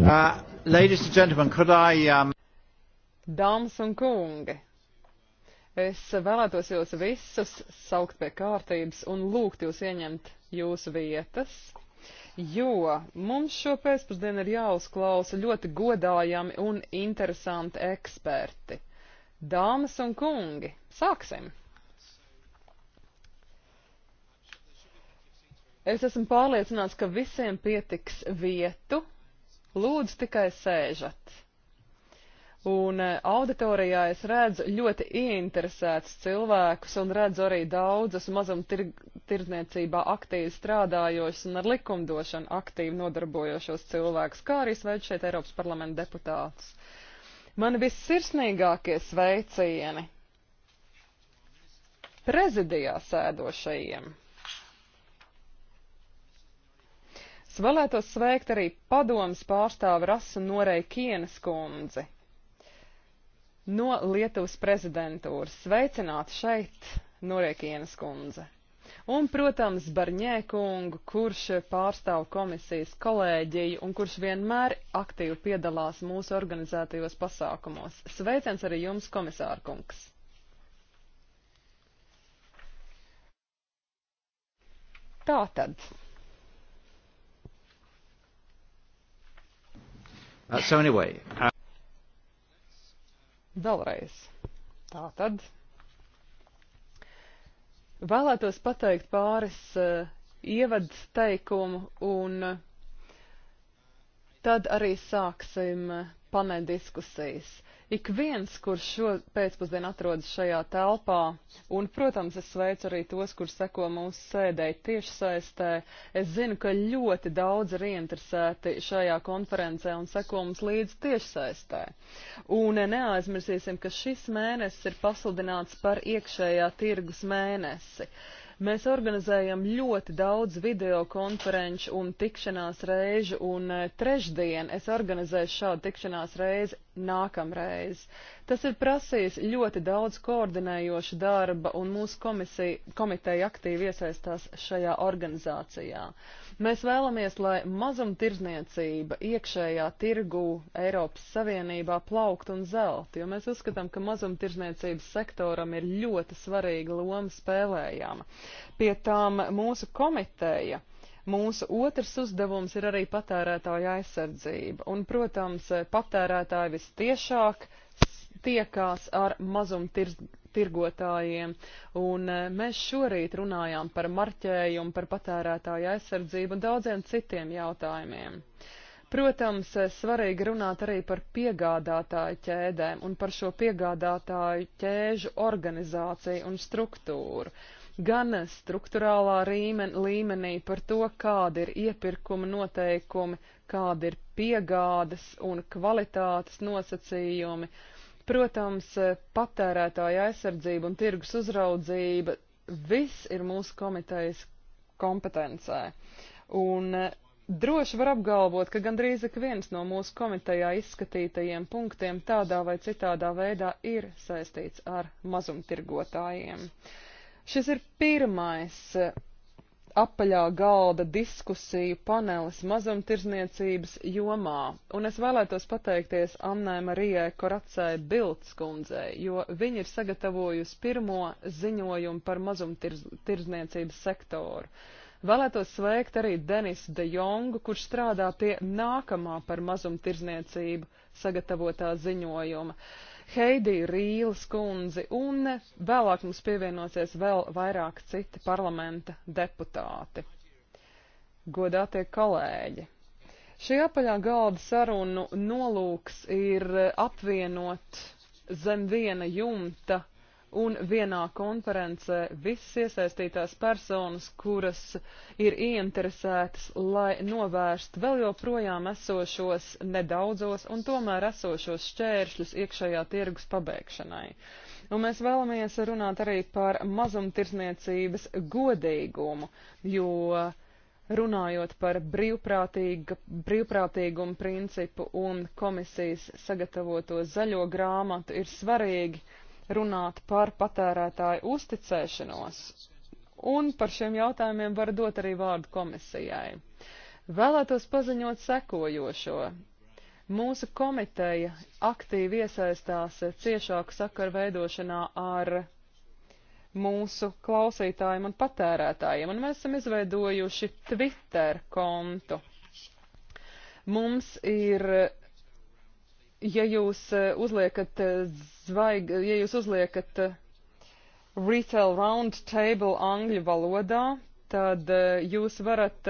Uh, ladies and gentlemen, could I... Um... Dāmas un kungi, es vēlētos jūs visus saukt pie kārtības un lūgt jūs ieņemt jūsu vietas, jo mums šo pēcpusdienu ir jāuzklausa ļoti godājami un interesanti eksperti. Dāmas un kungi, sāksim! Es esmu pārliecināts, ka visiem pietiks vietu, Lūdzu, tikai sēžat. Un eh, auditorijā es redzu ļoti ieinteresētus cilvēkus un redzu arī daudzas mazumtirdzniecībā tir aktīvi strādājošas un ar likumdošanu aktīvi nodarbojošos cilvēkus, kā arī sveicu šeit Eiropas parlamenta deputātus. Mani vissirsnīgākie sveicieni prezidijā sēdošajiem. Vēlētos sveikt arī padomas pārstāvi Rasu Norei Kienas kundzi no Lietuvas prezidentūras. Sveicināt šeit, Norei Kienas kundze. Un, protams, Barņē kungu, kurš pārstāv komisijas kolēģiju un kurš vienmēr aktīvi piedalās mūsu organizētajos pasākumos. Sveiciens arī jums, komisārkungs! Tātad. Uh, so anyway, uh... Vēlreiz. Tā tad. Vēlētos pateikt pāris uh, ievads teikumu un uh, tad arī sāksim uh, paneļdiskusijas. diskusijas ik viens, kurš šo pēcpusdienu atrodas šajā telpā, un, protams, es sveicu arī tos, kur seko mūsu sēdēji tiešsaistē, es zinu, ka ļoti daudz ir ieinteresēti šajā konferencē un seko mums līdz tiešsaistē. Un e, neaizmirsīsim, ka šis mēnesis ir pasludināts par iekšējā tirgus mēnesi. Uh, Mēs organizējam ļoti daudz videokonferenču un tikšanās reižu, un e, trešdien es organizēšu šādu tikšanās reizi nākamreiz. Tas ir prasījis ļoti daudz koordinējoša darba, un mūsu komisija, komiteja aktīvi iesaistās šajā organizācijā. Mēs vēlamies, lai mazumtirdzniecība iekšējā tirgū Eiropas Savienībā plaukt un zelt, jo mēs uzskatām, ka mazumtirdzniecības sektoram ir ļoti svarīga loma spēlējama. Pie tām mūsu komiteja. Mūsu otrs uzdevums ir arī patērētāja aizsardzība, un, protams, patērētāji vistiešāk tiekās ar mazumtirdzniecību tirgotājiem. Un eh, mēs šorīt runājām par marķējumu, par patērētāju aizsardzību un daudziem citiem jautājumiem. Protams, eh, svarīgi runāt arī par piegādātāju ķēdēm un par šo piegādātāju ķēžu organizāciju un struktūru. Gan struktūrālā rīmen, līmenī par to, kāda ir iepirkuma noteikumi, kāda ir piegādes un kvalitātes nosacījumi, uh, Protams, patērētāja aizsardzība un tirgus uzraudzība viss ir mūsu komitejas kompetencē. Un eh, droši var apgalvot, ka gandrīz ik viens no mūsu komitejā izskatītajiem punktiem tādā vai citādā veidā ir saistīts ar mazumtirgotājiem. Šis ir pirmais eh, apaļā galda diskusiju panelis mazumtirzniecības jomā, un es vēlētos pateikties Annai Marijai Koracai Bildskundzei, jo viņa ir sagatavojusi pirmo ziņojumu par mazumtirzniecības sektoru. Vēlētos sveikt arī Denisu De Jongu, kurš strādā pie nākamā par mazumtirzniecību sagatavotā ziņojuma. Uh, Heidi Rīles kundzi, un vēlāk mums pievienosies vēl vairāk citi parlamenta deputāti. Godātie kolēģi! Šī apaļā galda sarunu nolūks ir apvienot zem viena jumta un vienā konferencē visas iesaistītās personas, kuras ir ieinteresētas, lai novērst vēl joprojām esošos nedaudzos un tomēr esošos šķēršļus iekšējā tirgus pabeigšanai. Un mēs vēlamies runāt arī par mazumtirdzniecības godīgumu, jo runājot par brīvprātīgumu principu un komisijas sagatavoto zaļo grāmatu, ir svarīgi runāt par patērētāju uzticēšanos. Un par šiem jautājumiem var dot arī vārdu komisijai. Vēlētos paziņot sekojošo. Mūsu komiteja aktīvi iesaistās ciešāku sakaru veidošanā ar mūsu klausītājiem un patērētājiem, un mēs esam izveidojuši Twitter kontu. Mums ir ja jūs eh, uzliekat eh, zvaig, ja jūs uzliekat eh, retail round table angļu valodā, tad jūs varat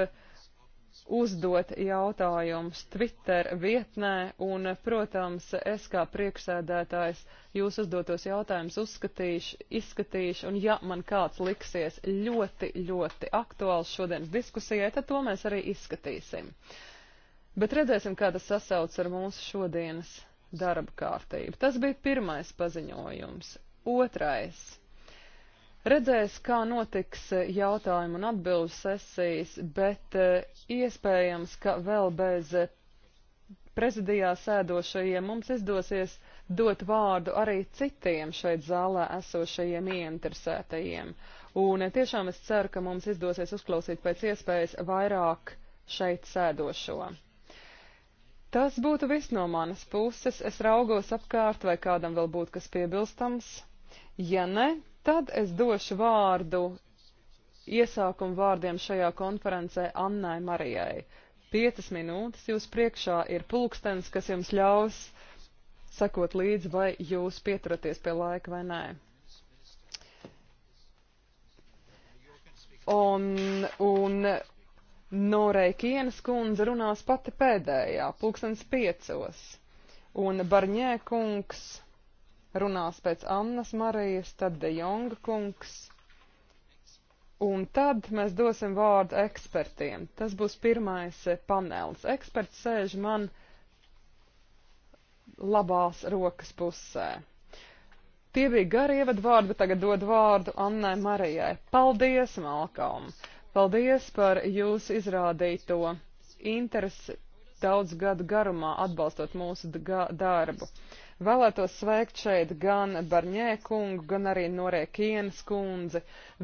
uzdot jautājumus Twitter vietnē, un, protams, es kā priekšsēdētājs jūs uzdotos jautājumus uzskatīšu, izskatīšu, un ja man kāds liksies ļoti, ļoti aktuāls šodienas diskusijai, tad to mēs arī izskatīsim. Uh, Bet redzēsim, kā tas sasauc ar mūsu šodienas darba kārtību. Tas bija pirmais paziņojums. Otrais. Redzēs, kā notiks eh, jautājumu un atbilžu sesijas, bet eh, iespējams, ka vēl bez eh, prezidijā sēdošajiem mums izdosies dot vārdu arī citiem šeit zālē esošajiem ieinteresētajiem. Un tiešām es ceru, ka mums izdosies uzklausīt pēc iespējas vairāk šeit sēdošo. Tas būtu viss no manas puses. Es raugos apkārt, vai kādam vēl būtu kas piebilstams. Ja ne, tad es došu vārdu iesākumu vārdiem šajā konferencē Annai Marijai. Piecas minūtes jūs priekšā ir pulkstens, kas jums ļaus sekot līdzi, vai jūs pieturaties pie laika vai nē. Un, un Norei Kienas kundze runās pati pēdējā, pulkstens piecos, un Barņē kungs runās pēc Annas Marijas, tad De Jonga kungs, un tad mēs dosim vārdu ekspertiem. Tas būs pirmais panels. Eksperts sēž man labās rokas pusē. Tie bija gari ievadvārdi, bet tagad dod vārdu Annai Marijai. Paldies, Malkom! Paldies par jūsu izrādīto interesi daudz gadu garumā atbalstot mūsu darbu. Vēlētos sveikt šeit gan Barņē kungu, gan arī Norē Kienas kundzi,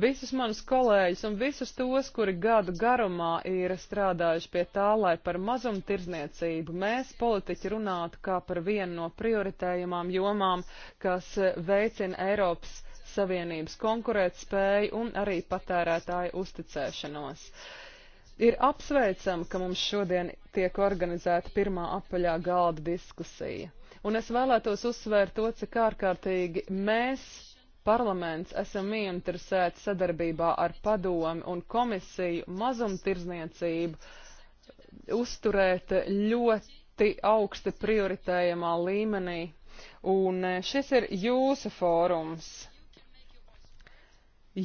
visus manus kolēģus un visus tos, kuri gadu garumā ir strādājuši pie tā, lai par mazumtirdzniecību mēs politiķi runātu kā par vienu no prioritējumām jomām, kas veicina Eiropas Savienības konkurētspēju un arī patērētāju uzticēšanos. Ir apsveicam, ka mums šodien tiek organizēta pirmā apaļā galda diskusija. Un es vēlētos uzsvērt to, cik ārkārtīgi mēs, parlaments, esam ieinteresēti sadarbībā ar padomi un komisiju mazumtirdzniecību uzturēt ļoti augsti prioritējamā līmenī. Un eh, šis ir jūsu fórums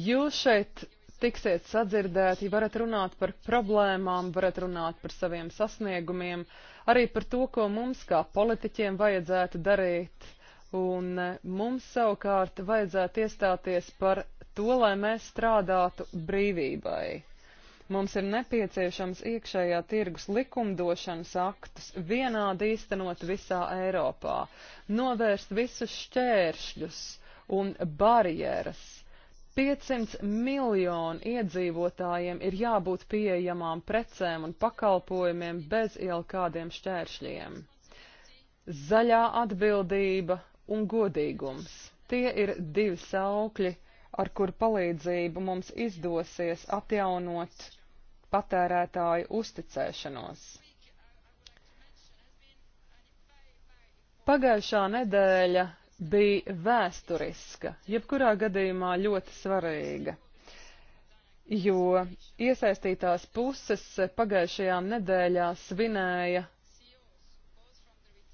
Jūs šeit tiksiet sadzirdēti, varat runāt par problēmām, varat runāt par saviem sasniegumiem, arī par to, ko mums kā politiķiem vajadzētu darīt. Un e, mums savukārt vajadzētu iestāties par to, lai mēs strādātu brīvībai. Mums ir nepieciešams iekšējā tirgus likumdošanas aktus vienādi īstenot visā Eiropā, novērst visus šķēršļus un barjeras, 500 miljonu iedzīvotājiem ir jābūt pieejamām precēm un pakalpojumiem bez jau kādiem šķēršļiem. Zaļā atbildība un godīgums - tie ir divi saukļi, ar kur palīdzību mums izdosies atjaunot patērētāju uzticēšanos. Pagājušā nedēļa bija vēsturiska, jebkurā gadījumā ļoti svarīga, jo iesaistītās puses pagājušajā nedēļā svinēja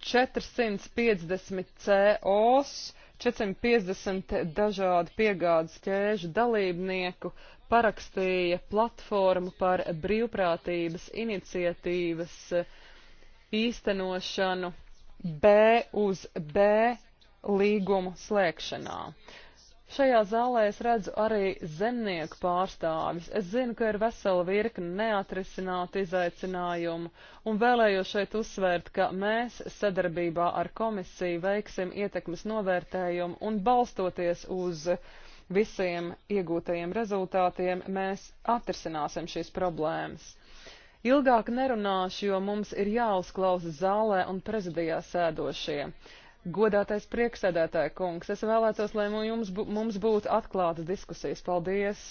450 COs, 450 dažādu piegādes ķēžu dalībnieku parakstīja platformu par brīvprātības iniciatīvas īstenošanu B uz B līgumu slēgšanā. Šajā zālē es redzu arī zemnieku pārstāvis. Es zinu, ka ir vesela virkne neatrisinātu izaicinājumu, un vēlējos šeit uzsvērt, ka mēs sadarbībā ar komisiju veiksim ietekmes novērtējumu un balstoties uz visiem iegūtajiem rezultātiem, mēs atrisināsim šīs problēmas. Ilgāk nerunāšu, jo mums ir jāuzklausa zālē un prezidijā sēdošie. Godātais prieksēdētāja kungs, es vēlētos, lai mums, mums būtu atklātas diskusijas. Paldies!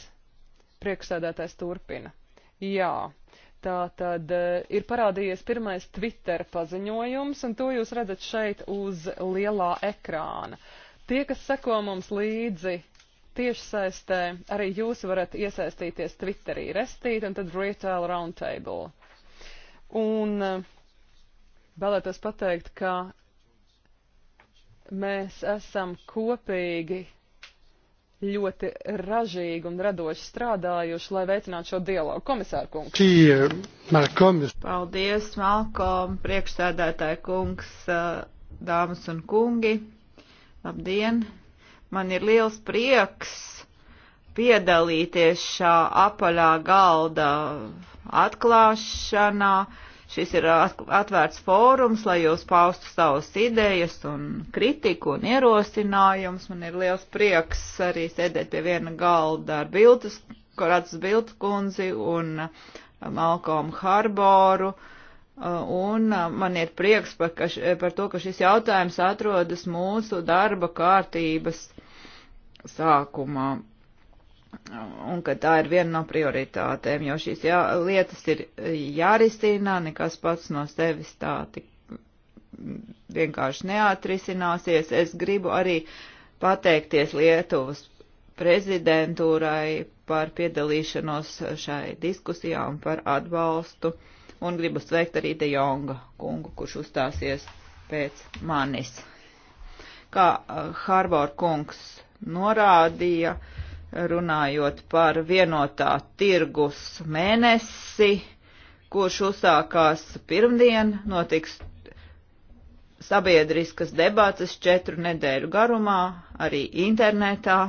Prieksēdētājs turpina. Jā, tā tad e, ir parādījies pirmais Twitter paziņojums, un to jūs redzat šeit uz lielā ekrāna. Tie, kas seko mums līdzi tiešsaistē, arī jūs varat iesaistīties Twitterī, restīt un tad retail roundtable. Un e, vēlētos pateikt, ka Mēs esam kopīgi ļoti ražīgi un radoši strādājuši, lai veicinātu šo dialogu. Komisāra kungs. Paldies, Malkom, priekšsēdētāja kungs, dāmas un kungi. Labdien! Man ir liels prieks piedalīties šā apaļā galda atklāšanā Šis ir atvērts fórums, lai jūs paustu savas idejas un kritiku un ierosinājums. Man ir liels prieks arī sēdēt pie viena galda ar Biltas, Korats Biltas kundzi un uh, Malkomu Harboru. Uh, un uh, man ir prieks par, ka, par to, ka šis jautājums atrodas mūsu darba kārtības sākumā un ka tā ir viena no prioritātēm, jo šīs jā, lietas ir jārisina, nekas pats no sevis tā tik vienkārši neatrisināsies. Es gribu arī pateikties Lietuvas prezidentūrai par piedalīšanos šai diskusijā un par atbalstu, un gribu sveikt arī De Jonga kungu, kurš uzstāsies pēc manis. Kā eh, Harbor kungs norādīja, uh, runājot par vienotā tirgus mēnesi, kurš uzsākās pirmdien, notiks sabiedriskas debātas četru nedēļu garumā, arī internetā.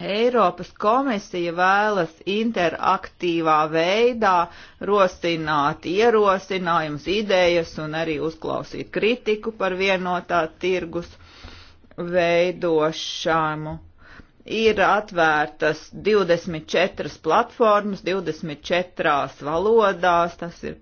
Eiropas komisija vēlas interaktīvā veidā rosināt ierosinājums, idejas un arī uzklausīt kritiku par vienotā tirgus veidošanu ir atvērtas 24 platformas, 24 valodās. Tas ir,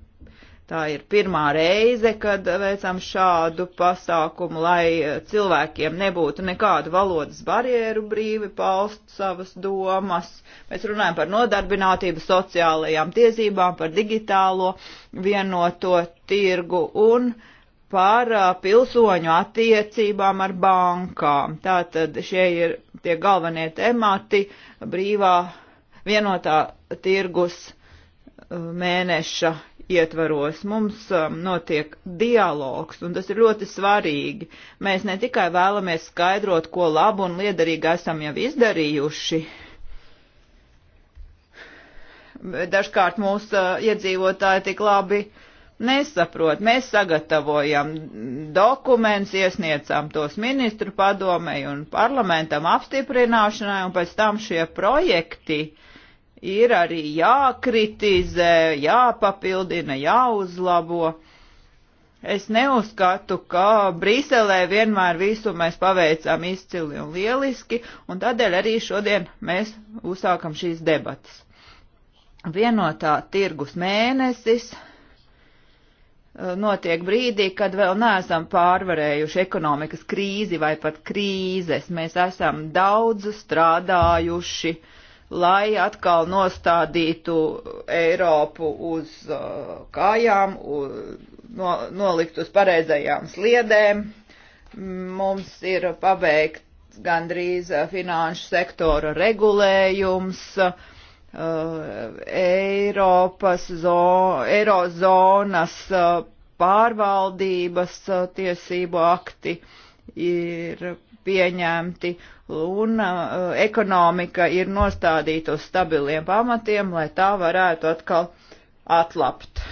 tā ir pirmā reize, kad veicam šādu pasākumu, lai cilvēkiem nebūtu nekādu valodas barjeru brīvi paust savas domas. Mēs runājam par nodarbinātību, sociālajām tiesībām, par digitālo vienoto tirgu un uh, par pilsoņu attiecībām ar bankām. Tātad šie ir tie galvenie temati brīvā vienotā tirgus mēneša ietvaros. Mums notiek dialogs, un tas ir ļoti svarīgi. Mēs ne tikai vēlamies skaidrot, ko labu un liederīgi esam jau izdarījuši, dažkārt mūsu iedzīvotāji tik labi uh, nesaprot. Mēs sagatavojam dokumentus, iesniedzām tos ministru padomei un parlamentam apstiprināšanai, un pēc tam šie projekti ir arī jākritizē, jāpapildina, jāuzlabo. Es neuzskatu, ka Brīselē vienmēr visu mēs paveicām izcili un lieliski, un tādēļ arī šodien mēs uzsākam šīs debatas. Vienotā tirgus mēnesis Eh, notiek brīdī, kad vēl neesam pārvarējuši ekonomikas krīzi vai pat krīzes. Mēs esam daudz strādājuši, lai atkal nostādītu Eiropu uz eh, kājām, uz, no, nolikt uz pareizajām sliedēm. Mums ir pabeigts gandrīz eh, finanšu sektora regulējums. Uh, Uh, Eiropas zo, Eirozonas uh, pārvaldības uh, tiesību akti ir pieņemti un ekonomika ir nostādīta uz stabiliem pamatiem, lai tā varētu atkal atlapt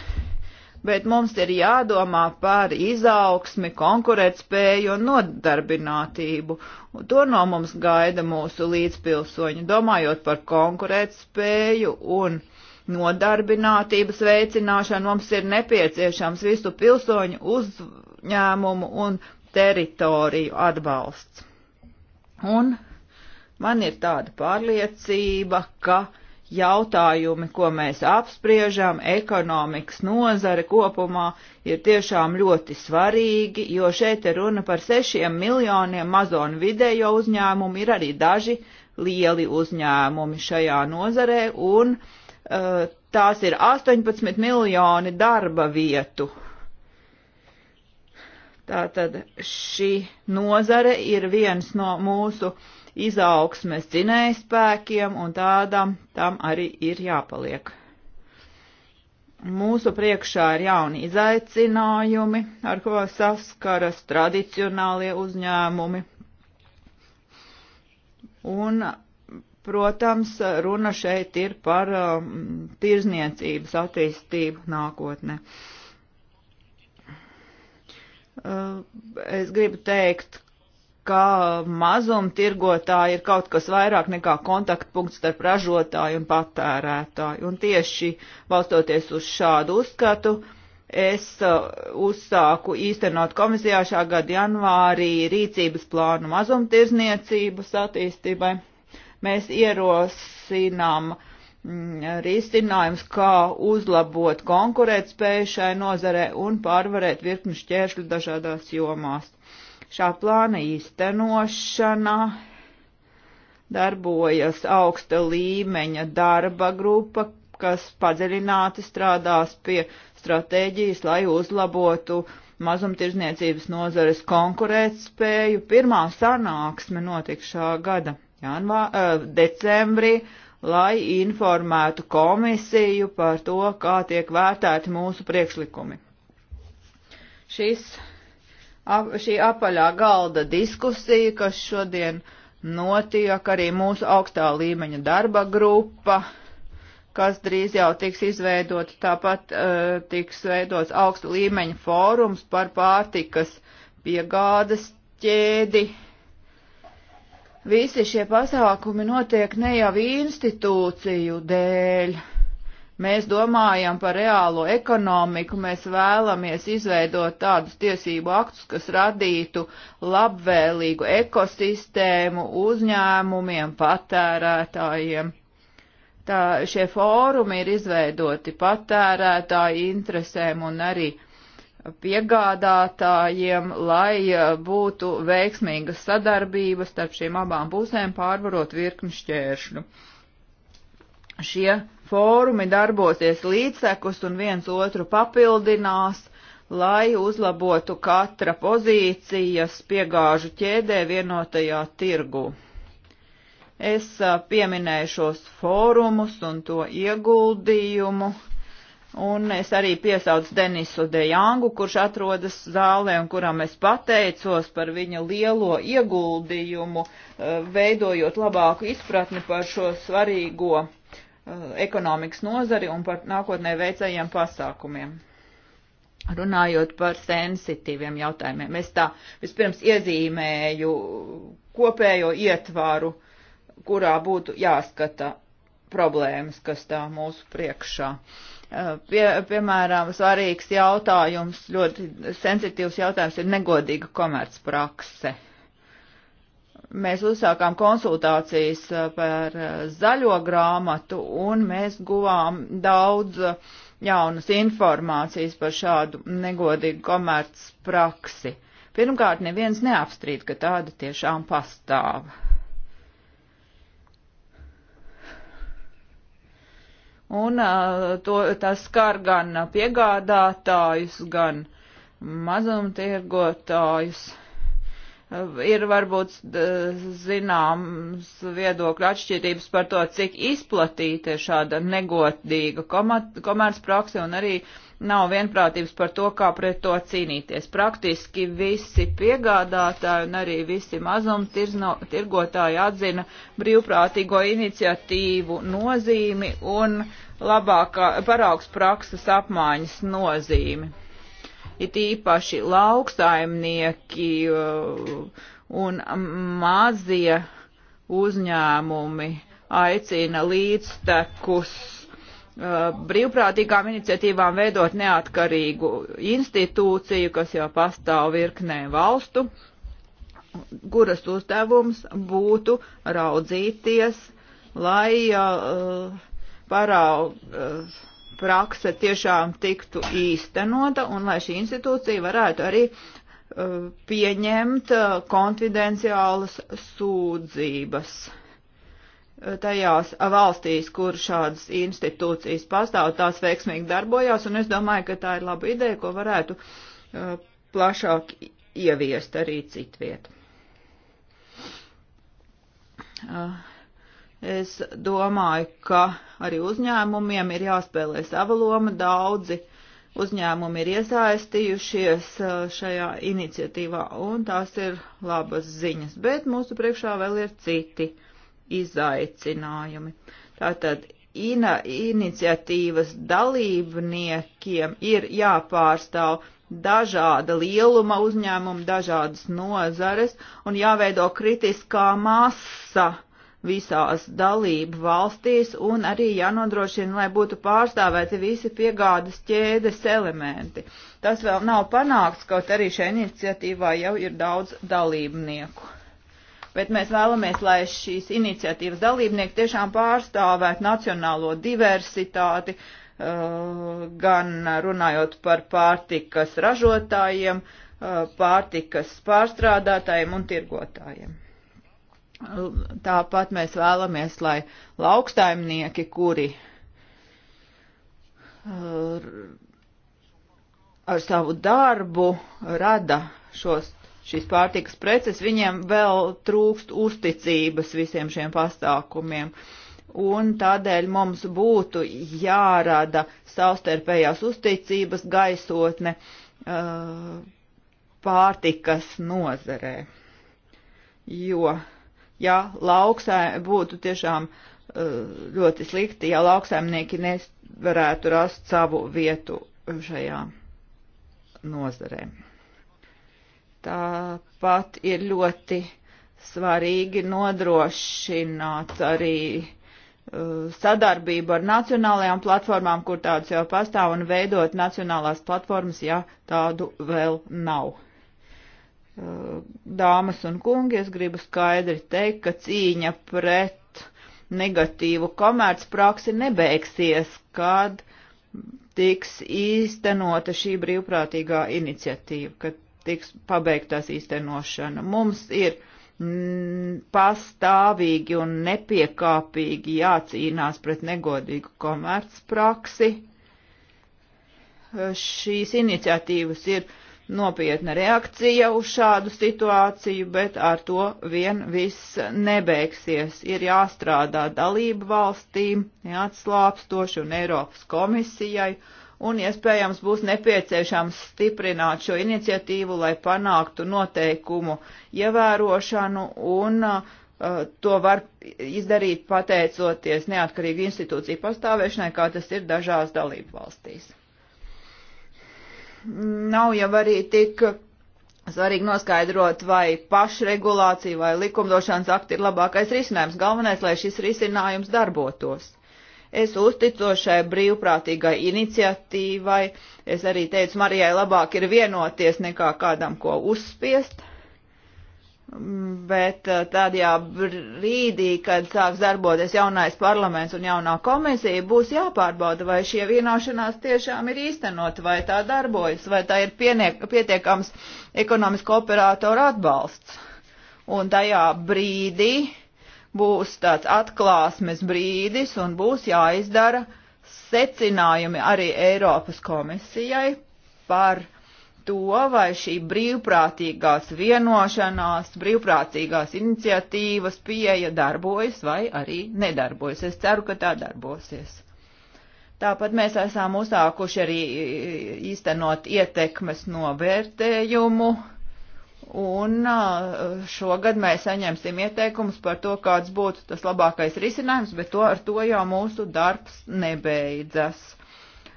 bet mums ir jādomā par izaugsmi, konkurētspēju un nodarbinātību. Un to no mums gaida mūsu līdzpilsoņi, domājot par konkurētspēju un nodarbinātības veicināšanu. Mums ir nepieciešams visu pilsoņu uzņēmumu un teritoriju atbalsts. Un man ir tāda pārliecība, ka jautājumi, ko mēs apspriežam, ekonomikas nozare kopumā ir tiešām ļoti svarīgi, jo šeit ir runa par sešiem miljoniem mazo un vidējo uzņēmumu, ir arī daži lieli uzņēmumi šajā nozarē, un uh, tās ir 18 miljoni darba vietu. Tātad šī nozare ir viens no mūsu uh, izaugsmes dzinējspēkiem, un tādam tam arī ir jāpaliek. Mūsu priekšā ir jauni izaicinājumi, ar ko saskaras tradicionālie uzņēmumi. Un, protams, runa šeit ir par um, tirzniecības attīstību nākotnē. Uh, es gribu teikt, ka mazumtirgotāji ir kaut kas vairāk nekā kontaktpunkts starp ražotāju un patērētāju. Un tieši balstoties uz šādu uzskatu, es uh, uzsāku īstenot komisijā šā gada janvārī rīcības plānu mazumtirzniecības attīstībai. Mēs ierosinām mm, risinājums, kā uzlabot konkurētspēju šai nozarē un pārvarēt virkni šķēršļu dažādās jomās Šā plāna īstenošana darbojas augsta līmeņa darba grupa, kas padziļināti strādās pie stratēģijas, lai uzlabotu mazumtirdzniecības nozares konkurētspēju. Pirmā sanāksme notiks šā gada janvā, eh, decembrī, lai informētu komisiju par to, kā tiek vērtēti mūsu priekšlikumi. Šis ap, šī apaļā galda diskusija, kas šodien notiek, arī mūsu augstā līmeņa darba grupa, kas drīz jau tiks izveidota, tāpat uh, tiks veidots augsta līmeņa fórums par pārtikas piegādes ķēdi. Visi šie pasākumi notiek ne jau institūciju dēļ, Mēs domājam par reālo ekonomiku, mēs vēlamies izveidot tādus tiesību aktus, kas radītu labvēlīgu ekosistēmu uzņēmumiem, patērētājiem. Tā, šie fórumi ir izveidoti patērētāju interesēm un arī piegādātājiem, lai e, būtu veiksmīgas sadarbības starp šīm abām pusēm pārvarot virkni šķēršļu. Šie fórumi darbosies līdzsekus un viens otru papildinās, lai uzlabotu katra pozīcijas piegāžu ķēdē vienotajā tirgu. Es pieminēju šos fórumus un to ieguldījumu, un es arī piesaucu Denisu Dejangu, kurš atrodas zālē un kuram es pateicos par viņa lielo ieguldījumu, veidojot labāku izpratni par šo svarīgo Eh, ekonomikas nozari un par nākotnē veicējiem pasākumiem. Runājot par sensitīviem jautājumiem, es tā vispirms iezīmēju kopējo ietvaru, kurā būtu jāskata problēmas, kas tā mūsu priekšā. Eh, pie, piemēram, svarīgs jautājums, ļoti sensitīvs jautājums ir negodīga komercprakse mēs uzsākām konsultācijas uh, par uh, zaļo grāmatu un mēs guvām daudz uh, jaunas informācijas par šādu negodīgu komerces praksi. Pirmkārt, neviens neapstrīd, ka tāda tiešām pastāv. Un to, tas skar gan piegādātājus, gan mazumtirgotājus ir varbūt zināms viedokļu atšķirības par to, cik izplatīta ir šāda negodīga komercprakse un arī nav vienprātības par to, kā pret to cīnīties. Praktiski visi piegādātāji un arī visi mazumtirgotāji atzina brīvprātīgo iniciatīvu nozīmi un labākā paraugs prakses apmaiņas nozīmi it īpaši lauksaimnieki uh, un mazie uzņēmumi aicina līdztekus uh, brīvprātīgām iniciatīvām veidot neatkarīgu institūciju, kas jau pastāv virknē valstu, kuras uzdevums būtu raudzīties, lai uh, parāv, uh, prakse tiešām tiktu īstenota un lai šī institūcija varētu arī uh, pieņemt uh, konfidenciālas sūdzības uh, tajās valstīs, kur šādas institūcijas pastāv, tās veiksmīgi darbojās, un es domāju, ka tā ir laba ideja, ko varētu uh, plašāk ieviest arī citviet. Uh, Es domāju, ka arī uzņēmumiem ir jāspēlē sava loma. Daudzi uzņēmumi ir iesaistījušies uh, šajā iniciatīvā, un tās ir labas ziņas. Bet mūsu priekšā vēl ir citi izaicinājumi. Tātad ina, iniciatīvas dalībniekiem ir jāpārstāv dažāda lieluma uzņēmuma, dažādas nozares un jāveido kritiskā masa visās dalību valstīs un arī jānodrošina, lai būtu pārstāvēti visi piegādes ķēdes elementi. Tas vēl nav panākts, kaut arī šajā iniciatīvā jau ir daudz dalībnieku. Bet mēs vēlamies, lai šīs iniciatīvas dalībnieki tiešām pārstāvētu nacionālo diversitāti, uh, gan runājot par pārtikas ražotājiem, uh, pārtikas pārstrādātājiem un tirgotājiem. Tāpat mēs vēlamies, lai lauksaimnieki, kuri uh, ar savu darbu rada šos, šīs pārtikas preces, viņiem vēl trūkst uzticības visiem šiem pasākumiem. Un tādēļ mums būtu jārada savstarpējās uzticības gaisotne uh, pārtikas nozarē. Jo uh, ja lauksē būtu tiešām uh, ļoti slikti, ja lauksaimnieki nevarētu rast savu vietu šajā nozarē. Tāpat ir ļoti svarīgi nodrošināt arī uh, sadarbību ar nacionālajām platformām, kur tādas jau pastāv, un veidot nacionālās platformas, ja tādu vēl nav. Dāmas un kungi, es gribu skaidri teikt, ka cīņa pret negatīvu komercpraksi nebeigsies, kad tiks īstenota šī brīvprātīgā iniciatīva, kad tiks pabeigtās īstenošana. Mums ir pastāvīgi un nepiekāpīgi jācīnās pret negodīgu komercpraksi. Šīs iniciatīvas ir uh, nopietna reakcija uz šādu situāciju, bet ar to vien viss nebeigsies. Ir jāstrādā dalību valstīm, neatslāpstoši un Eiropas komisijai, un iespējams būs nepieciešams stiprināt šo iniciatīvu, lai panāktu noteikumu ievērošanu un uh, To var izdarīt pateicoties neatkarīgu institūciju pastāvēšanai, kā tas ir dažās dalību valstīs nav jau arī tik svarīgi noskaidrot, vai pašregulācija vai likumdošanas akti ir labākais risinājums. Galvenais, lai šis risinājums darbotos. Es uzticos šai brīvprātīgai iniciatīvai. Es arī teicu, Marijai labāk ir vienoties nekā kādam ko uzspiest. Bet eh, tādajā brīdī, kad sāks darboties jaunais parlaments un jaunā komisija, būs jāpārbauda, vai šie vienošanās tiešām ir īstenot, vai tā darbojas, vai tā ir pieniek, pietiekams ekonomisko operātoru atbalsts. Un tajā brīdī būs tāds atklāsmes brīdis un būs jāizdara secinājumi arī Eiropas komisijai par uh, to, vai šī brīvprātīgās vienošanās, brīvprātīgās iniciatīvas pieeja darbojas vai arī nedarbojas. Es ceru, ka tā darbosies. Tāpat mēs esam uzsākuši arī īstenot ietekmes novērtējumu, un šogad mēs saņemsim ieteikumus par to, kāds būtu tas labākais risinājums, bet to, ar to jau mūsu darbs nebeidzas.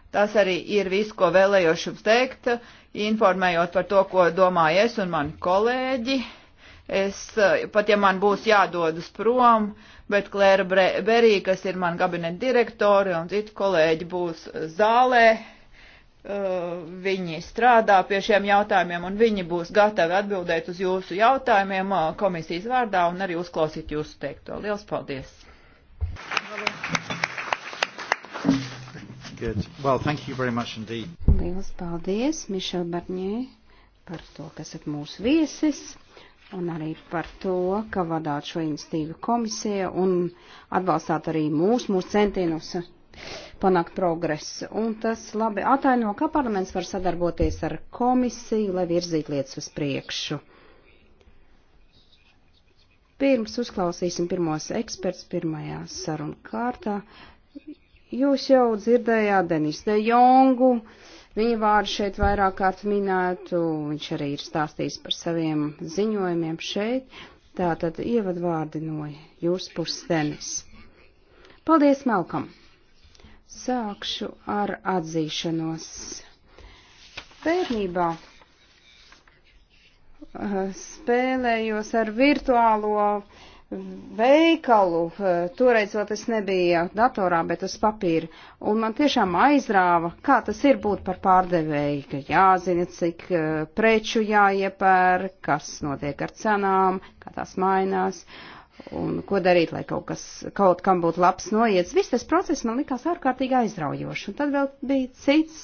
Tas arī ir viss, ko vēlējuši jums teikt. Uh, informējot par to, ko domāju es un mani kolēģi. Es, eh, pat ja man būs jādodas prom, bet Klēra Berī, kas ir man kabineta direktori un citu kolēģi būs zālē, eh, viņi strādā pie šiem jautājumiem un viņi būs gatavi atbildēt uz jūsu jautājumiem eh, komisijas vārdā un arī uzklausīt jūsu teikto. Liels paldies! Good. Well, thank you very much indeed. Lielas paldies, Mišel Barņē, par to, kas esat mūsu viesis, un arī par to, ka vadāt šo institīvu komisiju un atbalstāt arī mūs, mūsu centienus panākt progresu. Un tas labi ataino, ka parlaments var sadarboties ar komisiju, lai virzītu lietas uz priekšu. Pirms uzklausīsim pirmos eksperts pirmajā sarunu kārtā. Jūs jau dzirdējāt Denis De Jongu, viņa vārdu šeit vairāk kārt minētu, viņš arī ir stāstījis par saviem ziņojumiem šeit, tātad ievadvārdi no jūsu puses Denis. Paldies, Malkam! Sākšu ar atzīšanos. Bērnībā eh, spēlējos ar virtuālo veikalu, eh, toreiz vēl tas nebija datorā, bet uz papīra, un man tiešām aizrāva, kā tas ir būt par pārdevēju, ka jāzina, cik eh, preču jāiepēr, kas notiek ar cenām, kā tās mainās, un ko darīt, lai kaut kas, kaut kam būtu labs noiets. Viss tas process man likās ārkārtīgi aizraujoši, un tad vēl bija cits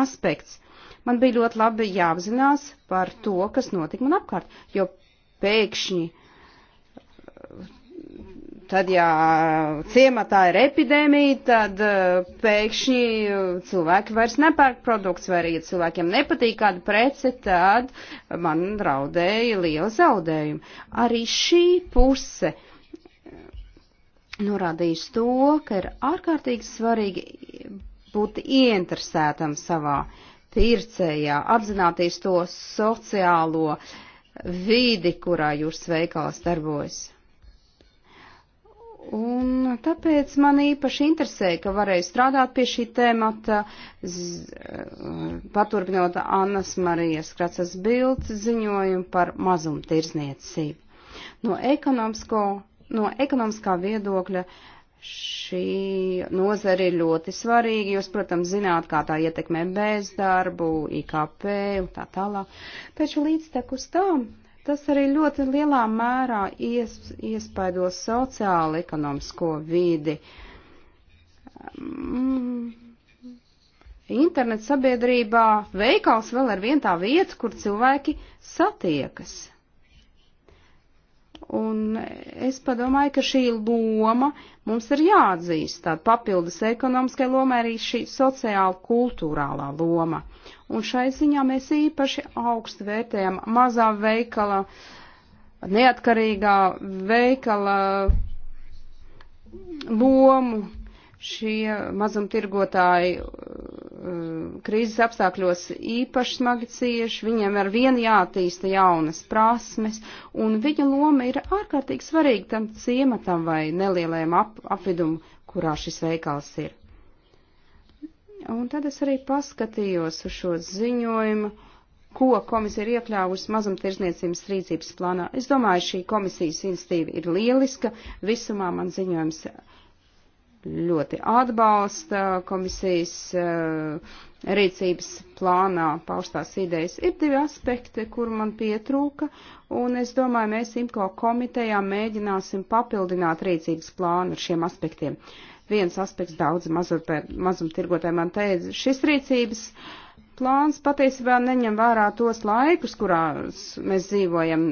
aspekts. Man bija ļoti labi jāapzinās par to, kas notika man apkārt, jo pēkšņi tad, ja ciematā ir epidēmija, tad eh, pēkšņi eh, cilvēki vairs nepērk produkts, vai arī, ja cilvēkiem nepatīk kāda prece, tad man draudēja liela zaudējuma. Arī šī puse eh, norādījis to, ka ir ārkārtīgi svarīgi būt ieinteresētam savā pircējā, apzināties to sociālo vidi, kurā jūras veikals darbojas. Un tāpēc man īpaši interesē, ka varēju strādāt pie šī tēmata, eh, paturpinot Annas Marijas Kracas bildes ziņojumu par mazumtirdzniecību. No, no ekonomiskā viedokļa šī nozara ir ļoti svarīga. Jūs, protams, zināt, kā tā ietekmē bezdarbu, IKP un tā tālāk. Taču līdz tek uz tām Tas arī ļoti lielā mērā ies, iespaido sociāli ekonomisko vidi. Mm. Internet sabiedrībā veikals vēl ir vien tā vieta, kur cilvēki satiekas. Un es padomāju, ka šī loma mums ir jāatzīst, tāda papildus ekonomiskai loma arī šī sociāla kultūrālā loma. Un šai ziņā mēs īpaši augstu vērtējam mazā veikala, neatkarīgā veikala lomu, Šie mazumtirgotāji uh, krīzes apstākļos īpaši smagi cieši, viņiem ar vienu jātīsta jaunas prasmes, un viņa loma ir ārkārtīgi svarīga tam ciematam vai nelielajam ap apvidum, kurā šis veikals ir. Un tad es arī paskatījos uz šo ziņojumu, ko komisija ir iekļāvusi mazumtirdzniecības rīcības plānā. Es domāju, šī komisijas institīva ir lieliska, visumā man ziņojums ļoti atbalsta komisijas eh, rīcības plānā paustās idejas. Ir divi aspekti, kur man pietrūka, un es domāju, mēs IMCO komitejā mēģināsim papildināt rīcības plānu ar šiem aspektiem. Viens aspekts daudz mazumtirgotāji man teica, šis rīcības plāns patiesībā neņem vērā tos laikus, kurās mēs dzīvojam.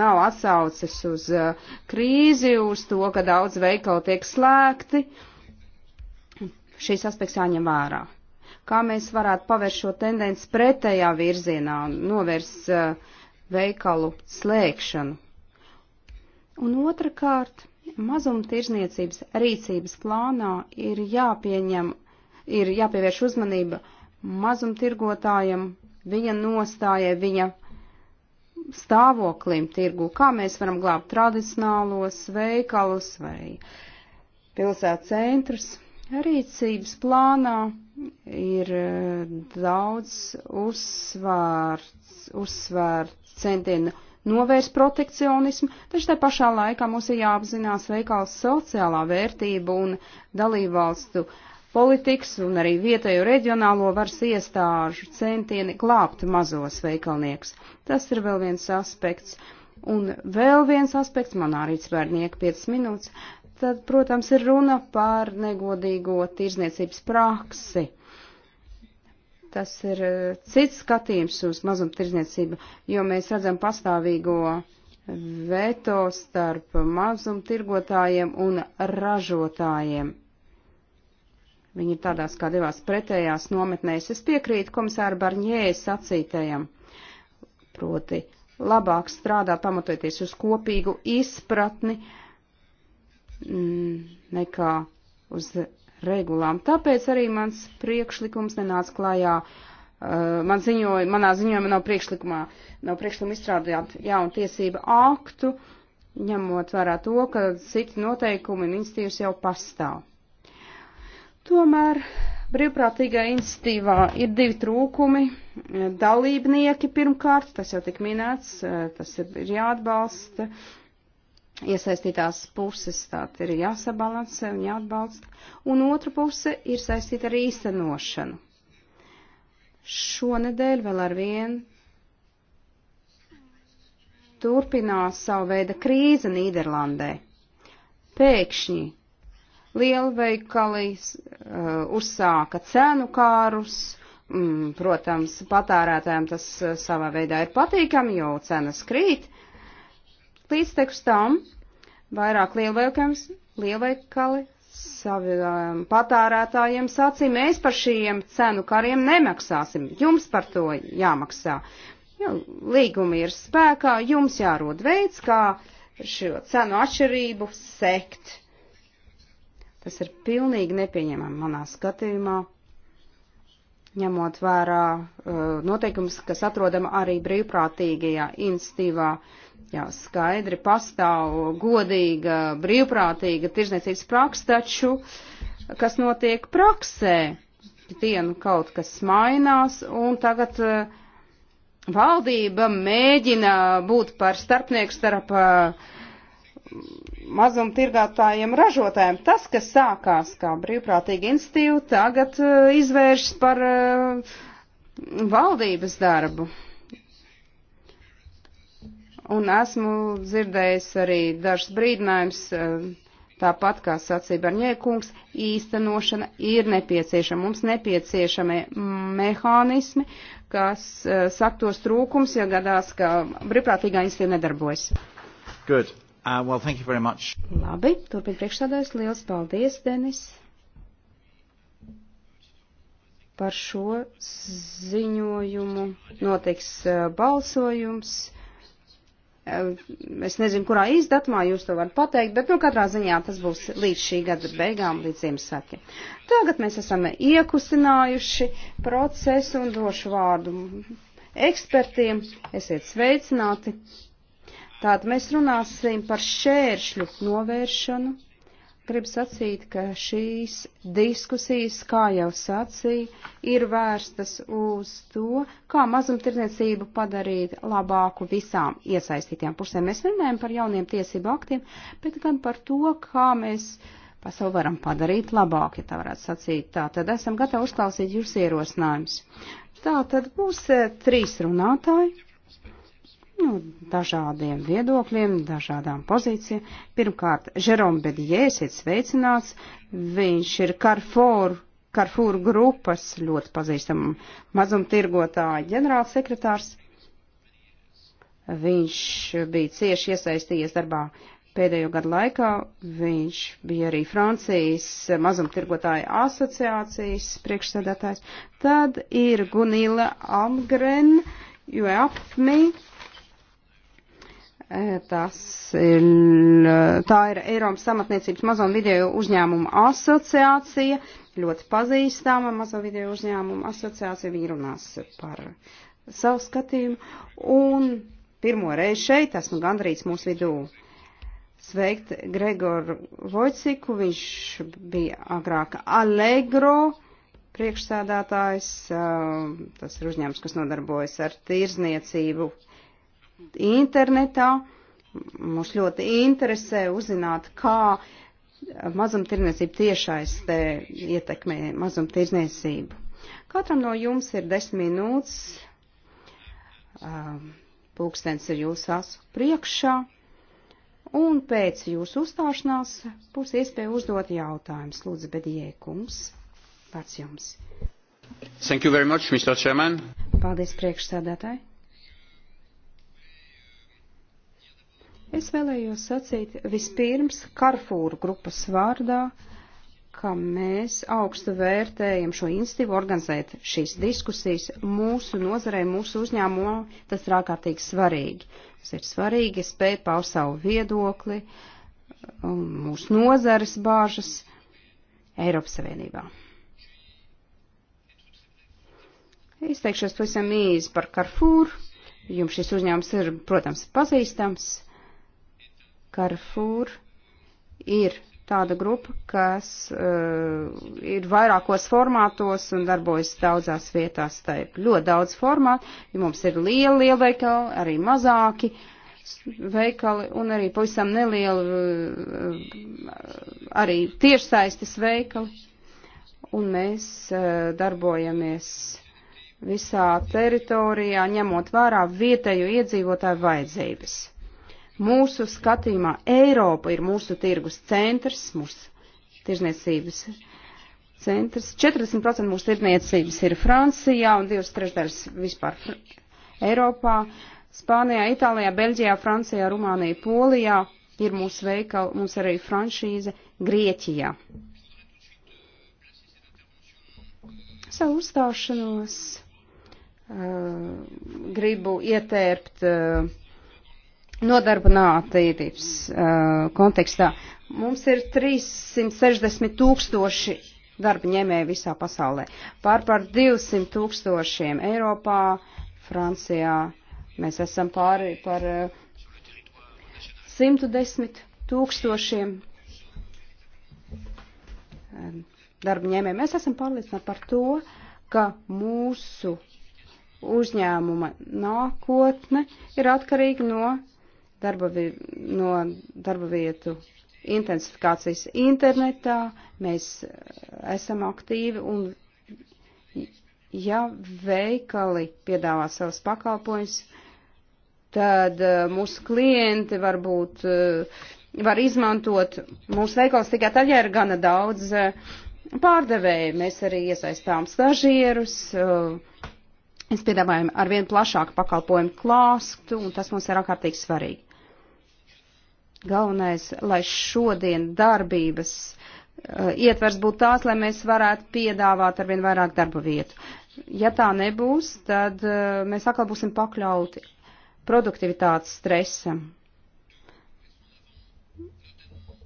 Nav atsauces uz eh, krīzi, uz to, ka daudz veikalu tiek slēgti. Uh, šīs aspekts jāņem vērā. Kā mēs varētu pavērst šo tendenci pretējā virzienā un novērst uh, veikalu slēgšanu? Un otrkārt, mazumtirzniecības rīcības plānā ir jāpieņem, ir jāpievērš uzmanība mazumtirgotājiem, viņa nostājai, viņa stāvoklim tirgu, kā mēs varam glābt tradicionālos veikalus vai pilsētu centrus. Rīcības plānā ir eh, daudz uzsvērts, uzsvērts centienu novērst protekcionismu, taču tā pašā laikā mums ir jāapzinās veikals sociālā vērtība un dalībvalstu politikas un arī vietējo reģionālo varas iestāžu centieni glābt mazos veikalniekus. Tas ir vēl viens aspekts. Un vēl viens aspekts, manā rīcvērnieka 5 minūtes, tad, protams, ir runa par negodīgo tirzniecības praksi. Tas ir eh, cits skatījums uz mazumtirdzniecību, jo mēs redzam pastāvīgo veto starp mazumtirgotājiem un ražotājiem. Viņi ir tādās kā divās pretējās nometnēs. Es piekrītu komisāru Barņēju sacītajam, proti labāk strādā pamatoties uz kopīgu izpratni, uh, Mm, nekā uz regulām. Tāpēc arī mans priekšlikums nenāca klājā. Uh, man ziņoja, manā ziņojumā nav priekšlikumā, nav priekšlikuma izstrādāt jaunu tiesību aktu, ņemot vērā to, ka citi noteikumi un institīvas jau pastāv. Tomēr brīvprātīgā institīvā ir divi trūkumi. Dalībnieki pirmkārt, tas jau tik minēts, uh, tas ir jāatbalsta, iesaistītās puses tātad ir jāsabalansē un jāatbalsta, un otra puse ir saistīta ar īstenošanu. Šonedēļ vēl ar vienu turpinās savu veidu krīze Nīderlandē. Pēkšņi lielveikali uh, uzsāka cenu kārus, mm, protams, patērētājiem tas uh, savā veidā ir patīkami, jo cenas krīt, uh, Līdztekus tam vairāk lielveikams, lielveikali saviem patārētājiem sacīja, mēs par šiem cenu kariem nemaksāsim, jums par to jāmaksā. Jo līgumi ir spēkā, jums jārod veids, kā šo cenu atšķirību sekt. Tas ir pilnīgi nepieņemami manā skatījumā, ņemot vērā uh, noteikums, kas atrodama arī brīvprātīgajā institīvā. Uh, jā, skaidri pastāv godīga, brīvprātīga tirzniecības praksa, taču kas notiek praksē, dienu kaut kas mainās, un tagad uh, valdība mēģina būt par starpnieku starp uh, mazumtirgātājiem ražotājiem. Tas, kas sākās kā brīvprātīga institīva, tagad uh, izvēršas par valdības darbu. Un esmu dzirdējis arī dažs brīdinājums, eh, tāpat kā sacīja Barņē kungs, īstenošana ir nepieciešama. Mums nepieciešami mehānismi, kas eh, saktos trūkums, ja gadās, ka brīvprātīgā institūta nedarbojas. Good. Uh, well, thank you very much. Labi, turpin priekšsādājs. Liels paldies, Denis, par šo ziņojumu. Notiks uh, balsojums. Es nezinu, kurā izdatumā jūs to varat pateikt, bet, nu, katrā ziņā tas būs līdz šī gada beigām, līdz Ziemassvētkiem. Tagad mēs esam iekustinājuši procesu un došu vārdu ekspertiem. Esiet sveicināti. Tātad mēs runāsim par šēršļu novēršanu gribu sacīt, ka šīs diskusijas, kā jau sacīja, ir vērstas uz to, kā mazumtirdzniecību padarīt labāku visām iesaistītām pusēm. Mēs runājam par jauniem tiesību aktiem, bet gan par to, kā mēs pasauli varam padarīt labāk, ja tā varētu sacīt. Tā tad esam gatavi uzklausīt jūsu ierosinājumus. Tā tad būs eh, trīs runātāji nu, dažādiem viedokļiem, dažādām pozīcijām. Pirmkārt, Žerom Bedijē, esiet sveicināts, viņš ir Carrefour, Carrefour grupas ļoti pazīstam mazumtirgotāja ģenerālsekretārs. Viņš bija cieši iesaistījies darbā pēdējo gadu laikā. Viņš bija arī Francijas mazumtirgotāja asociācijas priekšsēdētājs. Tad ir Gunila Amgren, jo apmi E, tas ir, e, tā ir Eiropas samatniecības mazo un vidēju uzņēmumu asociācija, ļoti pazīstama mazo vidēju uzņēmumu asociācija, viņi runās par savu skatījumu. Un pirmo reizi šeit esmu gandrīz mūsu vidū sveikt Gregoru Vojciku, viņš bija agrāk Allegro priekšsēdētājs, e, tas ir uzņēmums, kas nodarbojas ar tirzniecību internetā. Mums ļoti interesē uzzināt, kā mazumtirniecība tiešais te ietekmē mazumtirniecību. Katram no jums ir desmit minūtes. Um, Pūkstens ir jūsu asu priekšā. Un pēc jūsu uzstāšanās būs iespēja uzdot jautājumus. Lūdzu, bedijē kungs, vārds jums. Thank you very much, Mr. Chairman. Paldies priekšsēdētāji. Es vēlējos sacīt vispirms Karfūru grupas vārdā, ka mēs augstu vērtējam šo institīvu organizēt šīs diskusijas mūsu nozarei, mūsu uzņēmumā. Tas ir ārkārtīgi svarīgi. Tas ir svarīgi spēt paust savu viedokli, um, mūsu nozares bāžas Eiropas Savienībā. Izteikšos pavisam īsi par Karfūru. Jums šis uzņēmums ir, protams, pazīstams Carrefour ir tāda grupa, kas uh, ir vairākos formātos un darbojas daudzās vietās. Tā ir ļoti daudz formātu, ja mums ir lieli lielveikali, arī mazāki veikali un arī pavisam nelieli uh, arī tiešsaistes veikali. Un mēs uh, darbojamies visā teritorijā, ņemot vērā vietēju iedzīvotāju vajadzības. Mūsu skatījumā Eiropa ir mūsu tirgus centrs, mūsu tirzniecības centrs. 40% mūsu tirzniecības ir Francijā un divas trešdaļas vispār Eiropā. Spānijā, Itālijā, Beļģijā, Francijā, Rumānijā, Polijā ir mūsu veikala, mums arī franšīze Grieķijā. Savu uzstāšanos uh, gribu ietērpt uh, nodarbinātības uh, kontekstā. Mums ir 360 tūkstoši darba ņēmēji visā pasaulē. Pār par 200 tūkstošiem Eiropā, Francijā. Mēs esam pāri par uh, 110 tūkstošiem um, darba ņēmēji. Mēs esam pārliecināti par to, ka mūsu uzņēmuma nākotne ir atkarīga no darba, vi, no darba vietu intensifikācijas internetā, mēs eh, esam aktīvi un, ja veikali piedāvā savus pakalpojumus, tad eh, mūsu klienti varbūt eh, var izmantot mūsu veikals tikai tad, ja ir gana daudz pārdevēju. Mēs arī iesaistām stažierus, mēs piedāvājam ar vien plašāku pakalpojumu klāstu, un tas mums ir ārkārtīgi svarīgi. Galvenais, lai šodien darbības uh, ietvers būtu tās, lai mēs varētu piedāvāt arvien vairāk darba vietu. Ja tā nebūs, tad uh, mēs atkal būsim pakļauti produktivitātes stresam.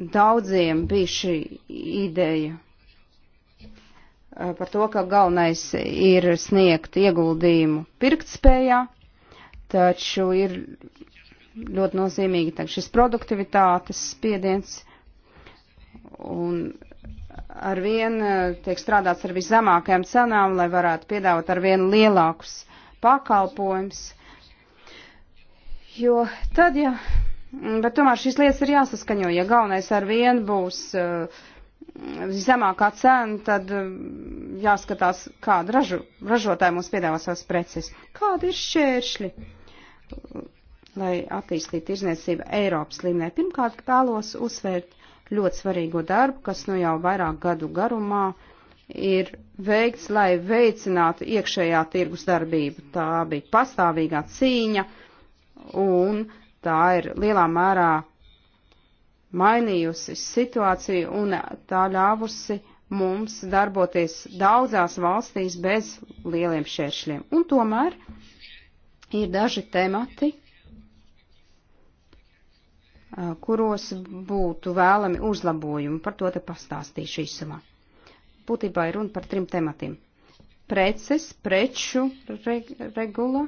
Daudziem bija šī ideja eh, par to, ka galvenais ir sniegt ieguldījumu pirktspējā, taču ir ļoti nozīmīgi tā, šis produktivitātes spiediens un ar vien eh, tiek strādāts ar viszemākajām cenām, lai varētu piedāvāt ar vien lielākus pakalpojums. Jo tad, ja, bet tomēr šīs lietas ir jāsaskaņo, ja galvenais ar vien būs uh, eh, zemākā cena, tad eh, jāskatās, kāda ražu, ražotāja mums piedāvā savas preces. Kādi ir šķēršļi, lai attīstītu tirzniecību Eiropas līmenī. Pirmkārt, vēlos uzsvērt ļoti svarīgo darbu, kas nu jau vairāk gadu garumā ir veikts, lai veicinātu iekšējā tirgus darbību. Tā bija pastāvīgā cīņa un tā ir lielā mērā mainījusi situāciju un tā ļāvusi mums darboties daudzās valstīs bez lieliem šķēršļiem. Un tomēr ir daži temati, kuros būtu vēlami uzlabojumi. Par to te pastāstīšu īsumā. Būtībā ir runa par trim tematiem. Preces, preču re, regula,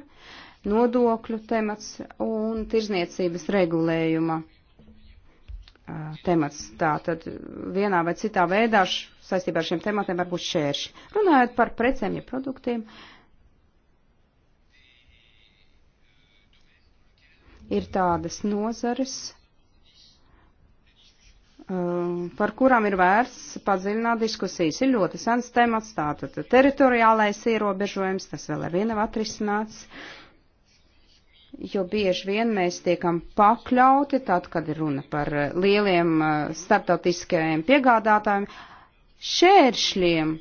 nodokļu temats un tirzniecības regulējuma temats. Tātad vienā vai citā veidā saistībā ar šiem tematiem var būt šērši. Runājot par precēm, ja produktiem, ir tādas nozares, Um, par kurām ir vērts padziļināt diskusijas. Ir ļoti sens temats, tātad teritoriālais ierobežojums, tas vēl ar vienu nav atrisināts, jo bieži vien mēs tiekam pakļauti, tad, kad ir runa par uh, lieliem uh, starptautiskajiem piegādātājiem, šēršļiem.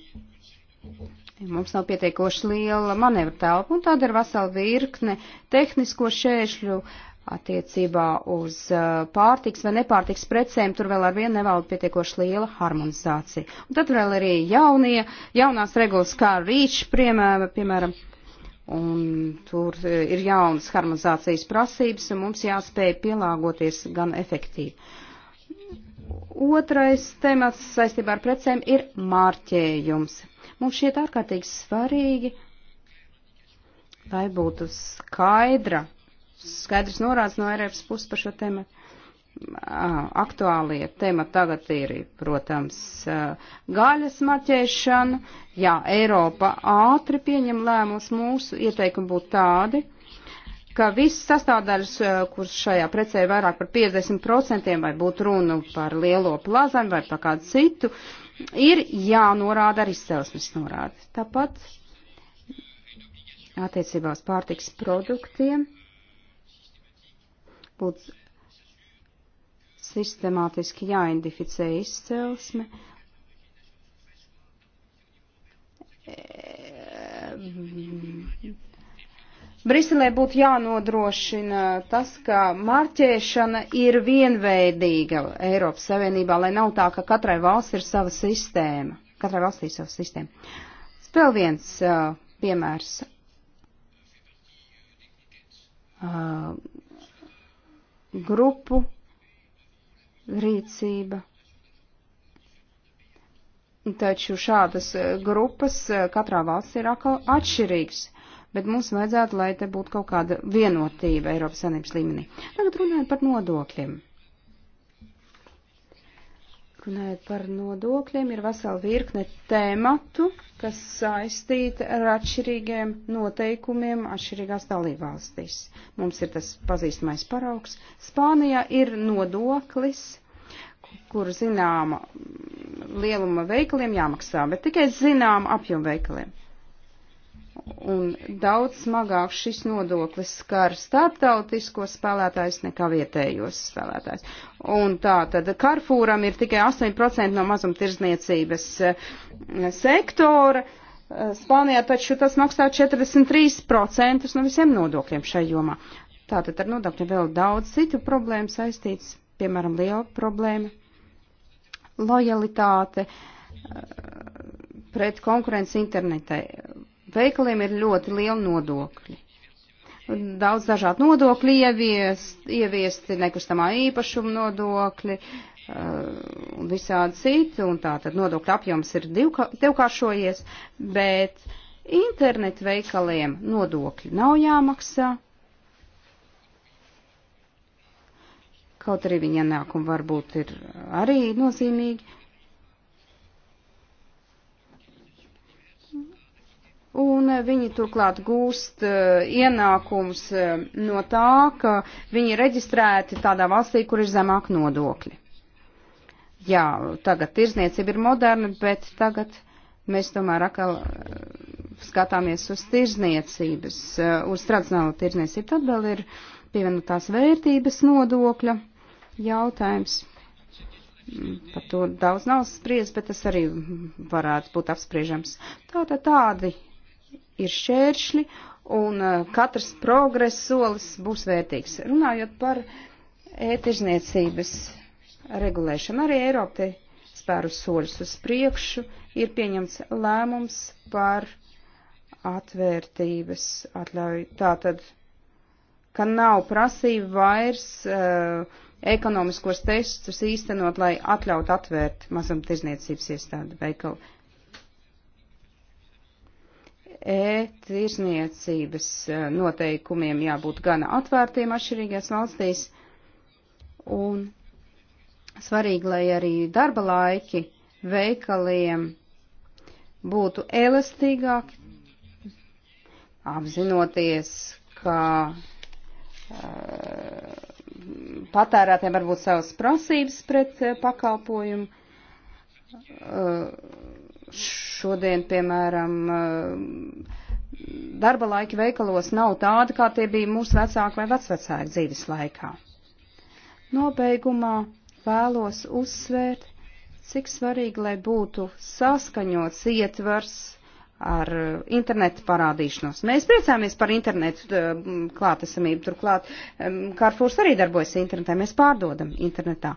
Mums nav pietiekoši liela manevra telpa, un tāda ir vesela virkne tehnisko šēršļu uh, attiecībā uz uh, pārtiks vai nepārtiks precēm, tur vēl ar vienu nevalda pietiekoši liela harmonizācija. Un tad vēl arī jaunie, jaunās regulas kā rīč, piemēram, un tur uh, ir jaunas harmonizācijas prasības, un mums jāspēj pielāgoties gan efektīvi. Otrais temats saistībā ar precēm ir mārķējums. Mums šķiet ārkārtīgi svarīgi, lai būtu skaidra skaidrs norāds no Eiropas puses par šo tēmu. Aktuālie tēma tagad ir, protams, gaļas marķēšana. Jā, Eiropa ātri pieņem lēmumus, mūsu ieteikumi būtu tādi, ka visas sastāvdaļas, kuras šajā precē ir vairāk par 50%, vai būtu runa par lielo plazaņu vai par kādu citu, ir jānorāda ar izcelsmes norādi. Tāpat attiecībā uz pārtiks produktiem būtu sistemātiski jāidentificē izcelsme. Briselē būtu jānodrošina tas, ka marķēšana ir vienveidīga Eiropas Savienībā, lai nav tā, ka katrai valsts ir sava sistēma. Katrai valstī ir sava sistēma. Vēl viens uh, piemērs. Uh, grupu rīcība. Taču šādas e, grupas e, katrā valstī ir atkal atšķirīgs, bet mums vajadzētu, lai te būtu kaut kāda vienotība Eiropas Sanības līmenī. Tagad runājot par nodokļiem. Runājot par nodokļiem, ir vesela virkne tēmatu, kas saistīta ar atšķirīgiem noteikumiem atšķirīgās dalībvalstīs. Mums ir tas pazīstamais paraugs. Spānijā ir nodoklis, kur zināma lieluma veikaliem jāmaksā, bet tikai zināma apjoma veikaliem un daudz smagāk šis nodoklis skar starptautiskos spēlētājus nekā vietējos spēlētājus. Un tā tad Karfūram ir tikai 8% no mazumtirdzniecības eh, sektora. Eh, Spānijā taču tas maksā 43% no visiem nodokļiem šai jomā. Tātad ar nodokļiem vēl daudz citu problēmu saistīts, piemēram, liela problēma, lojalitāte eh, pret konkurenci internetē veikaliem ir ļoti liela nodokļa. Daudz dažādu nodokļu ieviest, ieviesti nekustamā īpašuma nodokļi uh, un visādi citi, un tā tad nodokļu apjoms ir divkāršojies, bet internetu veikaliem nodokļi nav jāmaksā. Kaut arī viņa ienākumi varbūt ir arī nozīmīgi, Un viņi turklāt gūst uh, eh, ienākums uh, eh, no tā, ka viņi ir reģistrēti tādā valstī, kur ir zemāk nodokļi. Jā, tagad tirzniecība ir moderna, bet tagad mēs tomēr atkal uh, skatāmies uz tirzniecības, uh, uz tradicionālo tirzniecību. Tad vēl ir pievienotās vērtības nodokļa jautājums. Par to daudz nav spriest, bet tas arī varētu būt apspriežams. Tātad tādi ir šķēršļi, un eh, katrs progresa solis būs vērtīgs. Runājot par ētirzniecības e regulēšanu, arī Eiropa te spēru soļus uz priekšu, ir pieņemts lēmums par atvērtības atļauju. Tātad, ka nav prasība vairs uh, ekonomiskos testus īstenot, lai atļautu atvērt mazumtirdzniecības iestādi veikalu e-tirzniecības e, noteikumiem jābūt gana atvērtiem atšķirīgās valstīs. Un svarīgi, lai arī darba laiki veikaliem būtu elastīgāki, apzinoties, ka uh, e, patērētēm varbūt savas prasības pret uh, pakalpojumu. Uh, šodien, piemēram, eh, darba laika veikalos nav tādi, kā tie bija mūsu vecāki vai vecvecāki dzīves laikā. Nobeigumā vēlos uzsvērt, cik svarīgi, lai būtu saskaņots ietvars ar internetu parādīšanos. Mēs priecāmies par internetu eh, klātesamību, turklāt Kārfūrs arī darbojas internetā, mēs pārdodam internetā.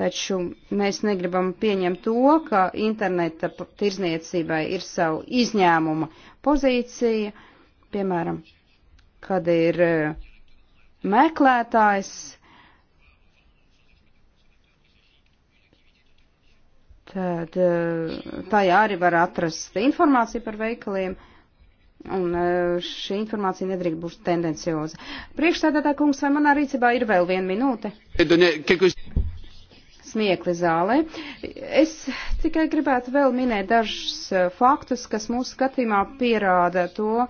Taču mēs negribam pieņemt to, ka interneta tirzniecībai ir savu izņēmuma pozīcija, piemēram, kad ir eh, meklētājs, tad eh, tajā arī var atrast informāciju par veikaliem, un eh, šī informācija nedrīkst būt tendencioza. Priekšstādātā kungs, vai manā rīcībā ir vēl viena minūte? smiekli zālē. Es tikai gribētu vēl minēt dažus eh, faktus, kas mūsu skatījumā pierāda to,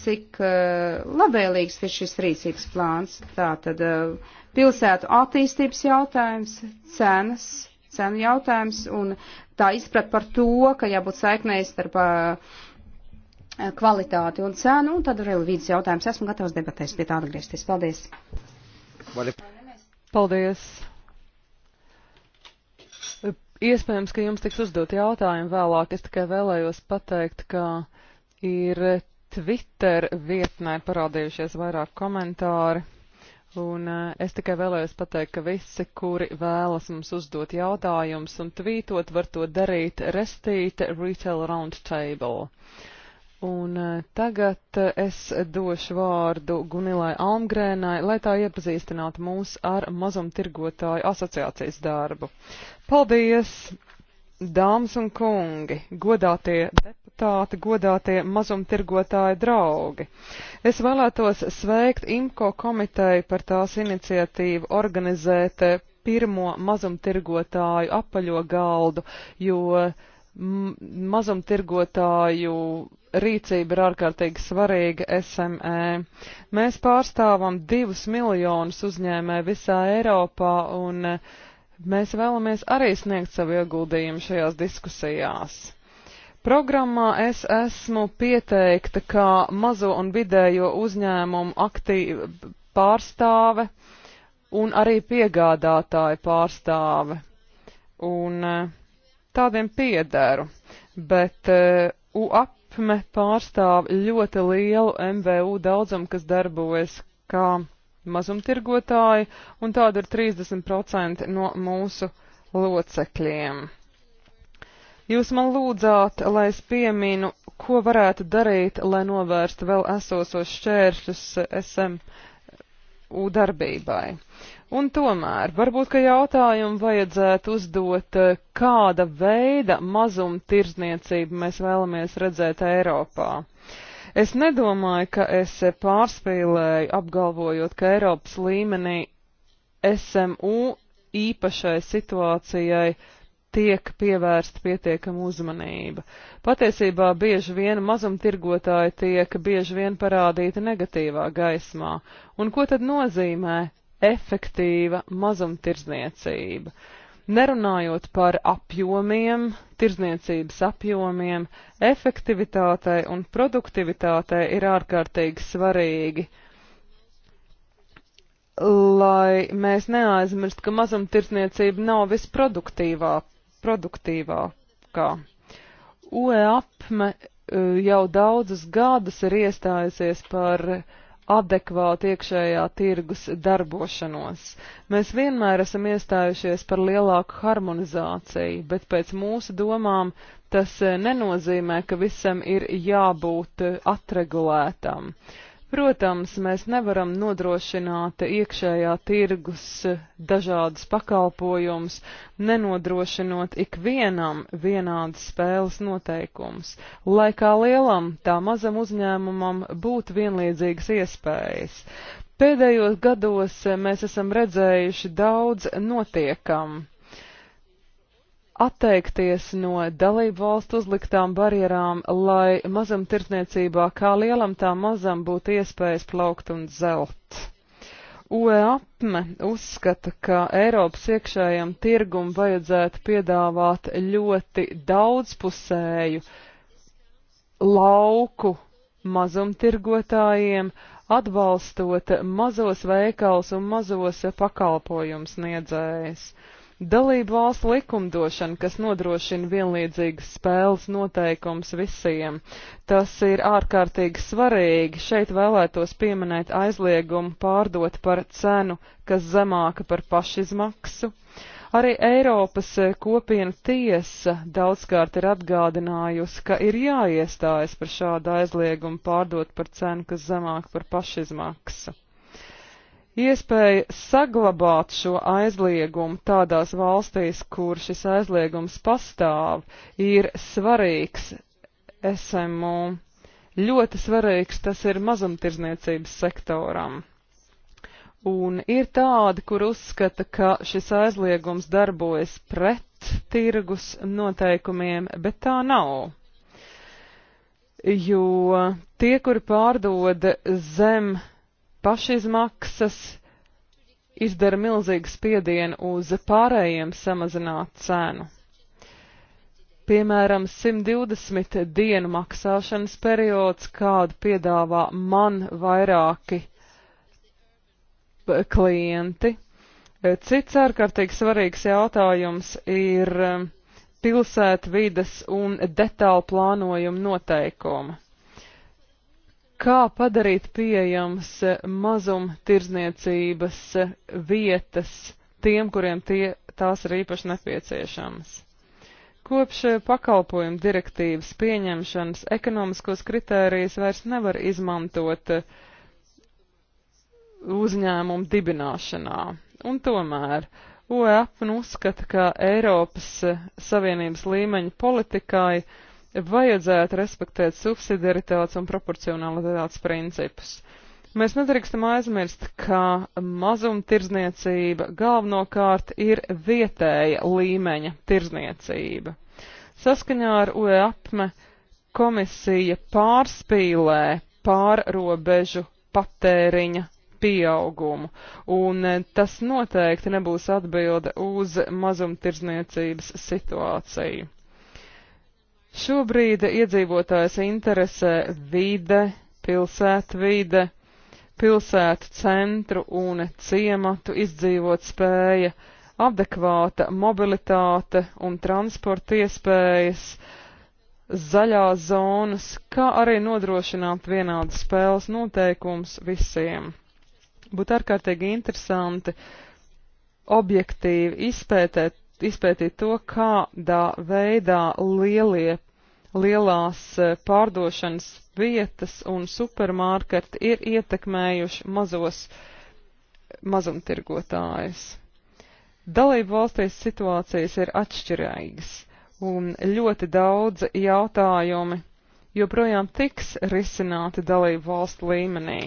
cik eh, labvēlīgs ir šis rīcības plāns. Tātad eh, pilsētu attīstības jautājums, cenas, cenu jautājums un tā izprat par to, ka jābūt saiknēs starp kvalitāti un cenu, un tad arī vidas jautājums. Esmu gatavs debatēs pie tā atgriezties. Paldies! Paldies! Iespējams, ka jums tiks uzdot jautājumi vēlāk. Es tikai vēlējos pateikt, ka ir Twitter vietnē parādījušies vairāk komentāri. Un eh, es tikai vēlējos pateikt, ka visi, kuri vēlas mums uzdot jautājumus un tvītot, var to darīt Restīte Retail Roundtable. Un eh, tagad eh, es došu vārdu Gunilai Almgrēnai, lai tā iepazīstinātu mūs ar mazumtirgotāju asociācijas darbu. Paldies, dāmas un kungi, godātie deputāti, godātie mazumtirgotāju draugi! Es vēlētos sveikt IMCO komiteju par tās iniciatīvu organizēt eh, pirmo mazumtirgotāju apaļo galdu, jo mazumtirgotāju rīcība ir ārkārtīgi svarīga SME. Mēs pārstāvam divus miljonus uzņēmē visā Eiropā un eh, mēs vēlamies arī sniegt savu ieguldījumu šajās diskusijās. Programmā es esmu pieteikta kā mazo un vidējo uzņēmumu aktīva pārstāve un arī piegādātāja pārstāve. Un eh, tādiem piederu, bet eh, UAP Sapme pārstāv ļoti lielu MVU daudzumu, kas darbojas kā mazumtirgotāji, un tāda ir 30% no mūsu locekļiem. Jūs man lūdzāt, lai es pieminu, ko varētu darīt, lai novērstu vēl esošos šķēršļus SM, U darbībai. Un tomēr, varbūt, ka jautājumu vajadzētu uzdot, eh, kāda veida mazumtirdzniecību mēs vēlamies redzēt Eiropā. Es nedomāju, ka es pārspīlēju apgalvojot, ka Eiropas līmenī SMU īpašai situācijai tiek pievērsta pietiekama uzmanība. Patiesībā bieži vien mazumtirgotāji tiek bieži vien parādīti negatīvā gaismā. Un ko tad nozīmē efektīva mazumtirdzniecība. Nerunājot par apjomiem, tirdzniecības apjomiem, efektivitātei un produktivitātei ir ārkārtīgi svarīgi, lai mēs neaizmirst, ka mazumtirdzniecība nav visproduktīvākā. UEAPME eh, jau daudzus gadus ir iestājusies par uh, adekvātu iekšējā tirgus darbošanos. Mēs vienmēr esam iestājušies par lielāku harmonizāciju, bet pēc mūsu domām tas eh, nenozīmē, ka visam ir jābūt eh, atregulētam. Uh, Protams, mēs nevaram nodrošināt iekšējā tirgus dažādas pakalpojumus, nenodrošinot ikvienam vienādas spēles noteikumus, lai kā lielam, tā mazam uzņēmumam būtu vienlīdzīgas iespējas. Pēdējos gados mēs esam redzējuši daudz notiekam atteikties no dalību valstu uzliktām barjerām, lai mazumtirdzniecībā kā lielam tā mazam būtu iespējas plaukt un zelt. UEAPME uzskata, ka Eiropas iekšējam tirgum vajadzētu piedāvāt ļoti daudzpusēju lauku mazumtirgotājiem, atbalstot mazos veikals un mazos pakalpojums niedzējus. Dalību valstu likumdošana, kas nodrošina vienlīdzīgas spēles noteikums visiem, tas ir ārkārtīgi svarīgi. Šeit vēlētos pieminēt aizliegumu pārdot par cenu, kas zemāka par pašizmaksu. Arī Eiropas kopiena tiesa daudzkārt ir atgādinājusi, ka ir jāiestājas par šādu aizliegumu pārdot par cenu, kas zemāka par pašizmaksu iespēja saglabāt šo aizliegumu tādās valstīs, kur šis aizliegums pastāv, ir svarīgs SMU. Ļoti svarīgs tas ir mazumtirdzniecības sektoram. Un ir tādi, kur uzskata, ka šis aizliegums darbojas pret tirgus noteikumiem, bet tā nav. Jo tie, kuri pārdod zem pašizmaksas izdara milzīgu spiedienu uz pārējiem samazināt cenu. Piemēram, 120 dienu maksāšanas periods, kādu piedāvā man vairāki klienti. Cits ārkārtīgi svarīgs jautājums ir pilsētvidas un detālu plānojuma noteikuma kā padarīt pieejams eh, mazumtirdzniecības eh, vietas tiem, kuriem tie, tās ir īpaši nepieciešamas. Kopš eh, pakalpojumu direktīvas pieņemšanas ekonomiskos kritērijas vairs nevar izmantot uzņēmumu dibināšanā. Un tomēr OEAPN uzskata, ka Eiropas Savienības līmeņa politikai uh, vajadzētu respektēt subsidiaritātes un proporcionalitātes principus. Mēs nedrīkstam aizmirst, ka mazumtirdzniecība galvenokārt ir vietēja līmeņa tirdzniecība. Saskaņā ar UEAPME komisija pārspīlē pārrobežu patēriņa pieaugumu, un tas noteikti nebūs atbilde uz mazumtirdzniecības situāciju. Šobrīd iedzīvotājs interesē vide, pilsētvide, pilsētu centru un ciematu izdzīvot spēja, adekvāta mobilitāte un transporta iespējas, zaļās zonas, kā arī nodrošināt vienādas spēles noteikums visiem. Būtu ārkārtīgi interesanti objektīvi izpētēt izpētīt to, kādā veidā lielie, lielās e, pārdošanas vietas un supermārketi ir ietekmējuši mazos mazumtirgotājus. Dalību valstīs situācijas ir atšķirīgas, un ļoti daudz jautājumi joprojām tiks risināti dalību valstu līmenī.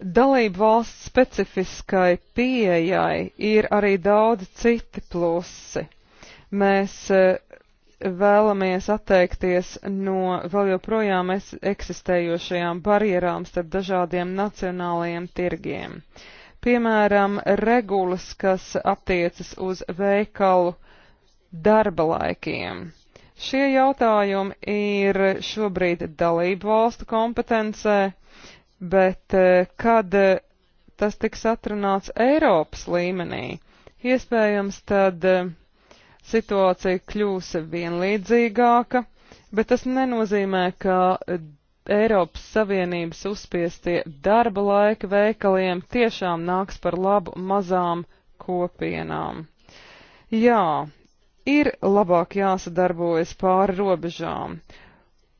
Dalību valsts specifiskai pieejai ir arī daudz citi plusi. Mēs eh, vēlamies atteikties no vēl joprojām eksistējošajām barjerām starp dažādiem nacionālajiem tirgiem. Piemēram, regulas, kas attiecas uz veikalu darba laikiem. Šie jautājumi ir šobrīd dalību valstu kompetencē, bet eh, kad eh, tas tiks atrunāts Eiropas līmenī, iespējams tad eh, situācija kļūs vienlīdzīgāka, bet tas nenozīmē, ka Eiropas Savienības uzspiestie darba laika veikaliem tiešām nāks par labu mazām kopienām. Jā, ir labāk jāsadarbojas pāri robežām,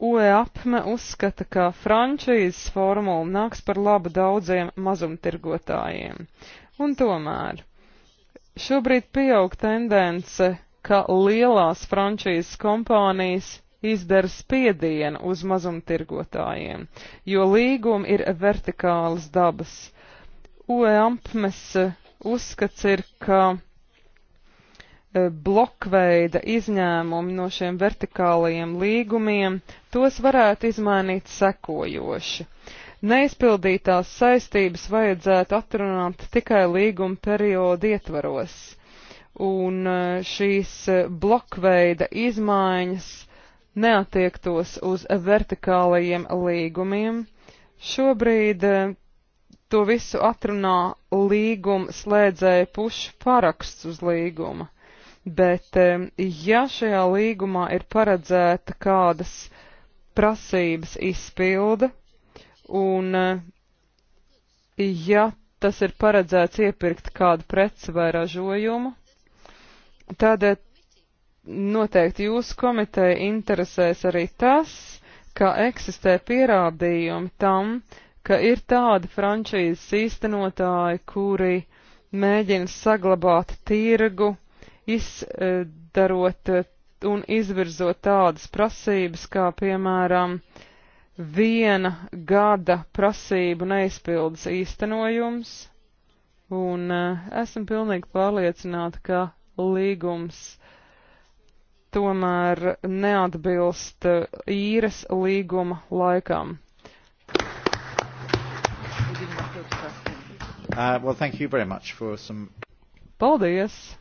UEAPME uzskata, ka frančīzes formula nāks par labu daudziem mazumtirgotājiem. Un tomēr šobrīd pieaug tendence, ka lielās frančīzes kompānijas izdara spiedienu uz mazumtirgotājiem, jo līgumi ir vertikālas dabas. UEAPMES uzskats ir, ka Eh, blokveida izņēmumi no šiem vertikālajiem līgumiem, tos varētu izmainīt sekojoši. Neizpildītās saistības vajadzētu atrunāt tikai līguma periodu ietvaros, un eh, šīs eh, blokveida izmaiņas neatiektos uz vertikālajiem līgumiem. Šobrīd to visu atrunā līguma slēdzēja pušu paraksts uz līguma bet ja šajā līgumā ir paredzēta kādas prasības izpilde un ja tas ir paredzēts iepirkt kādu preci vai ražojumu, tad noteikti jūsu komiteja interesēs arī tas, ka eksistē pierādījumi tam, ka ir tādi frančīzes īstenotāji, kuri mēģina saglabāt tirgu, uh, izdarot eh, un izvirzot tādas prasības, kā piemēram viena gada prasību neizpildes īstenojums, un eh, esmu pilnīgi pārliecināta, ka līgums tomēr neatbilst eh, īres līguma laikam. Uh, well, thank you very much for some... Paldies!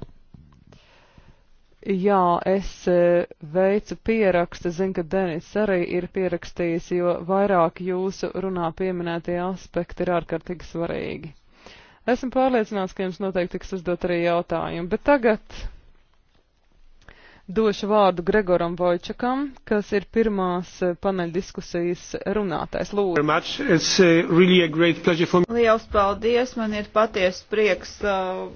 Jā, es e, veicu pierakstu, zinu, ka Denis arī ir pierakstījis, jo vairāk jūsu runā pieminētie aspekti ir ārkārtīgi svarīgi. Esmu pārliecināts, ka jums noteikti tiks uzdot arī jautājumi, bet tagad došu vārdu Gregoram Vojčakam, kas ir pirmās e, paneļdiskusijas runātājs. Lūdzu. E, really for... Liels paldies, man ir paties prieks uh,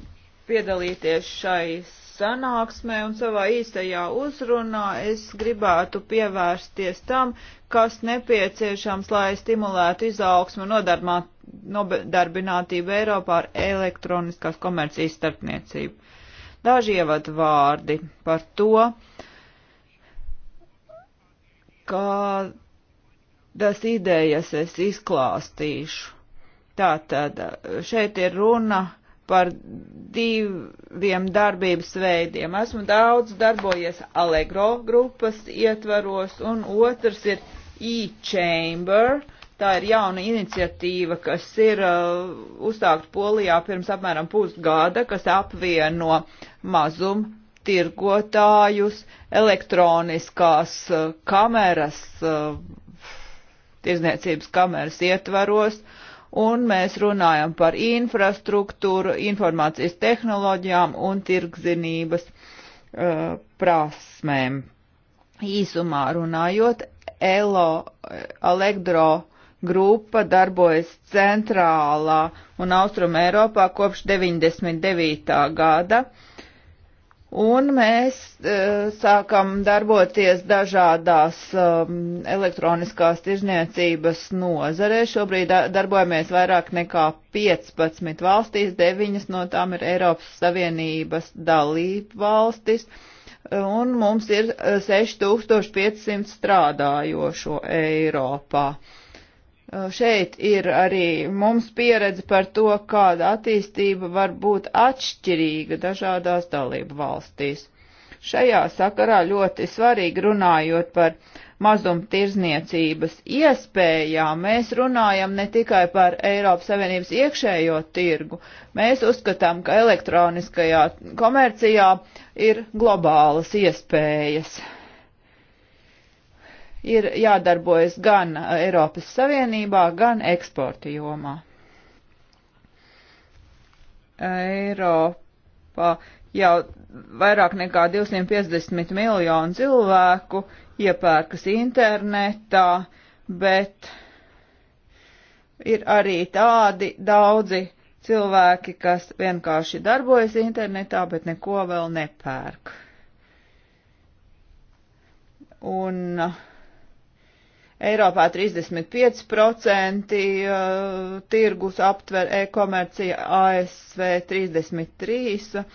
piedalīties šais sanāksmē un savā īstajā uzrunā es gribētu pievērsties tam, kas nepieciešams, lai stimulētu izaugsmu nodarbinātību Eiropā ar elektroniskās komercijas starpniecību. Daži ievad vārdi par to, kā tas idejas es izklāstīšu. Tātad šeit ir runa par diviem darbības veidiem. Esmu daudz darbojies Allegro grupas ietvaros, un otrs ir e-chamber. Tā ir jauna iniciatīva, kas ir uh, uzsākt Polijā pirms apmēram pusgada, kas apvieno mazum tirgotājus, elektroniskās uh, kameras, uh, tirzniecības kameras ietvaros, uh, un mēs runājam par infrastruktūru, informācijas tehnoloģijām un tirgzinības uh, prasmēm. Īsumā runājot, ELO elektro grupa darbojas centrālā un austruma Eiropā kopš 99. gada. Uh, Un mēs e, sākam darboties dažādās e, elektroniskās tirzniecības nozarē. Šobrīd darbojamies vairāk nekā 15 valstīs, 9 no tām ir Eiropas Savienības dalība valstis, e, un mums ir 6500 e, strādājošo Eiropā. E, Eh, šeit ir arī mums pieredze par to, kāda attīstība var būt atšķirīga dažādās dalību valstīs. Šajā sakarā ļoti svarīgi runājot par mazumtirzniecības iespējām, mēs runājam ne tikai par Eiropas Savienības iekšējo tirgu, mēs uzskatām, ka elektroniskajā komercijā ir globālas iespējas ir jādarbojas gan uh, Eiropas Savienībā, gan eksporta jomā. Eiropā jau vairāk nekā 250 miljonu cilvēku iepērkas internetā, bet ir arī tādi daudzi cilvēki, kas vienkārši darbojas internetā, bet neko vēl nepērk. Un uh, Eiropā 35% uh, tirgus aptver e-komercija, ASV 33% uh,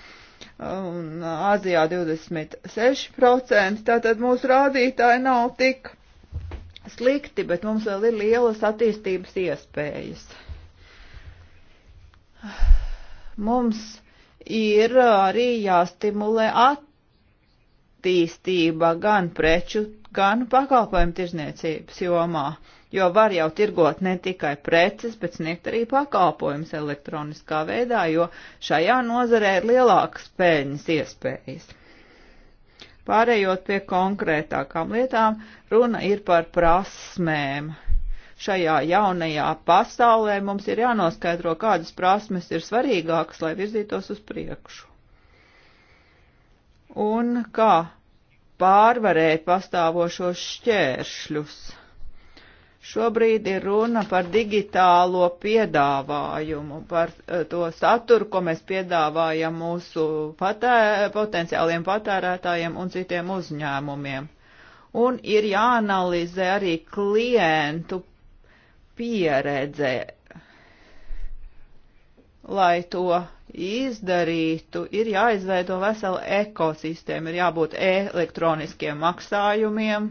un Āzijā 26%. Tātad mūsu rādītāji nav tik slikti, bet mums vēl ir lielas attīstības iespējas. Mums ir arī jāstimulē attīstība gan preču gan pakalpojumu tirzniecības jomā, jo var jau tirgot ne tikai preces, bet sniegt arī pakalpojumus elektroniskā veidā, jo šajā nozarē ir lielākas peļņas iespējas. Pārējot pie konkrētākām lietām, runa ir par prasmēm. Šajā jaunajā pasaulē mums ir jānoskaidro, kādas prasmes ir svarīgākas, lai virzītos uz priekšu. Un kā pārvarēt pastāvošos šķēršļus. Šobrīd ir runa par digitālo piedāvājumu, par eh, to saturu, ko mēs piedāvājam mūsu patē, potenciāliem patērētājiem un citiem uzņēmumiem. Un ir jāanalizē arī klientu pieredze, lai to izdarītu, ir jāizveido vesela ekosistēma, ir jābūt elektroniskiem maksājumiem,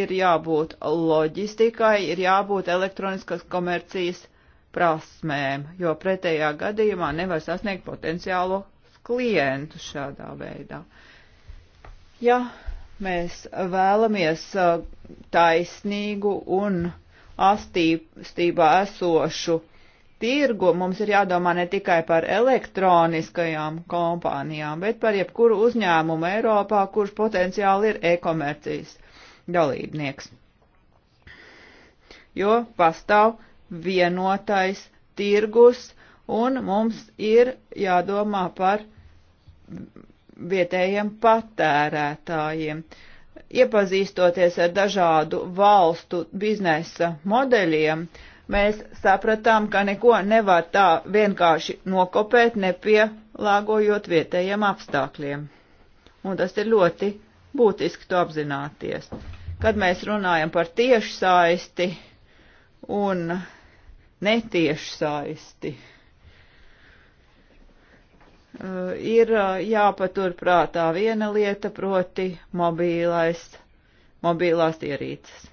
ir jābūt loģistikai, ir jābūt elektroniskas komercijas prasmēm, jo pretējā gadījumā nevar sasniegt potenciālo klientu šādā veidā. Ja mēs vēlamies uh, taisnīgu un astībā esošu tirgu, mums ir jādomā ne tikai par elektroniskajām kompānijām, bet par jebkuru uzņēmumu Eiropā, kurš potenciāli ir e-komercijas dalībnieks. Jo pastāv vienotais tirgus, un mums ir jādomā par vietējiem patērētājiem. Iepazīstoties ar dažādu valstu biznesa modeļiem, uh, mēs sapratām, ka neko nevar tā vienkārši nokopēt, nepielāgojot vietējiem apstākļiem. Un tas ir ļoti būtiski to apzināties. Kad mēs runājam par tieši saisti un netieši saisti, eh, ir eh, jāpaturprātā viena lieta, proti mobīlais, mobīlās ierīces.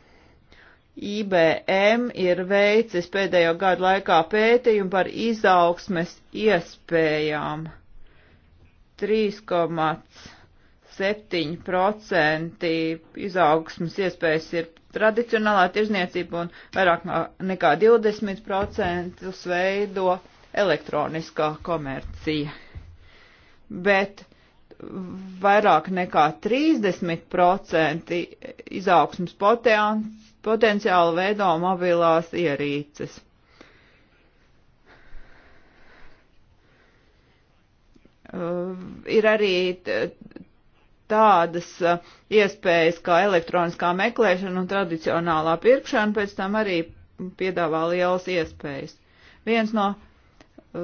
IBM ir veicis pēdējo gadu laikā pētījumu par izaugsmes iespējām. 3,7% izaugsmes iespējas ir tradicionālā tirzniecība un vairāk nekā 20% veido elektroniskā komercija. Bet vairāk nekā 30% izaugsmas potenciāls potenciāli veido mobilās ierīces. Uh, ir arī tādas uh, iespējas kā elektroniskā meklēšana un tradicionālā pirkšana, pēc tam arī piedāvā lielas iespējas. Viens no uh,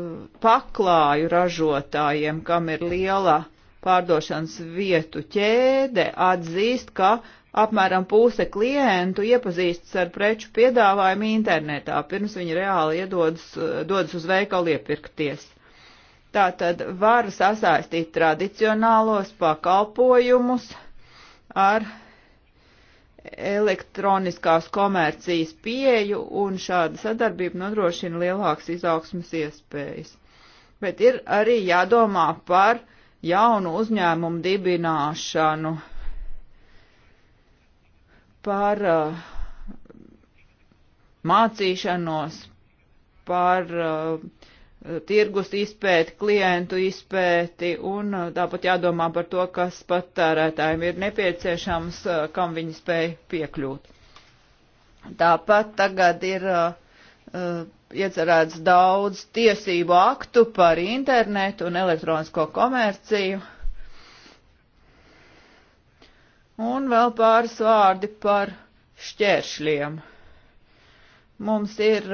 paklāju ražotājiem, kam ir liela pārdošanas vietu ķēde, atzīst, ka uh, apmēram puse klientu iepazīstas ar preču piedāvājumu internetā, pirms viņi reāli iedodas, dodas uz veikalu iepirkties. Tā tad var sasaistīt tradicionālos pakalpojumus ar elektroniskās komercijas pieju, un šāda sadarbība nodrošina lielākas izaugsmas iespējas. Bet ir arī jādomā par jaunu uzņēmumu dibināšanu, uh, par uh, mācīšanos, par uh, tirgus izpēti, klientu izpēti un uh, tāpat jādomā par to, kas patērētājiem ir nepieciešams, uh, kam viņi spēj piekļūt. Tāpat tagad ir uh, uh iecerēts daudz tiesību aktu par internetu un elektronisko komerciju. Uh, Un vēl pāris vārdi par šķēršļiem. Mums ir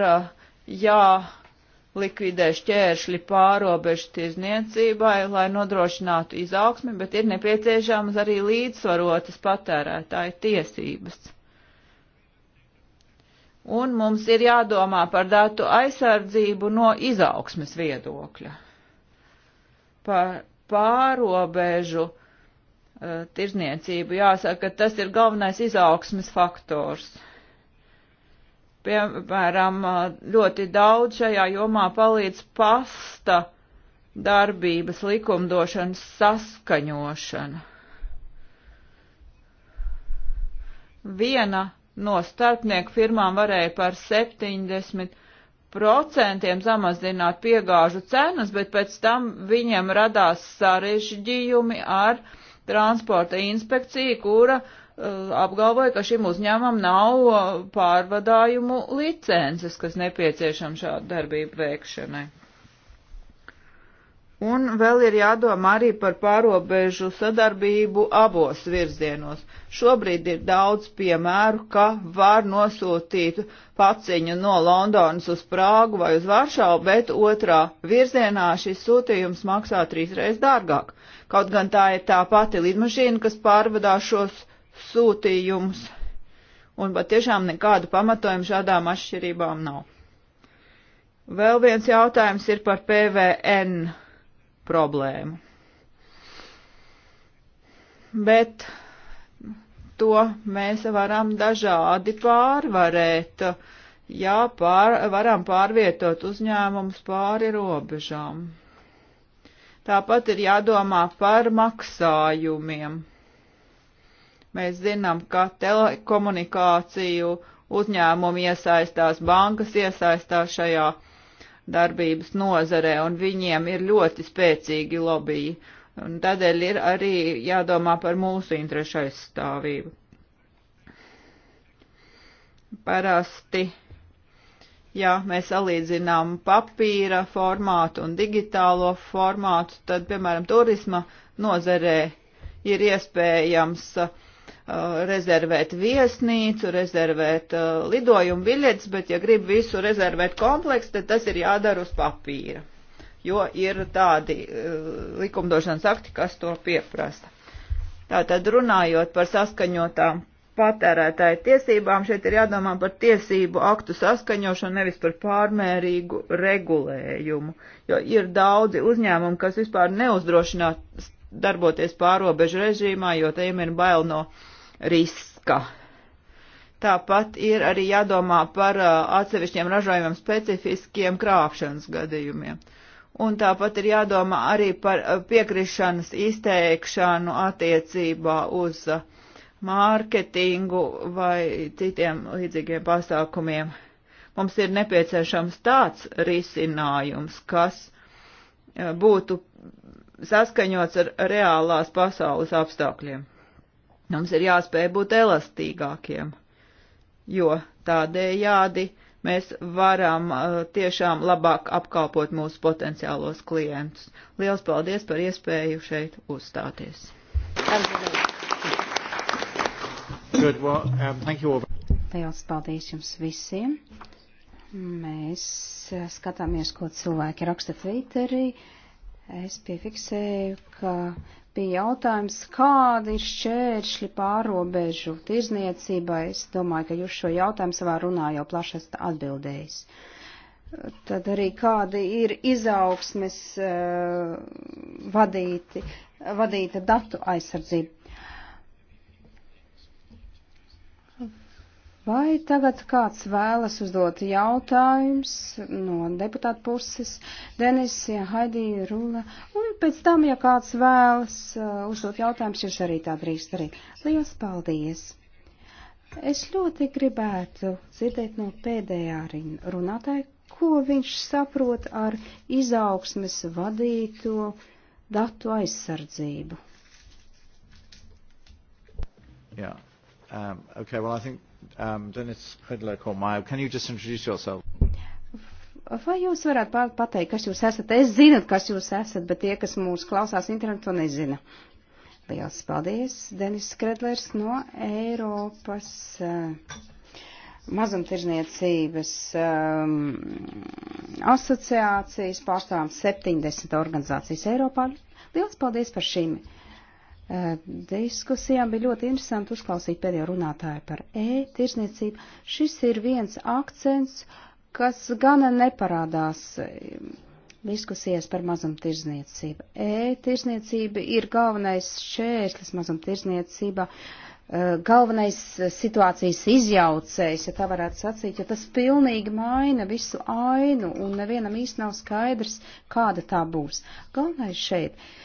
jālikvidē šķēršļi pārobežu tirzniecībai, lai nodrošinātu izaugsmi, bet ir nepieciešamas arī līdzsvarotas patērētāju tiesības. Un mums ir jādomā par datu aizsardzību no izaugsmes viedokļa. Par pārobežu uh, Eh, tirzniecību. Jāsaka, ka tas ir galvenais izaugsmes faktors. Piemēram, eh, ļoti daudz šajā jomā palīdz pasta darbības likumdošanas saskaņošana. Viena no starpnieku firmām varēja par 70 procentiem samazināt piegāžu cenas, bet pēc tam viņiem radās sarežģījumi ar uh, transporta inspekcija, kura uh, apgalvoja, ka šim uzņēmumam nav uh, pārvadājumu licences, kas nepieciešama šādu darbību veikšanai. Un vēl ir jādomā arī par pārobežu sadarbību abos virzienos. Šobrīd ir daudz piemēru, ka var nosūtīt paciņu no Londonas uz Prāgu vai uz Varšavu, bet otrā virzienā šis sūtījums maksā trīsreiz dārgāk kaut gan tā ir tā pati lidmašīna, kas pārvadā šos sūtījumus. Un pat tiešām nekādu pamatojumu šādām atšķirībām nav. Vēl viens jautājums ir par PVN problēmu. Bet to mēs varam dažādi pārvarēt, ja pār, varam pārvietot uzņēmumus pāri robežām. Tāpat ir jādomā par maksājumiem. Mēs zinām, ka telekomunikāciju uzņēmumi iesaistās, bankas iesaistās šajā darbības nozarē, un viņiem ir ļoti spēcīgi lobiji. Un tādēļ ir arī jādomā par mūsu interešu aizstāvību. Parasti Ja mēs salīdzinām papīra formātu un digitālo formātu, tad, piemēram, turisma nozerē ir iespējams uh, rezervēt viesnīcu, rezervēt uh, lidojumu biļetes, bet ja grib visu rezervēt kompleksu, tad tas ir jādara uz papīra, jo ir tādi uh, likumdošanas akti, kas to pieprasa. Tātad runājot par saskaņotām patērētāju tiesībām. Šeit ir jādomā par tiesību aktu saskaņošanu, nevis par pārmērīgu regulējumu, jo ir daudzi uzņēmumi, kas vispār neuzdrošinās darboties pārobežu režīmā, jo tiem ir bail no riska. Tāpat ir arī jādomā par uh, atsevišķiem ražojumiem specifiskiem krāpšanas gadījumiem. Un tāpat ir jādomā arī par uh, piekrišanas izteikšanu attiecībā uz uh, mārketingu vai citiem līdzīgiem pasākumiem. Mums ir nepieciešams tāds risinājums, kas e, būtu saskaņots ar reālās pasaules apstākļiem. Mums ir jāspēj būt elastīgākiem, jo tādējādi mēs varam e, tiešām labāk apkalpot mūsu potenciālos klientus. Liels paldies par iespēju šeit uzstāties! Paldies. Good, well, um, thank you all. Liels paldies jums visiem. Mēs uh, skatāmies, ko cilvēki raksta Twitterī. Es piefiksēju, ka bija jautājums, kādi ir šķēršļi pārobežu tirzniecībai. Es domāju, ka jūs šo jautājumu savā runā jau plaši esat atbildējis. Tad arī kādi ir izaugsmes uh, vadīti, vadīta datu aizsardzība. Vai tagad kāds vēlas uzdot jautājums no deputāta puses? Denis, ja Haidī, Rula. Un pēc tam, ja kāds vēlas uh, uzdot jautājums, jūs arī tā drīkst arī. Lielas paldies! Es ļoti gribētu dzirdēt no pēdējā runātāja, ko viņš saprot ar izaugsmes vadīto datu aizsardzību. Yeah. Um, okay, well, I think Um, Denis Kredlēko-Māju, can you just introduce yourself? Vai jūs varētu pateikt, kas jūs esat? Es zinu, kas jūs esat, bet tie, kas mūs klausās internetu, nezina. Liels paldies, Denis Kredlers no Eiropas uh, mazumtirzniecības um, asociācijas pārstāvām 70 organizācijas Eiropā. Liels paldies par šīm diskusijām bija ļoti interesanti uzklausīt pēdējo runātāju par e-tirsniecību. Šis ir viens akcents, kas gana neparādās um, diskusijas par mazumtirdzniecību. E-tirsniecība ir galvenais šķērslis mazumtirdzniecībā, uh, galvenais situācijas izjaucējs, ja tā varētu sacīt, jo tas pilnīgi maina visu ainu un nevienam īsti nav skaidrs, kāda tā būs. Galvenais šeit ir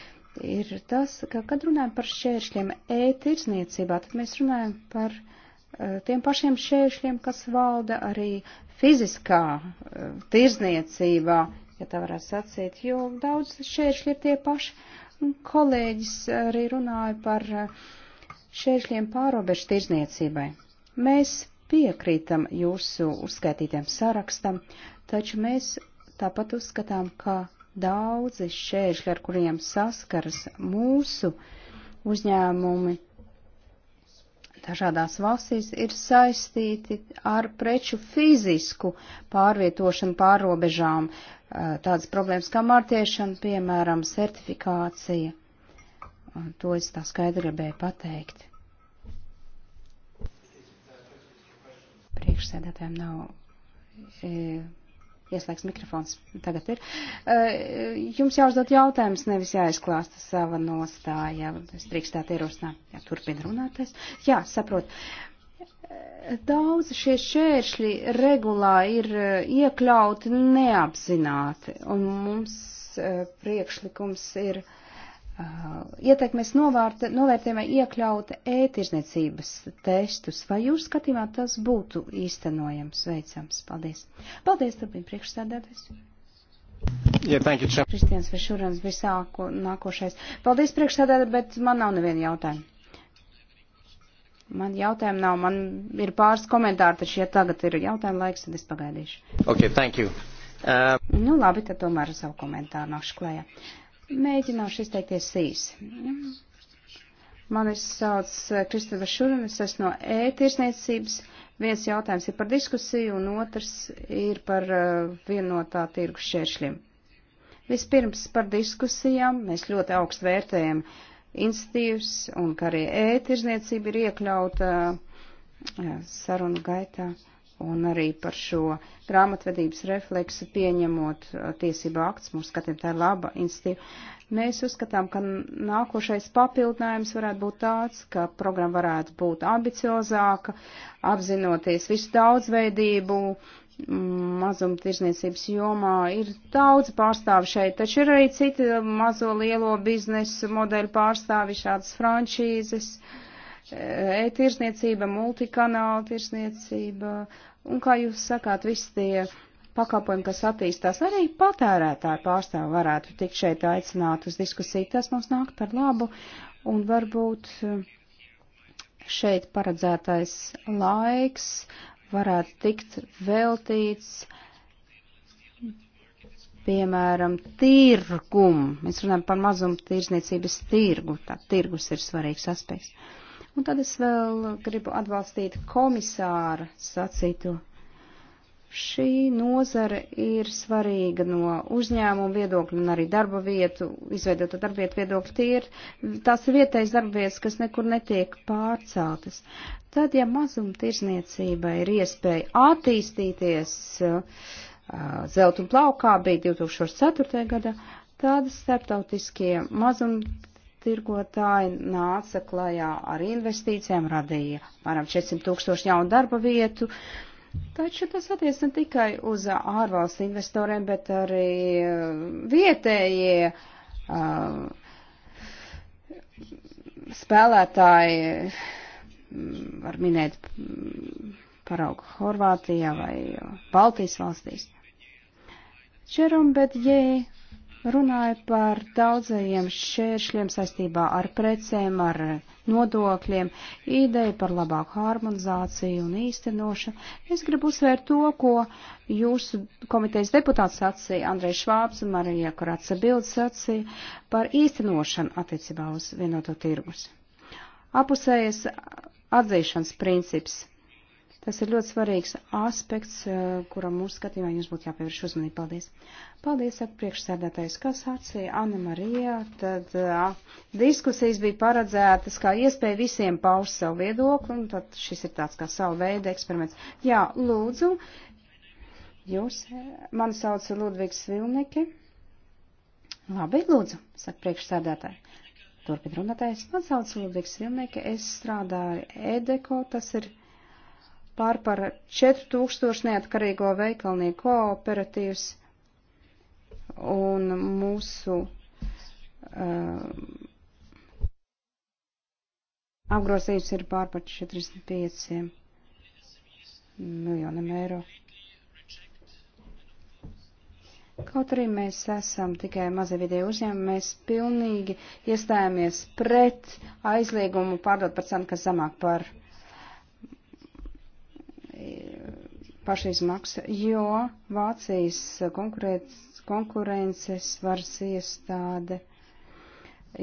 ir tas, ka, kad runājam par šķēršļiem e-tirsniecībā, tad mēs runājam par uh, tiem pašiem šķēršļiem, kas valda arī fiziskā uh, tirzniecībā, ja tā varētu sacīt, jo daudz šķēršļi ir tie paši. Kolēģis arī runāja par eh, šķēršļiem pārobežu tirzniecībai. Mēs piekrītam jūsu uzskaitītiem sarakstam, taču mēs tāpat uzskatām, ka Daudzi šķēršļi, ar kuriem saskaras mūsu uzņēmumi dažādās valstīs, ir saistīti ar preču fizisku pārvietošanu pārobežām. Eh, tādas problēmas kā martiešana, piemēram, certifikācija. Un eh, to es tā skaidri gribēju pateikt. Priekšsēdētājiem nav. E, Ieslēgs mikrofons. Tagad ir. Eh, jums jāuzdod jautājums, nevis jāizklāsta sava nostāja. Es drīkstētu ierosināt, ja turpin runāties. Jā, saprot. Eh, daudz šie šēršļi regulā ir eh, iekļauti neapzināti, un mums priekšlikums ir. Uh, Uh, ietekmes novārta, novērtējumā iekļauta ētirzniecības testus. Vai jūs skatījumā tas būtu īstenojams, veicams? Paldies. Paldies, turpin priekšsēdētājs. Yeah, thank you, Chair. Kristians Vešurans bija sāku, nākošais. Paldies priekšsēdētāji, bet man nav neviena jautājuma. Man jautājumu nav, man ir pāris komentāri, taču ja tagad ir jautājuma laiks, tad es pagaidīšu. Okay, thank you. Uh... Nu labi, tad tomēr savu komentāru nākšu klējā. Uh, Mēģināšu izteikties īsi. Mani sauc eh, Kristova Šurinis, es no e-tirsniecības. Viens jautājums ir par diskusiju, un otrs ir par uh, vienotā tirgu šķēršļiem. Vispirms par diskusijām mēs ļoti augstu vērtējam institīvas, un ka arī e-tirzniecība ir iekļauta uh, sarunu gaitā. Uh, un arī par šo grāmatvedības refleksu pieņemot uh, tiesību akts. Mums skatiem tā ir laba institīva. Mēs uzskatām, ka nākošais papildinājums varētu būt tāds, ka programma varētu būt ambiciozāka, apzinoties visu daudzveidību, mm, mazumtirdzniecības jomā ir daudz pārstāvi šeit, taču ir arī citi mazo lielo biznesu modeļu pārstāvi, šādas frančīzes. Uh, e-tirsniecība, multikanāla tirsniecība, un kā jūs sakāt, visi tie pakalpojumi, kas attīstās, arī patērētāji pārstāvi varētu tikt šeit aicināt uz diskusiju. Tas mums nāk par labu, un varbūt eh, šeit paredzētais laiks varētu tikt veltīts piemēram, tirgumu. Mēs runājam par mazumu tirzniecības tirgu. Tā tirgus ir svarīgs aspekts. Un tad es vēl gribu atbalstīt komisāra sacīto. Šī nozara ir svarīga no uzņēmuma viedokļa un arī darba vietu, izveidota darba vietu viedokļa. Tie ir tās vietējas darba vietas, kas nekur netiek pārceltas. Tad, ja mazumtirzniecībai ir iespēja attīstīties, uh, zelta un plaukā bija 2004. gada, tad starptautiskie mazumtirzniecības tirgotāji nāca klajā ar investīcijām, radīja varam 400 tūkstoši jaunu darba vietu. Taču tas attiec ne tikai uz ārvalstu investoriem, bet arī eh, vietējie uh, spēlētāji, mm, var minēt mm, paraugu Horvātijā vai Baltijas valstīs. Čerom Bedjē runāja par daudzajiem šķēršļiem saistībā ar precēm, ar nodokļiem, ideju par labāku harmonizāciju un īstenošanu. Es gribu uzsvērt to, ko jūsu komitejas deputāts sacīja, Andrejs Švābs un Marija Kurāca Bilds sacīja par īstenošanu attiecībā uz vienoto tirgus. Apusējas atzīšanas princips Tas ir ļoti svarīgs aspekts, eh, kuram mūsu skatījumā jums būtu jāpievērš uzmanība. Paldies! Paldies, saka priekšsēdētājs Kasācija, Anna Marija. Tad jā, eh, diskusijas bija paredzētas kā iespēja visiem paust savu viedokli, un tad šis ir tāds kā savu veidu eksperiments. Jā, lūdzu, jūs, eh, man sauc Ludvigs Vilniki. Labi, lūdzu, saka priekšsēdētāji. Turpin runātājs, man sauc Ludvigs Vilniki, es strādāju EDECO, tas ir pār par 4000 neatkarīgo veikalnieku kooperatīvs un mūsu uh, apgrozījums ir pār par 45 miljoniem eiro. Kaut arī mēs esam tikai mazie vidēji uzņēmumi, mēs pilnīgi iestājāmies pret aizliegumu pārdot par cenu, kas zemāk par pašizmaksa, jo Vācijas konkurences varas iestāde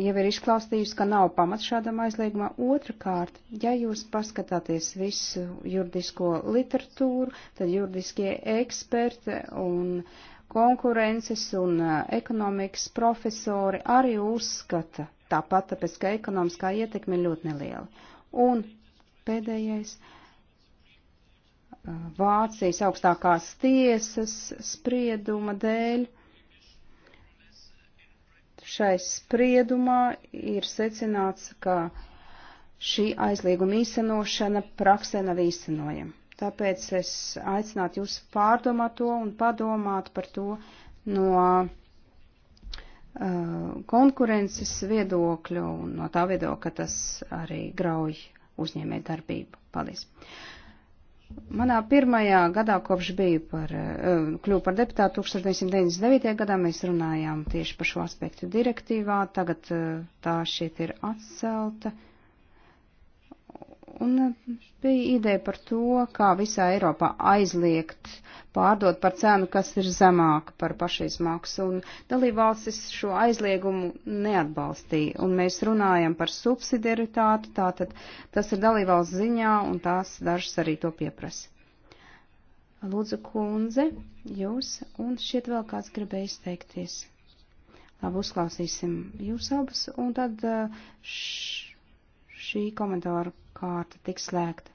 jau ir izklāstījusi, ka nav pamats šādam aizliegumam. Otrakārt, ja jūs paskatāties visu juridisko literatūru, tad juridiskie eksperti un konkurences un ekonomikas profesori arī uzskata tāpat, tāpēc, ka ekonomiskā ietekme ir ļoti neliela. Un pēdējais. Uh, Vācijas augstākās tiesas sprieduma dēļ. Šai spriedumā ir secināts, ka šī aizlieguma īstenošana praksē nav īstenojama. Tāpēc es aicinātu jūs pārdomāt to un padomāt par to no uh, konkurences viedokļu un no tā viedokļa, ka tas arī grauj uzņēmē darbību. Paldies! Manā pirmajā gadā, kopš biju par, eh, kļuvu par deputātu 1999. gadā, mēs runājām tieši par šo aspektu direktīvā, tagad eh, tā šeit ir atcelta. Uh, Un eh, bija ideja par to, kā visā Eiropā aizliegt pārdot par cenu, kas ir zemāka par pašizmaksu, un dalībvalstis šo aizliegumu neatbalstīja. Un mēs runājam par subsidiaritāti, tātad tas ir dalībvalsts ziņā, un tās dažas arī to pieprasa. Lūdzu, kundze, jūs, un šķiet vēl kāds gribēja izteikties. Labi, uzklausīsim jūs abas, un tad eh, š, šī komentāra kārta tiks slēgta.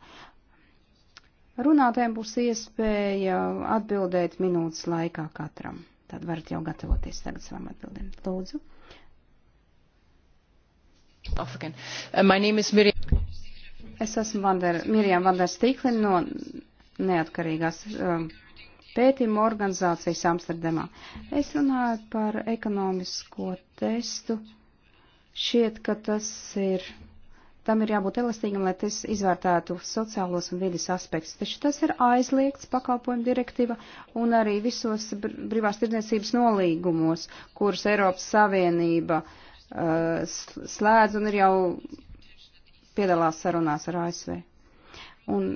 Runātēm būs iespēja atbildēt minūtes laikā katram. Tad varat jau gatavoties tagad savām atbildēm. Lūdzu. Uh, es esmu Vander, Mirjam Vander Stīklin no neatkarīgās um, pētījuma organizācijas Amsterdamā. Es runāju par ekonomisko testu. Šķiet, ka tas ir tam ir jābūt elastīgam, lai tas izvērtētu sociālos un vidas aspektus. Taču tas ir aizliegts pakalpojumu direktīva un arī visos brīvās tirdzniecības nolīgumos, kurus Eiropas Savienība uh, slēdz un ir jau piedalās sarunās ar ASV. Un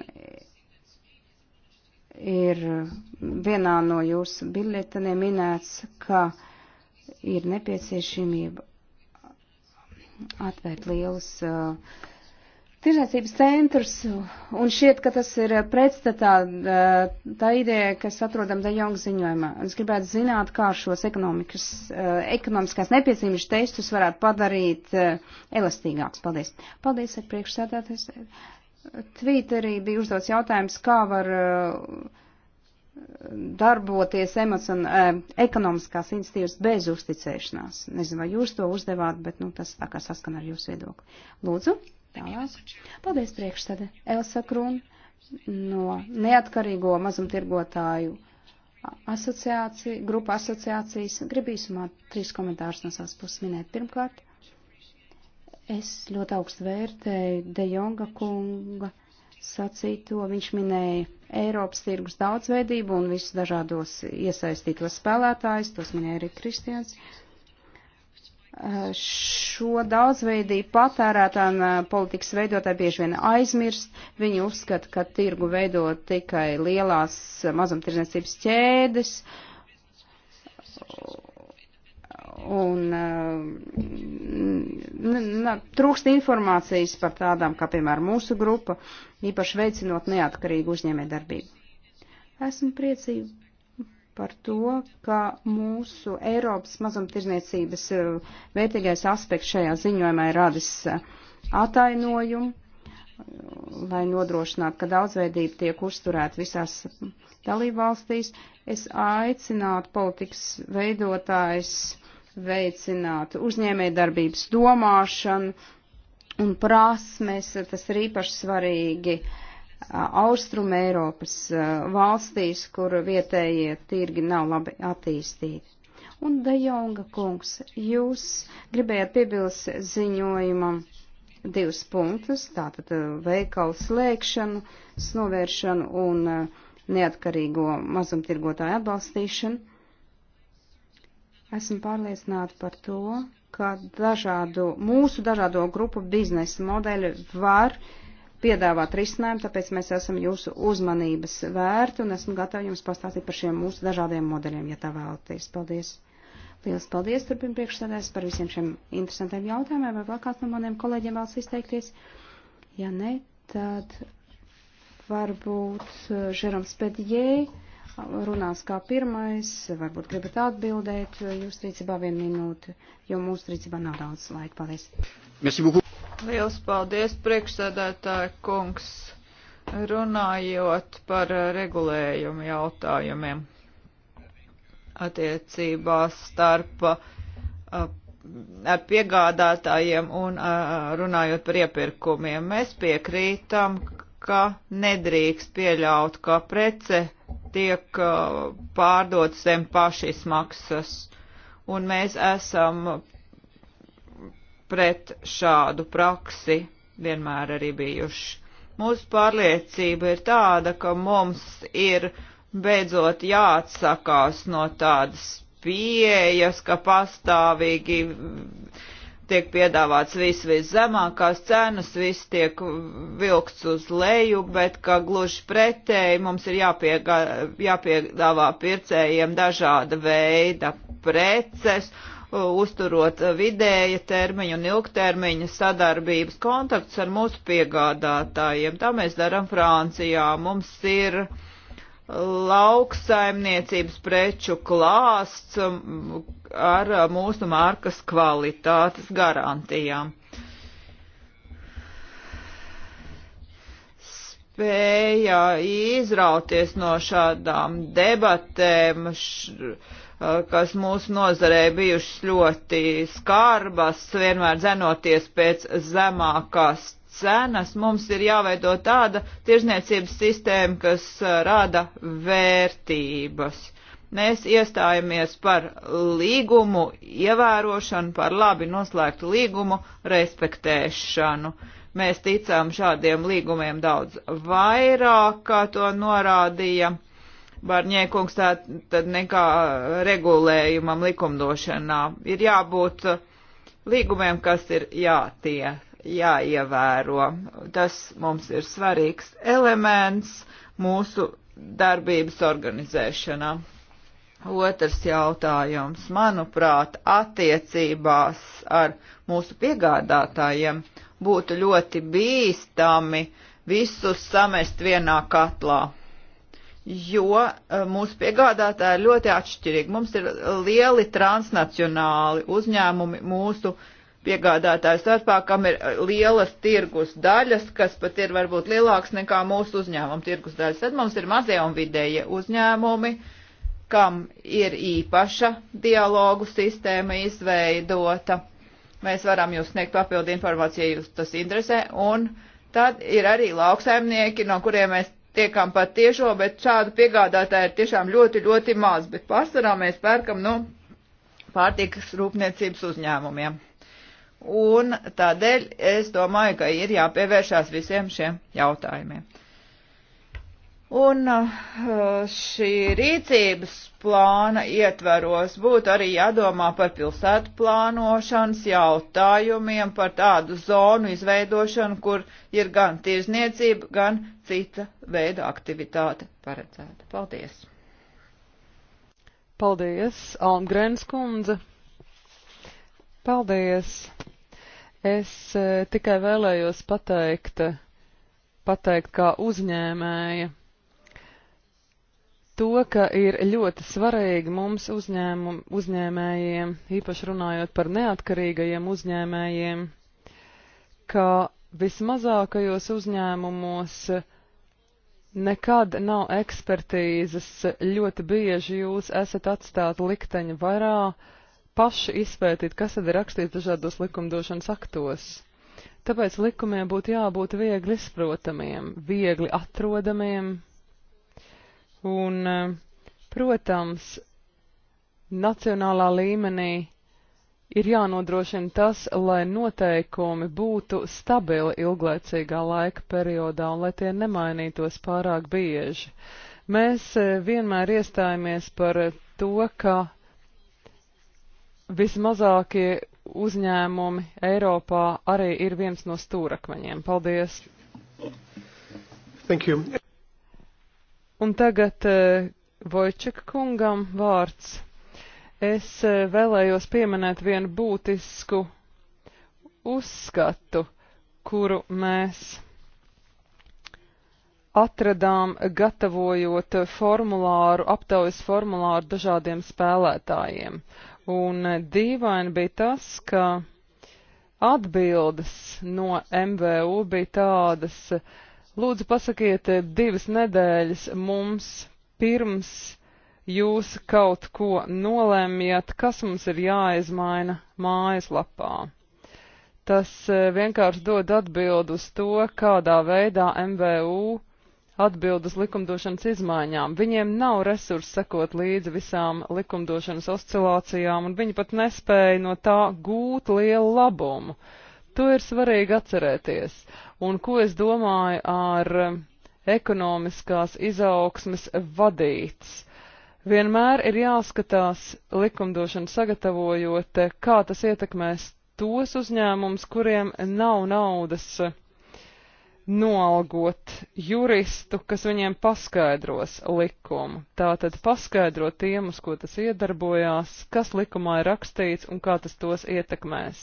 ir vienā no jūsu biļeteniem minēts, ka ir nepieciešamība atvērt lielus uh, tirzniecības centrus, un šķiet, ka tas ir pretstatā tā ideja, kas atrodam Dajonga ziņojumā. Es gribētu zināt, kā šos ekonomikas, ekonomiskās nepieciešamības testus varētu padarīt elastīgāks. Paldies. Paldies, ar priekšsēdētājs. Tvīterī bija uzdots jautājums, kā var uh, darboties emocion, e, ekonomiskās institīvas bez uzticēšanās. Nezinu, vai jūs to uzdevāt, bet nu, tas tā kā saskan ar jūsu viedokli. Lūdzu, tālāk. Paldies priekšsēdē. Elsa Krūna no neatkarīgo mazumtirgotāju asociācija, grupa asociācijas. Gribu īsumā trīs komentārus no savas puses minēt. Pirmkārt, es ļoti augstu vērtēju De Jonga kunga sacīto. Viņš minēja Eiropas tirgus daudzveidību un visus dažādos iesaistītos spēlētājus, tos minēja arī Kristians. Šo daudzveidību patērētājiem politikas veidotāji bieži vien aizmirst. Viņi uzskata, ka tirgu veido tikai lielās mazumtirdzniecības ķēdes un trūkst informācijas par tādām, kā piemēram mūsu grupa, īpaši veicinot neatkarīgu uzņēmē darbību. Esmu priecīga par to, ka mūsu Eiropas mazumtirdzniecības eh, vērtīgais aspekts šajā ziņojumā ir radis eh, atainojumu, lai nodrošinātu, ka daudzveidība tiek uzturēta visās dalībvalstīs. Es aicinātu politikas veidotājs veicināt uzņēmējdarbības domāšanu un prasmes. Tas ir īpaši svarīgi Austrum Eiropas valstīs, kur vietējie tirgi nav labi attīstīti. Un Dejonga kungs, jūs gribējāt piebilst ziņojumam divus punktus, tātad veikalu slēgšanu, novēršanu un neatkarīgo mazumtirgotāju atbalstīšanu. Esmu pārliecināta par to, ka dažādu, mūsu dažādo grupu biznesa modeļi var piedāvāt risinājumu, tāpēc mēs esam jūsu uzmanības vērti un esmu gatavi jums pastāstīt par šiem mūsu dažādiem modeļiem, ja tā vēlaties. Paldies! Lielas paldies turpin priekšsēdēs par visiem šiem interesantiem jautājumiem. Vai vēl kāds no maniem kolēģiem vēlas izteikties? Ja ne, tad varbūt eh, Žeroms Pedijē runās kā pirmais, varbūt gribat atbildēt, jūs rīcībā vienu minūti, jo mūsu rīcībā nav daudz laika. Paldies. Liels paldies, priekšsēdētāji kungs, runājot par regulējumu jautājumiem attiecībās starp ar piegādātājiem un runājot par iepirkumiem. Mēs piekrītam, ka nedrīkst pieļaut, ka prece tiek uh, pārdot zem pašas maksas, un mēs esam pret šādu praksi vienmēr arī bijuši. Mūsu pārliecība ir tāda, ka mums ir beidzot jāatsakās no tādas pieejas, ka pastāvīgi tiek piedāvāts viss viszemākās cenas, viss tiek vilkts uz leju, bet ka gluži pretēji mums ir jāpiegā, jāpiedāvā pircējiem dažāda veida preces, uzturot vidēja termiņa un ilgtermiņa sadarbības kontakts ar mūsu piegādātājiem. Tā mēs daram Francijā. Mums ir uh, lauksaimniecības preču klāsts um, ar uh, mūsu markas kvalitātes garantijām. Spēja izrauties no šādām debatēm, š, uh, kas mūsu nozarē bijušas ļoti skarbas, vienmēr zenoties pēc zemākās cenas, mums ir jāveido tāda tirzniecības sistēma, kas rada vērtības. Mēs iestājamies par līgumu ievērošanu, par labi noslēgtu līgumu respektēšanu. Mēs ticām šādiem līgumiem daudz vairāk, kā to norādīja Barņēkungs, tad nekā regulējumam likumdošanā. Ir jābūt līgumiem, kas ir jātiek jāievēro. Tas mums ir svarīgs elements mūsu darbības organizēšanā. Otrs jautājums, manuprāt, attiecībās ar mūsu piegādātājiem būtu ļoti bīstami visus samest vienā katlā, jo eh, mūsu piegādātāji ir ļoti atšķirīgi. Mums ir lieli transnacionāli uzņēmumi mūsu piegādātāji piegādātāju starpā, kam ir eh, lielas tirgus daļas, kas pat ir varbūt lielāks nekā mūsu uzņēmuma tirgus daļas. Tad mums ir mazie un vidējie uzņēmumi, kam ir īpaša dialogu sistēma izveidota. Mēs varam jūs sniegt papildu informāciju, ja jūs tas interesē. Un tad ir arī lauksaimnieki, no kuriem mēs tiekam pat tiešo, bet šādu piegādātāju ir tiešām ļoti, ļoti maz. Bet pārsvarā mēs pērkam no nu, pārtīkas rūpniecības uzņēmumiem. Un tādēļ es domāju, ka ir jāpievēršās visiem šiem jautājumiem. Un eh, šī rīcības plāna ietveros būtu arī jādomā par pilsētu plānošanas jautājumiem, par tādu zonu izveidošanu, kur ir gan tirzniecība, gan cita veida aktivitāte paredzēta. Paldies! Paldies, Almgrēns kundze! Paldies! Es e, tikai vēlējos pateikt, e, pateikt kā uzņēmēja to, ka ir ļoti svarīgi mums uzņēmum, uzņēmējiem, īpaši runājot par neatkarīgajiem uzņēmējiem, ka vismazākajos uzņēmumos nekad nav ekspertīzes, ļoti bieži jūs esat atstāti likteņa varā, uh, paši izpētīt, kas tad ir rakstīts dažādos likumdošanas aktos. Tāpēc likumiem būtu jābūt viegli izprotamiem, viegli atrodamiem. Un, eh, protams, nacionālā līmenī ir jānodrošina tas, lai noteikumi būtu stabili ilglaicīgā laika periodā un lai tie nemainītos pārāk bieži. Mēs eh, vienmēr iestājamies par to, ka vismazākie uzņēmumi Eiropā arī ir viens no stūrakmeņiem. Paldies! Thank you. Un tagad uh, eh, Vojčika kungam vārds. Es uh, vēlējos pieminēt vienu būtisku uzskatu, kuru mēs atradām gatavojot formulāru, aptaujas formulāru dažādiem spēlētājiem. Uh, Un dīvaini bija tas, ka atbildes no MVU bija tādas, lūdzu pasakiet divas nedēļas mums pirms jūs kaut ko nolemjat, kas mums ir jāizmaina mājaslapā. Tas eh, vienkārši dod atbildu uz to, kādā veidā MVU atbildes likumdošanas izmaiņām. Viņiem nav resursu sekot līdzi visām likumdošanas oscilācijām, un viņi pat nespēja no tā gūt lielu labumu. To ir svarīgi atcerēties. Un ko es domāju ar um, ekonomiskās izaugsmes vadīts? Vienmēr ir jāskatās likumdošanu sagatavojot, kā tas ietekmēs tos uzņēmums, kuriem nav naudas uh, noalgot juristu, kas viņiem paskaidros likumu. Tātad paskaidro tiem, uz ko tas iedarbojās, kas likumā ir rakstīts un kā tas tos ietekmēs.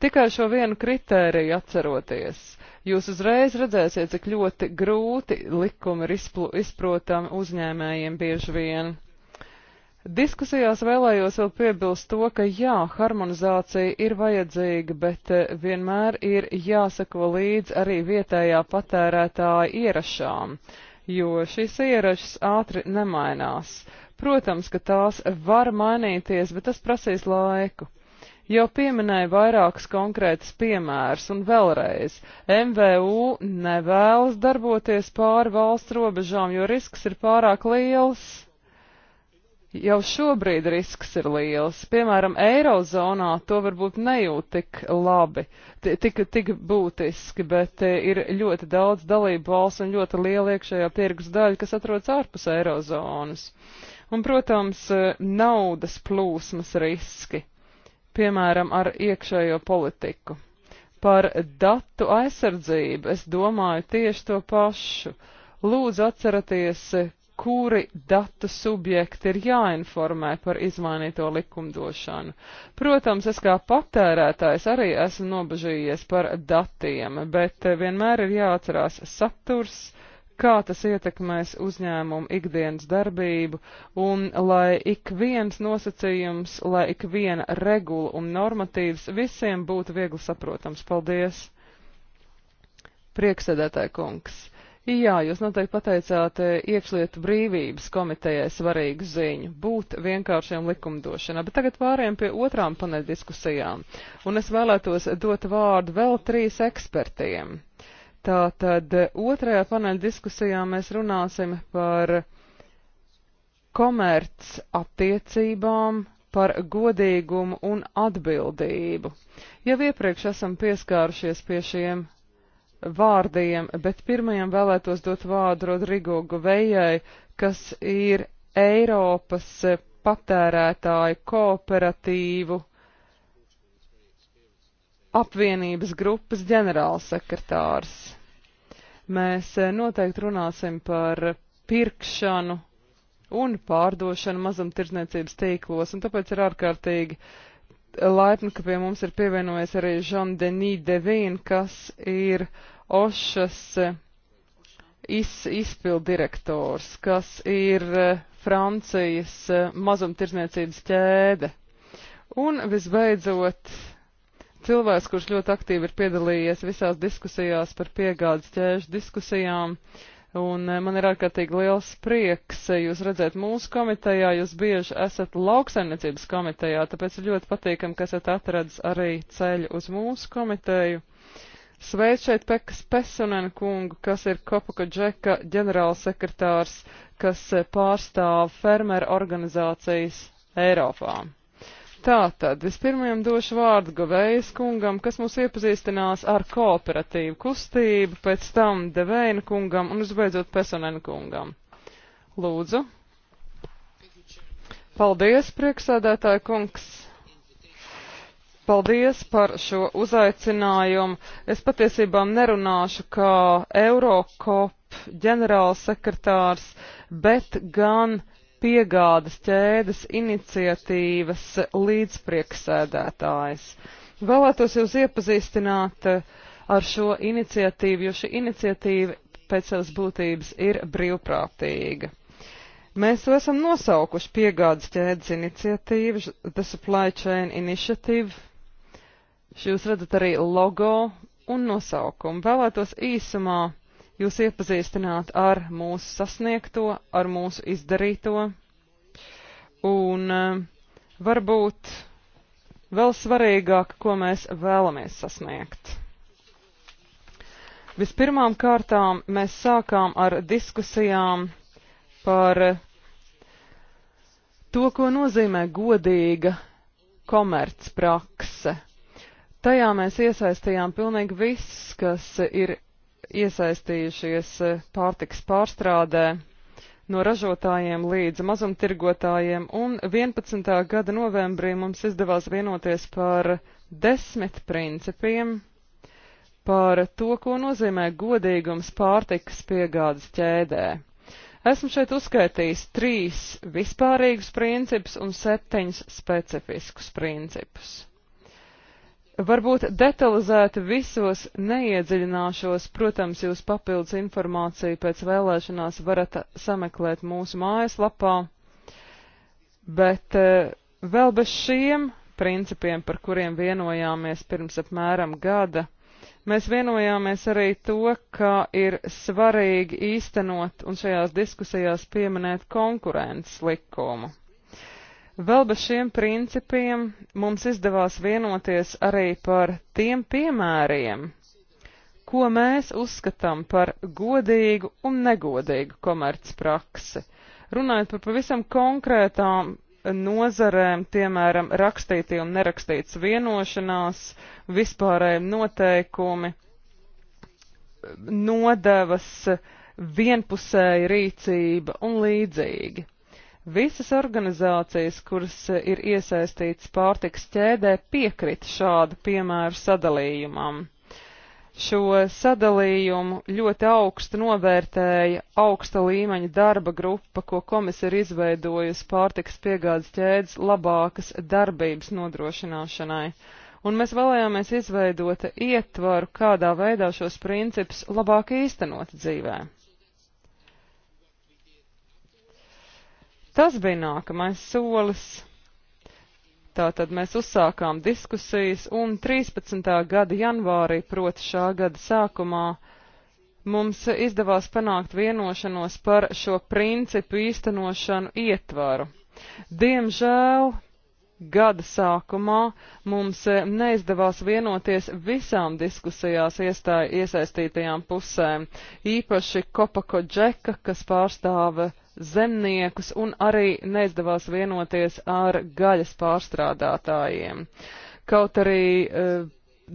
Tikai šo vienu kritēriju atceroties, jūs uzreiz redzēsiet, cik ļoti grūti likumi ir izprotami uzņēmējiem bieži vien. Diskusijās vēlējos vēl piebilst to, ka jā, harmonizācija ir vajadzīga, bet eh, vienmēr ir jāsako līdz arī vietējā patērētāja ierašām, jo šīs ierašas ātri nemainās. Protams, ka tās var mainīties, bet tas prasīs laiku. Jau pieminēju vairākus konkrētus piemērus un vēlreiz. MVU nevēlas darboties pāri valsts robežām, jo risks ir pārāk liels. Jau šobrīd risks ir liels. Piemēram, Eirozonā to varbūt nejūt tik labi, tik, tik būtiski, bet eh, ir ļoti daudz dalību valsts un ļoti liela iekšējā tirgus daļa, kas atrodas ārpus Eirozonas. Un, protams, eh, naudas plūsmas riski, piemēram, ar iekšējo politiku. Par datu aizsardzību es domāju tieši to pašu. Lūdzu atceraties, kuri datu subjekti ir jāinformē par izmainīto likumdošanu. Protams, es kā patērētājs arī esmu nobežījies par datiem, bet vienmēr ir jāatcerās saturs, kā tas ietekmēs uzņēmumu ikdienas darbību, un lai ik viens nosacījums, lai ik viena regula un normatīvs visiem būtu viegli saprotams. Paldies! Prieksēdētāji kungs! Jā, jūs noteikti pateicāt e, iekšlietu brīvības komitejai svarīgu ziņu - būt vienkāršiem likumdošanā, bet tagad pārējām pie otrām paneļdiskusijām, un es vēlētos dot vārdu vēl trīs ekspertiem. Tātad e, otrajā paneļdiskusijā mēs runāsim par komerc attiecībām, par godīgumu un atbildību. Jau iepriekš esam pieskārušies pie šiem vārdiem, bet pirmajam vēlētos dot vārdu Rodrigo Guvējai, kas ir Eiropas patērētāju kooperatīvu apvienības grupas ģenerālsekretārs. Mēs noteikti runāsim par pirkšanu un pārdošanu mazumtirdzniecības tīklos, un tāpēc ir ārkārtīgi uh, laipni, ka pie mums ir pievienojies arī Jean-Denis Devīn, kas ir Ošas eh, iz, izpildirektors, kas ir eh, Francijas eh, mazumtirdzniecības ķēde. Un visbeidzot, cilvēks, kurš ļoti aktīvi ir piedalījies visās diskusijās par piegādes ķēžu diskusijām, uh, Un eh, man ir ārkārtīgi liels prieks eh, jūs redzēt mūsu komitejā, jūs bieži esat lauksaimniecības komitejā, tāpēc ir ļoti patīkami, ka esat atradis arī ceļu uz mūsu komiteju. Sveic šeit Pekas Pesunen kungu, kas ir Kopaka Džeka ģenerālsekretārs, kas eh, pārstāv fermeru organizācijas Eiropā. Tātad, vispirmajam došu vārdu Govējas kungam, kas mūs iepazīstinās ar kooperatīvu kustību, pēc tam Devēna kungam un visbeidzot Pesonena kungam. Lūdzu. Paldies, prieksēdētāja kungs. Paldies par šo uzaicinājumu. Es patiesībā nerunāšu kā Eurokop ģenerālsekretārs, bet gan piegādas ķēdes iniciatīvas līdzprieksēdētājs. Vēlētos jūs iepazīstināt eh, ar šo iniciatīvu, jo šī iniciatīva pēc savas būtības ir brīvprātīga. Mēs to esam nosaukuši piegādas ķēdes iniciatīvu, The Supply Chain Initiative. Jūs redzat arī logo un nosaukumu. Vēlētos īsumā jūs iepazīstināt ar mūsu sasniegto, ar mūsu izdarīto. Un eh, varbūt vēl svarīgāk, ko mēs vēlamies sasniegt. Vispirmām kārtām mēs sākām ar diskusijām par to, ko nozīmē godīga komercprakse. Tajā mēs iesaistījām pilnīgi viss, kas ir iesaistījušies eh, pārtiks pārstrādē no ražotājiem līdz mazumtirgotājiem, un 11. gada novembrī mums izdevās vienoties par desmit principiem par to, ko nozīmē godīgums pārtikas piegādes ķēdē. Esmu šeit uzskaitījis trīs vispārīgus principus un septiņus specifiskus principus. Varbūt detalizēti visos neiedziļināšos, protams, jūs papildus informāciju pēc vēlēšanās varat sameklēt mūsu mājaslapā, bet eh, vēl bez šiem principiem, par kuriem vienojāmies pirms apmēram gada, mēs vienojāmies arī to, ka ir svarīgi īstenot un šajās diskusijās pieminēt konkurences likumu. Vēl bez šiem principiem mums izdevās vienoties arī par tiem piemēriem, ko mēs uzskatām par godīgu un negodīgu komercpraksi. Runājot par pavisam konkrētām nozarēm, piemēram, rakstītie un nerakstīts vienošanās, vispārējiem noteikumi, nodevas, vienpusēja rīcība un līdzīgi. Visas organizācijas, kuras e, ir iesaistītas pārtiks ķēdē, piekrita šādu piemēru sadalījumam. Šo sadalījumu ļoti augstu novērtēja augsta līmeņa darba grupa, ko komisija ir izveidojusi pārtiks piegādes ķēdes labākas darbības nodrošināšanai un mēs vēlējāmies izveidot ietvaru, kādā veidā šos principus labāk īstenot dzīvē. Tas bija nākamais solis. Tātad mēs uzsākām diskusijas un 13. gada janvārī, proti šā gada sākumā, mums izdevās panākt vienošanos par šo principu īstenošanu ietvaru. Diemžēl gada sākumā mums neizdevās vienoties visām diskusijās iestāja iesaistītajām pusēm, īpaši Kopako Džeka, kas pārstāva zemniekus un arī neizdevās vienoties ar gaļas pārstrādātājiem. Kaut arī e,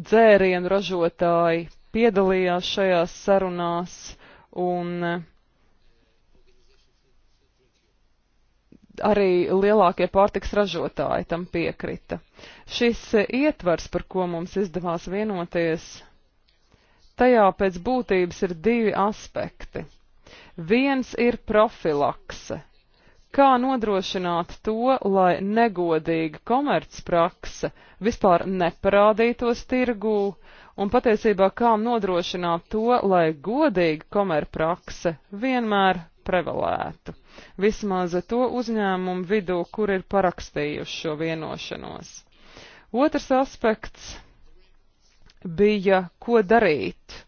dzērienu ražotāji piedalījās šajās sarunās un e, arī lielākie pārtiks ražotāji tam piekrita. Šis e, ietvars, par ko mums izdevās vienoties, tajā pēc būtības ir divi aspekti. Viens ir profilakse. Kā nodrošināt to, lai negodīga komercprakse vispār neparādītos tirgū, un patiesībā kā nodrošināt to, lai godīga komercprakse vienmēr prevalētu. Vismaz to uzņēmumu vidū, kur ir parakstījuši šo vienošanos. Otrs aspekts bija, ko darīt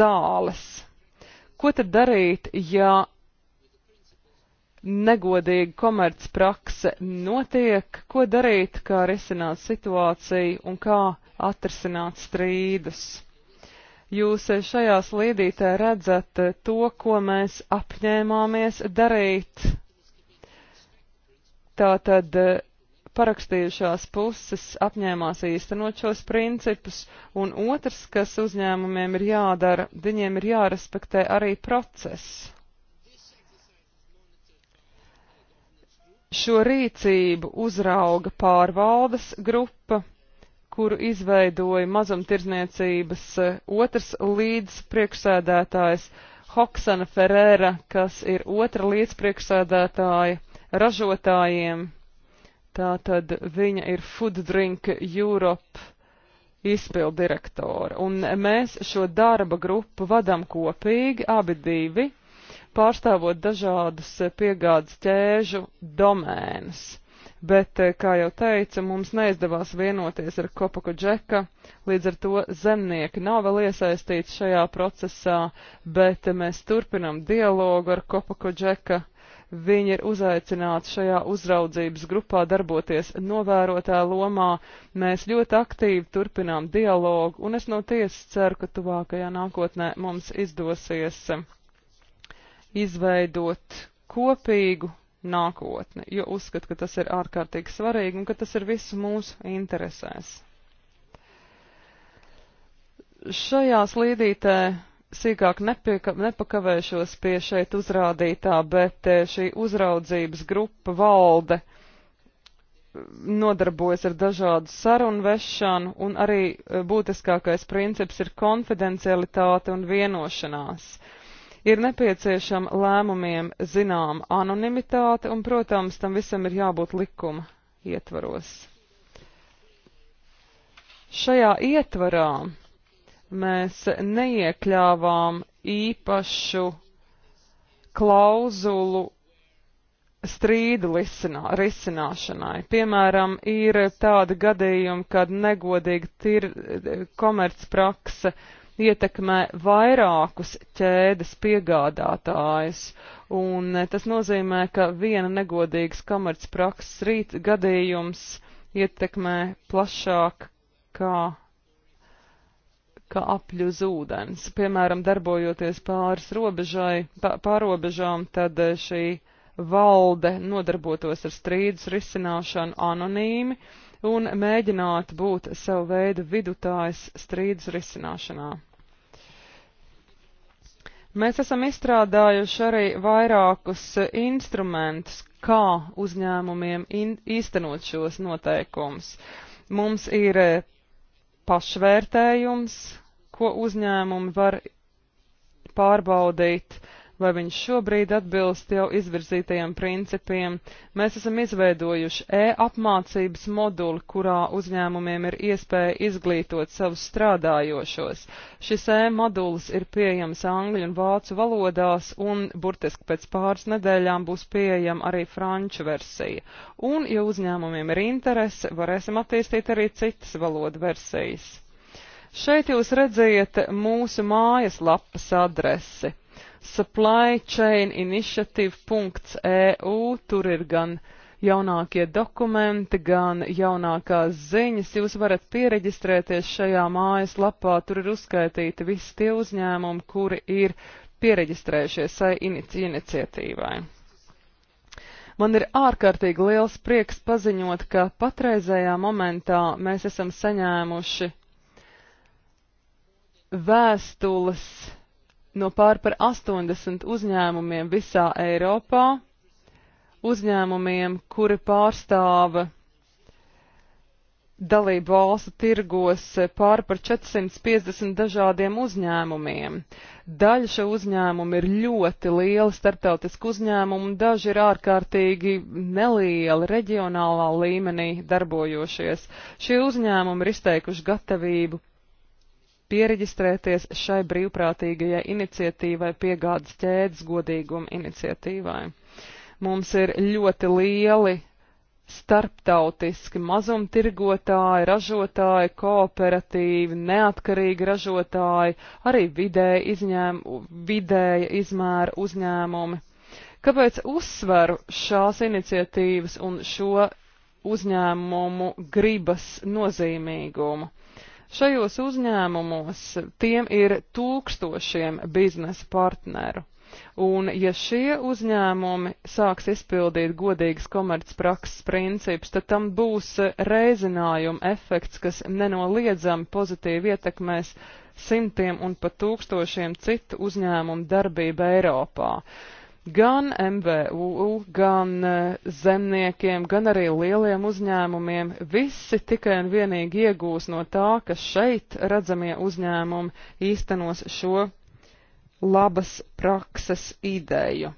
zāles ko tad darīt, ja negodīga komercprakse notiek, ko darīt, kā risināt situāciju un kā atrisināt strīdus. Jūs šajā slīdītē redzat to, ko mēs apņēmāmies darīt. Tātad parakstījušās puses apņēmās īstenot šos principus, un otrs, kas uzņēmumiem ir jādara, viņiem ir jārespektē arī process. Šo rīcību uzrauga pārvaldes grupa, kuru izveidoja mazumtirdzniecības eh, otrs līdzpriekšsēdētājs Hoksana Ferēra, kas ir otra līdzpriekšsēdētāja ražotājiem Tātad viņa ir Food Drink Europe izpildirektora. Un mēs šo darba grupu vadam kopīgi, abi divi, pārstāvot dažādas piegādes ķēžu domēnas. Bet, eh, kā jau teica, mums neizdevās vienoties ar Kopaku Džeka, līdz ar to zemnieki nav vēl iesaistīti šajā procesā, bet eh, mēs turpinam dialogu ar Kopaku Džeka Viņi ir uzaicināti šajā uzraudzības grupā darboties novērotā lomā. Mēs ļoti aktīvi turpinām dialogu, un es no tiesas ceru, ka tuvākajā nākotnē mums izdosies izveidot kopīgu nākotni, jo uzskatu, ka tas ir ārkārtīgi svarīgi un ka tas ir visu mūsu interesēs. Šajā slīdītē sīkāk nepieka, nepakavēšos pie šeit uzrādītā, bet eh, šī uzraudzības grupa valde mm, nodarbojas ar dažādu sarunu vešanu, un arī eh, būtiskākais princips ir konfidencialitāte un vienošanās. Ir nepieciešama lēmumiem zinām anonimitāte, un, protams, tam visam ir jābūt likuma ietvaros. Šajā ietvarā mēs neiekļāvām īpašu klauzulu strīdu lisinā, risināšanai. Piemēram, ir tādi gadījumi, kad negodīga tir, komercprakse ietekmē vairākus ķēdes piegādātājus, un tas nozīmē, ka viena negodīgas komercprakses rīt gadījums ietekmē plašāk kā kā apļūz ūdens. Piemēram, darbojoties pāris robežai, pārobežām, tad eh, šī valde nodarbotos ar strīdus risināšanu anonīmi un mēģinātu būt savu veidu vidutājs strīdus risināšanā. Mēs esam izstrādājuši arī vairākus instrumentus, kā uzņēmumiem in, īstenot šos noteikumus. Mums ir eh, pašvērtējums, ko uzņēmumi var pārbaudīt, vai viņš šobrīd atbilst jau izvirzītajiem principiem. Mēs esam izveidojuši e-apmācības moduli, kurā uzņēmumiem ir iespēja izglītot savus strādājošos. Šis e-moduls ir pieejams angļu un vācu valodās, un burtiski pēc pāris nedēļām būs pieejama arī franču versija. Un, ja uzņēmumiem ir interese, varēsim attīstīt arī citas valodu versijas. Šeit jūs redzējat mūsu mājas lapas adresi supplychaininitiative.eu, tur ir gan jaunākie dokumenti, gan jaunākās ziņas. Jūs varat pieregistrēties šajā mājas lapā, tur ir uzskaitīti visi tie uzņēmumi, kuri ir pieregistrējušies sai inici iniciatīvai. Man ir ārkārtīgi liels prieks paziņot, ka patreizējā momentā mēs esam saņēmuši vēstules no pār par 80 uzņēmumiem visā Eiropā, uzņēmumiem, kuri pārstāva dalību valstu tirgos pār par 450 dažādiem uzņēmumiem. Daļa šo uzņēmumu ir ļoti liela starptautisku uzņēmumu, daži ir ārkārtīgi nelieli reģionālā līmenī darbojošies. Šie uzņēmumi ir izteikuši gatavību piereģistrēties šai brīvprātīgajai iniciatīvai piegādas ķēdes godīguma iniciatīvai. Mums ir ļoti lieli starptautiski mazumtirgotāji, ražotāji, kooperatīvi, neatkarīgi ražotāji, arī vidēja, izņēm, vidēja izmēra uzņēmumi. Kāpēc uzsveru šās iniciatīvas un šo uzņēmumu gribas nozīmīgumu? Šajos uzņēmumos tiem ir tūkstošiem biznesa partneru. Un, ja šie uzņēmumi sāks izpildīt godīgas komercprakses principus, tad tam būs reizinājuma efekts, kas nenoliedzami pozitīvi ietekmēs simtiem un pat tūkstošiem citu uzņēmumu darbību Eiropā. Uh, gan MVU, gan eh, zemniekiem, gan arī lieliem uzņēmumiem. Visi tikai un vienīgi iegūs no tā, ka šeit redzamie uzņēmumi īstenos šo labas prakses ideju.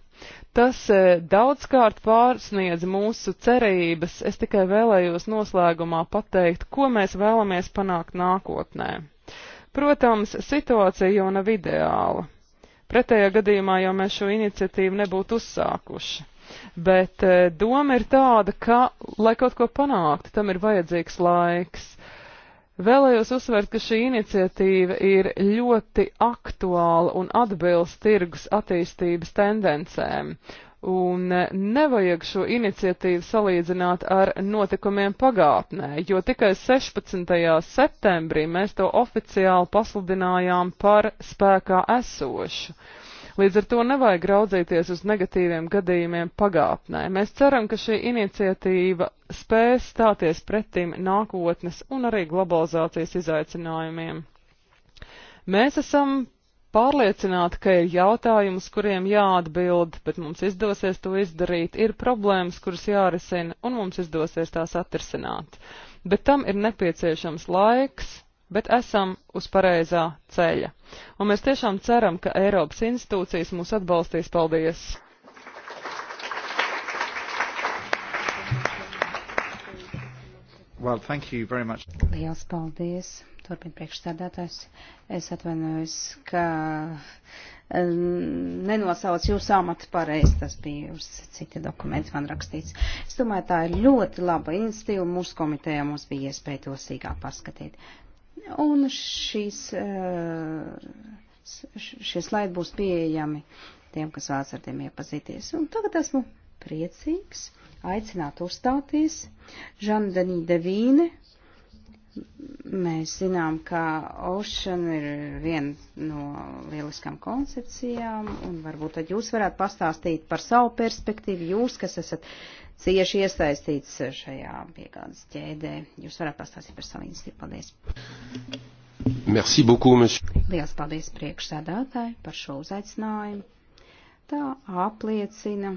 Tas eh, daudzkārt pārsniedz mūsu cerības. Es tikai vēlējos noslēgumā pateikt, ko mēs vēlamies panākt nākotnē. Protams, situācija jau nav ideāla. Pretējā gadījumā jau mēs šo iniciatīvu nebūtu uzsākuši. Bet eh, doma ir tāda, ka, lai kaut ko panāktu, tam ir vajadzīgs laiks. Vēlējos uzsvērt, ka šī iniciatīva ir ļoti aktuāla un atbilst tirgus attīstības tendencēm, un nevajag šo iniciatīvu salīdzināt ar notikumiem pagātnē, jo tikai 16. septembrī mēs to oficiāli pasludinājām par spēkā esošu. Līdz ar to nevajag raudzīties uz negatīviem gadījumiem pagātnē. Mēs ceram, ka šī iniciatīva spēs stāties pretim nākotnes un arī globalizācijas izaicinājumiem. Mēs esam pārliecināti, ka ir jautājums, kuriem jāatbild, bet mums izdosies to izdarīt, ir problēmas, kuras jārisina, un mums izdosies tās atrisināt. Bet tam ir nepieciešams laiks, bet esam uz pareizā ceļa. Un mēs tiešām ceram, ka Eiropas institūcijas mūs atbalstīs. Paldies! Well, thank you very much. Liels paldies Turpin priekšstādātājs. Es atvainojos, ka eh, nenosauc jūsu amatu pareizi, tas bija uz cita dokumenta man rakstīts. Es domāju, tā ir ļoti laba institīva, mūsu komitejā mums bija iespēja to sīkāk paskatīt. Un šīs, eh, šie slaidi būs pieejami tiem, kas vēlas ar tiem iepazīties. Un tagad esmu priecīgs aicināt uzstāties Žandanī Devīne, Mēs zinām, ka Ocean ir viena no lieliskām koncepcijām, un varbūt tad jūs varētu pastāstīt par savu perspektīvu, jūs, kas esat cieši iesaistīts šajā piegādes ķēdē, jūs varētu pastāstīt par savu institūciju. Paldies! Merci beaucoup, monsieur! Lielas paldies priekšsēdētāji par šo uzaicinājumu. Tā apliecina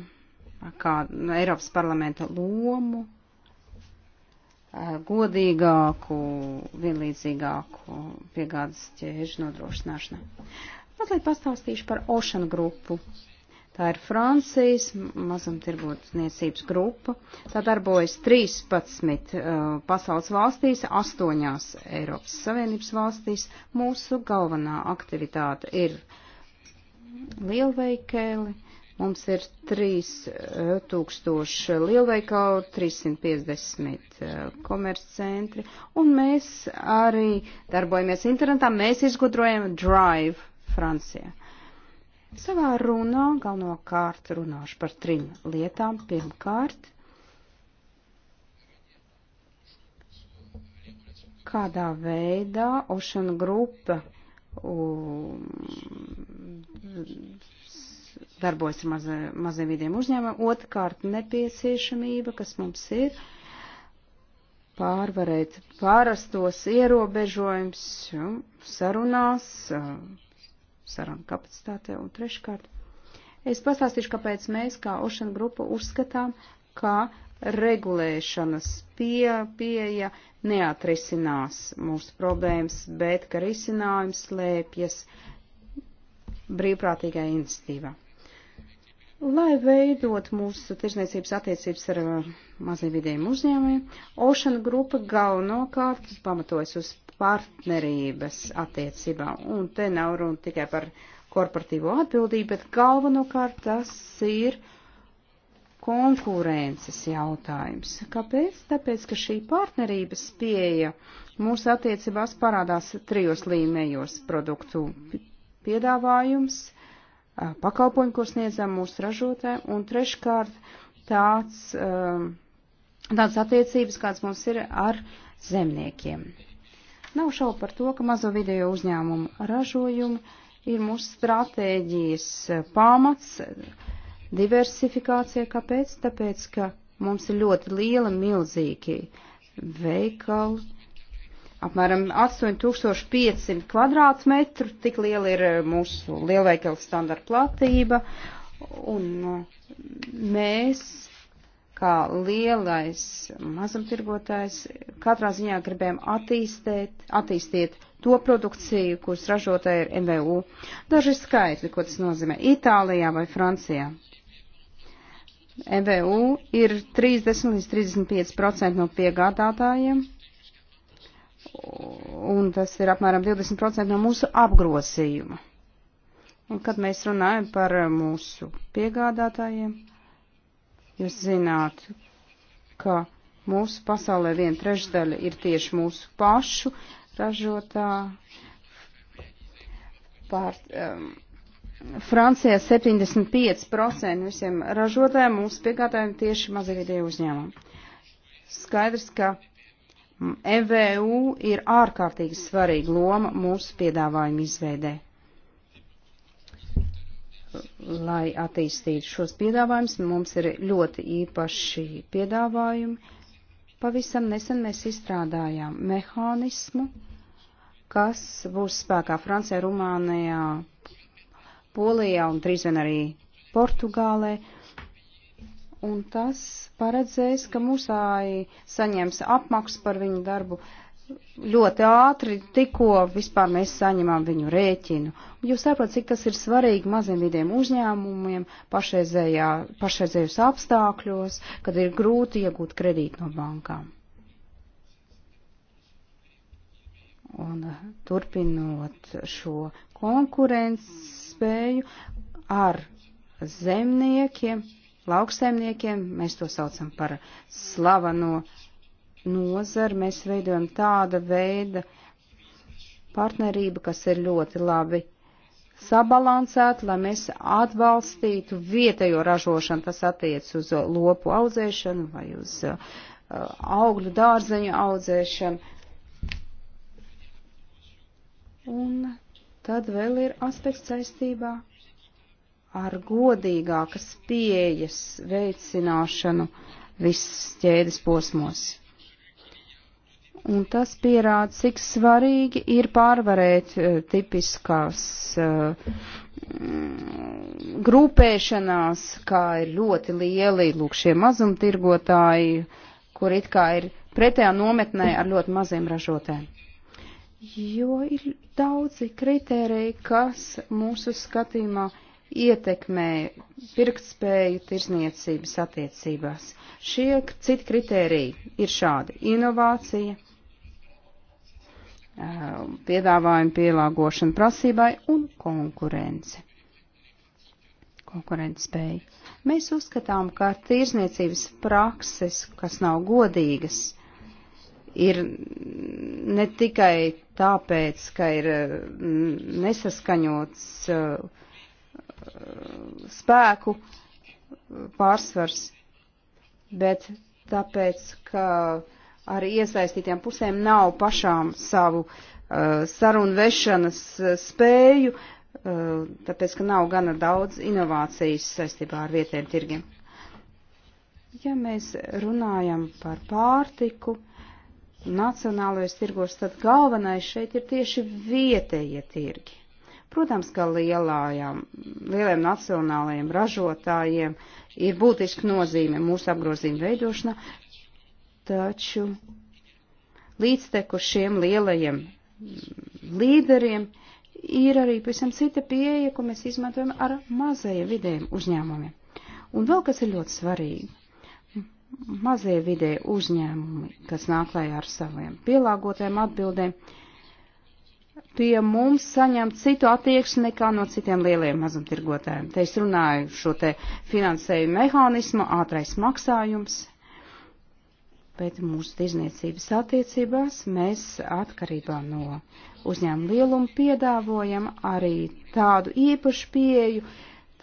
kā Eiropas parlamenta lomu Eh, godīgāku, vienlīdzīgāku piegādes ķēžu nodrošināšanā. Mazliet pastāstīšu par Ocean grupu. Tā ir Francijas mazumtirgotniecības grupa. Tā darbojas 13 uh, eh, pasaules valstīs, 8 Eiropas Savienības valstīs. Mūsu galvenā aktivitāte ir lielveikēli, uh, Mums ir 3000 eh, lielveikalu, 350 eh, komerccentri, un mēs arī darbojamies internetā. Mēs izgudrojam Drive Francijā. Savā runā galvenokārt runāšu par trim lietām. Pirmkārt, kādā veidā Ocean grupa um, darbojas maz, maziem vidiem uzņēmumiem. Otrkārt, nepieciešamība, kas mums ir, pārvarēt pārastos ierobežojums sarunās, sarunu kapacitātē. Un treškārt, es pastāstīšu, kāpēc mēs kā Ocean grupa uzskatām, ka regulēšanas pie, pieeja neatrisinās mūsu problēmas, bet ka risinājums slēpjas brīvprātīgā institīvā lai veidot mūsu tirzniecības attiecības ar uh, maziem vidējiem uzņēmumiem. Ocean grupa galvenokārt pamatojas uz partnerības attiecībām, un te nav runa tikai par korporatīvo atbildību, bet galvenokārt tas ir konkurences jautājums. Kāpēc? Tāpēc, ka šī partnerības pieeja mūsu attiecībās parādās trijos līmeņos - produktu piedāvājums, pakalpojumu, ko sniedzam mūsu ražotājiem, un treškārt tāds, tāds attiecības, kāds mums ir ar zemniekiem. Nav šaubu par to, ka mazo video uzņēmumu ražojumi ir mūsu stratēģijas pamats diversifikācija. Kāpēc? Tāpēc, ka mums ir ļoti liela, milzīgi veikali, apmēram 8500 kvadrātmetru, tik liela ir eh, mūsu lielveikala standarta platība, un eh, mēs, kā lielais mazumtirgotājs, katrā ziņā gribējam attīstēt, attīstīt to produkciju, kuras ražotāji ir MVU. Daži skaitļi, ko tas nozīmē Itālijā vai Francijā. MVU ir 30 līdz 35% no piegādātājiem, un tas ir apmēram 20% no mūsu apgrozījuma. Un kad mēs runājam par mūsu piegādātājiem, jūs zināt, ka mūsu pasaulē viena trešdaļa ir tieši mūsu pašu ražotā. Pār, um, Francijā 75% visiem ražotājiem mūsu piegādājiem tieši mazavīdēju uzņēmumu. Skaidrs, ka MVU ir ārkārtīgi svarīga loma mūsu piedāvājuma izveidē. Lai attīstītu šos piedāvājumus, mums ir ļoti īpaši piedāvājumi. Pavisam nesen mēs izstrādājām mehānismu, kas būs spēkā Francijā, Rumānijā, Polijā un drīz vien arī Portugālē. Uh, un tas paredzēs, ka musāji saņems apmaksu par viņu darbu ļoti ātri, tikko vispār mēs saņemam viņu rēķinu. Jūs saprotat, cik tas ir svarīgi maziem vidiem uzņēmumiem pašreizējā, pašreizējos apstākļos, kad ir grūti iegūt kredītu no bankām. Un eh, turpinot šo konkurences spēju ar zemniekiem, lauksaimniekiem, mēs to saucam par slaveno nozaru, mēs veidojam tāda veida partnerību, kas ir ļoti labi sabalansēta, lai mēs atbalstītu vietējo ražošanu, tas attiec uz lopu audzēšanu vai uz uh, augļu dārzeņu audzēšanu. Un tad vēl ir aspekts saistībā ar godīgākas pieejas veicināšanu viss ķēdes posmos. Un tas pierāda, cik svarīgi ir pārvarēt uh, tipiskās uh, grupēšanās, kā ir ļoti lieli, lūk, šie mazumtirgotāji, kur it kā ir pretējā nometnē ar ļoti maziem ražotēm. Jo ir daudzi kriteriji, kas mūsu skatījumā uh, ietekmē pirktspēju tirzniecības attiecībās. Šie citi kritēriji ir šādi - inovācija, piedāvājuma pielāgošana prasībai un konkurence. Konkurentspēja. Mēs uzskatām, ka tirzniecības prakses, kas nav godīgas, ir ne tikai tāpēc, ka ir nesaskaņots uh, spēku pārsvars, bet tāpēc, ka arī iesaistītiem pusēm nav pašām savu uh, sarunu vešanas uh, spēju, uh, tāpēc, ka nav gana daudz inovācijas saistībā ar vietējiem tirgiem. Ja mēs runājam par pārtiku, nacionālajos tirgos, tad galvenais šeit ir tieši vietējie tirgi. Protams, ka lielājām, lieliem nacionālajiem ražotājiem ir būtiski nozīme mūsu apgrozījuma veidošanā, taču līdzteku šiem lielajiem līderiem ir arī pavisam cita pieeja, ko mēs izmantojam ar mazajiem vidējiem uzņēmumiem. Un vēl kas ir ļoti svarīgi. Mazie vidēji uzņēmumi, kas nāk klājā ar saviem pielāgotēm atbildēm, uh, pie mums saņemt citu attieksmi nekā no citiem lieliem mazumtirgotājiem. Te es runāju šo te finansēju mehānismu, ātrais maksājums, bet mūsu tirzniecības attiecībās mēs atkarībā no uzņēmuma lieluma piedāvojam arī tādu īpašu pieeju,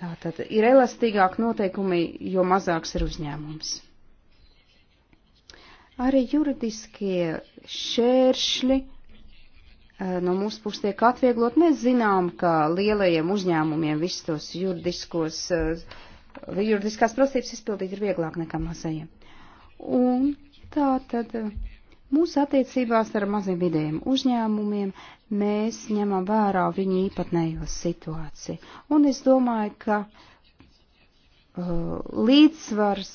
tātad ir elastīgāk noteikumi, jo mazāks ir uzņēmums. Arī juridiskie šēršļi Eh, no mūsu puses tiek atvieglot. Mēs zinām, ka lielajiem uzņēmumiem visus tos juridiskos, eh, juridiskās prasības izpildīt ir vieglāk nekā mazajiem. Un tā tad eh, mūsu attiecībās ar maziem vidējiem uzņēmumiem mēs ņemam vērā viņu īpatnējo situāciju. Un es domāju, ka līdzsvars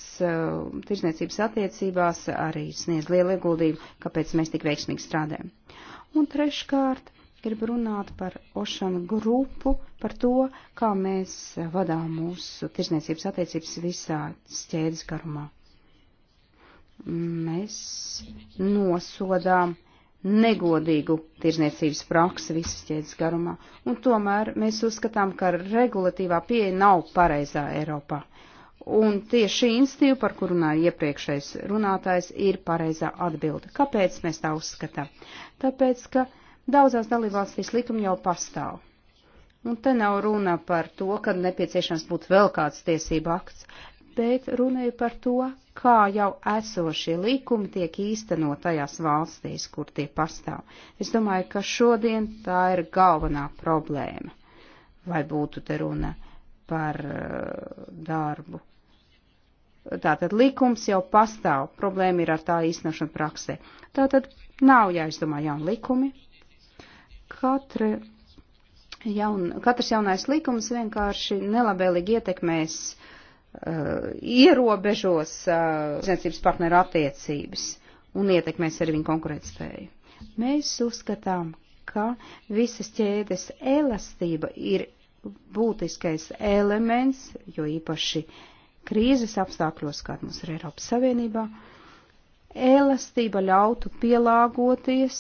tirzniecības attiecībās arī sniedz lielu ieguldījumu, kāpēc mēs tik veiksmīgi strādājam. Un treškārt, gribu runāt par Ošana grupu, par to, kā mēs vadām mūsu tirzniecības attiecības visā ķēdes garumā. Mēs nosodām negodīgu tirzniecības praksi visas ķēdes garumā, un tomēr mēs uzskatām, ka regulatīvā pieeja nav pareizā Eiropā. Un tieši šī institīva, par kuru runāja iepriekšējais runātājs, ir pareizā atbilde. Kāpēc mēs tā uzskatām? Tāpēc, ka daudzās dalībvalstīs likumi jau pastāv. Un te nav runa par to, ka nepieciešams būtu vēl kāds tiesība akts, bet runa ir par to, kā jau esošie likumi tiek īstenot tajās valstīs, kur tie pastāv. Es domāju, ka šodien tā ir galvenā problēma. Vai būtu te runa par eh, darbu Tātad likums jau pastāv, problēma ir ar tā īstenošanu praksē. Tātad nav jāizdomā jauni likumi. Katra jaun, katrs jaunais likums vienkārši nelabēlīgi ietekmēs, uh, ierobežos uh, zinātības partneru attiecības un ietekmēs arī viņu konkurētspēju. Mēs uzskatām, ka visas ķēdes elastība ir būtiskais elements, jo īpaši uh, krīzes apstākļos, kāda mums ir Eiropas Savienībā, elastība ļautu pielāgoties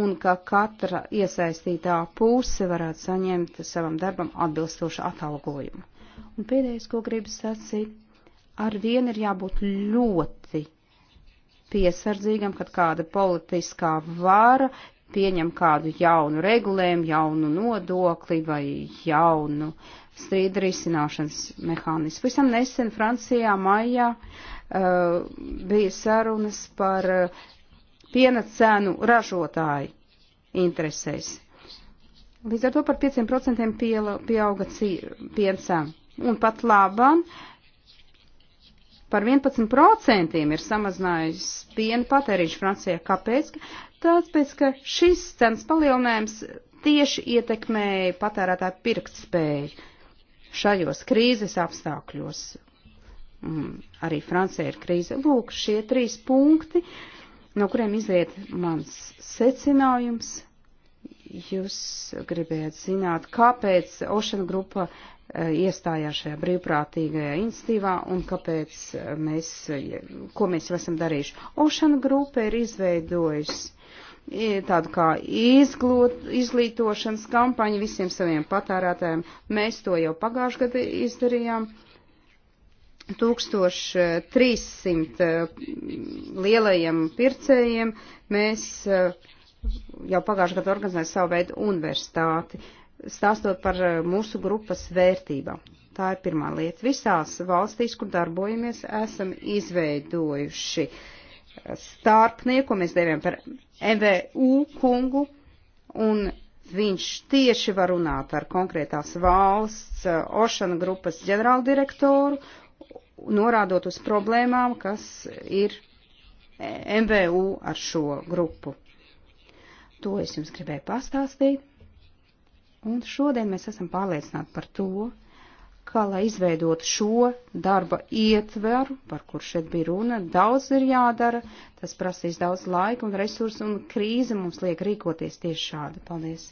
un ka katra iesaistītā puse varētu saņemt savam darbam atbilstošu atalgojumu. Un pēdējais, ko gribu sacīt, ar vienu ir jābūt ļoti piesardzīgam, kad kāda politiskā vara pieņem kādu jaunu regulējumu, jaunu nodokli vai jaunu strīdu risināšanas mehānismu. Visam nesen Francijā maijā uh, bija sarunas par uh, piena cenu ražotāju interesēs. Līdz ar to par 5% piela, pieauga piena cena. Un pat labam par 11% ir samazinājis piena patēriņš Francijā. Kāpēc? Tāpēc, ka šis cenas palielinājums tieši ietekmēja patērētāju pirktspēju šajos krīzes apstākļos. Mm, arī Francija ir krīze. Lūk, šie trīs punkti, no kuriem izriet mans secinājums. Jūs gribējāt zināt, kāpēc Ocean grupa e, iestājās šajā brīvprātīgajā institīvā un kāpēc e, mēs, e, ko mēs esam darījuši. Ocean grupa ir izveidojusi tādu kā izglot, izglītošanas kampaņu visiem saviem patērētājiem. Mēs to jau pagājušajā gadā izdarījām. 1300 mm, lielajiem pircējiem mēs mm, jau pagājušajā gadā organizējām savu veidu universitāti, stāstot par mm, mūsu grupas vērtībām. Tā ir pirmā lieta. Visās valstīs, kur darbojamies, esam izveidojuši starpnieku, mēs devām par MVU kungu, un viņš tieši var runāt ar konkrētās valsts eh, Ošana grupas ģenerāldirektoru, norādot uz problēmām, kas ir eh, MVU ar šo grupu. To es jums gribēju pastāstīt, un šodien mēs esam pārliecināti par to, kā lai izveidot šo darba ietveru, par kur šeit bija runa, daudz ir jādara, tas prasīs daudz laika un resursu, un krīze mums liek rīkoties tieši šādi. Paldies!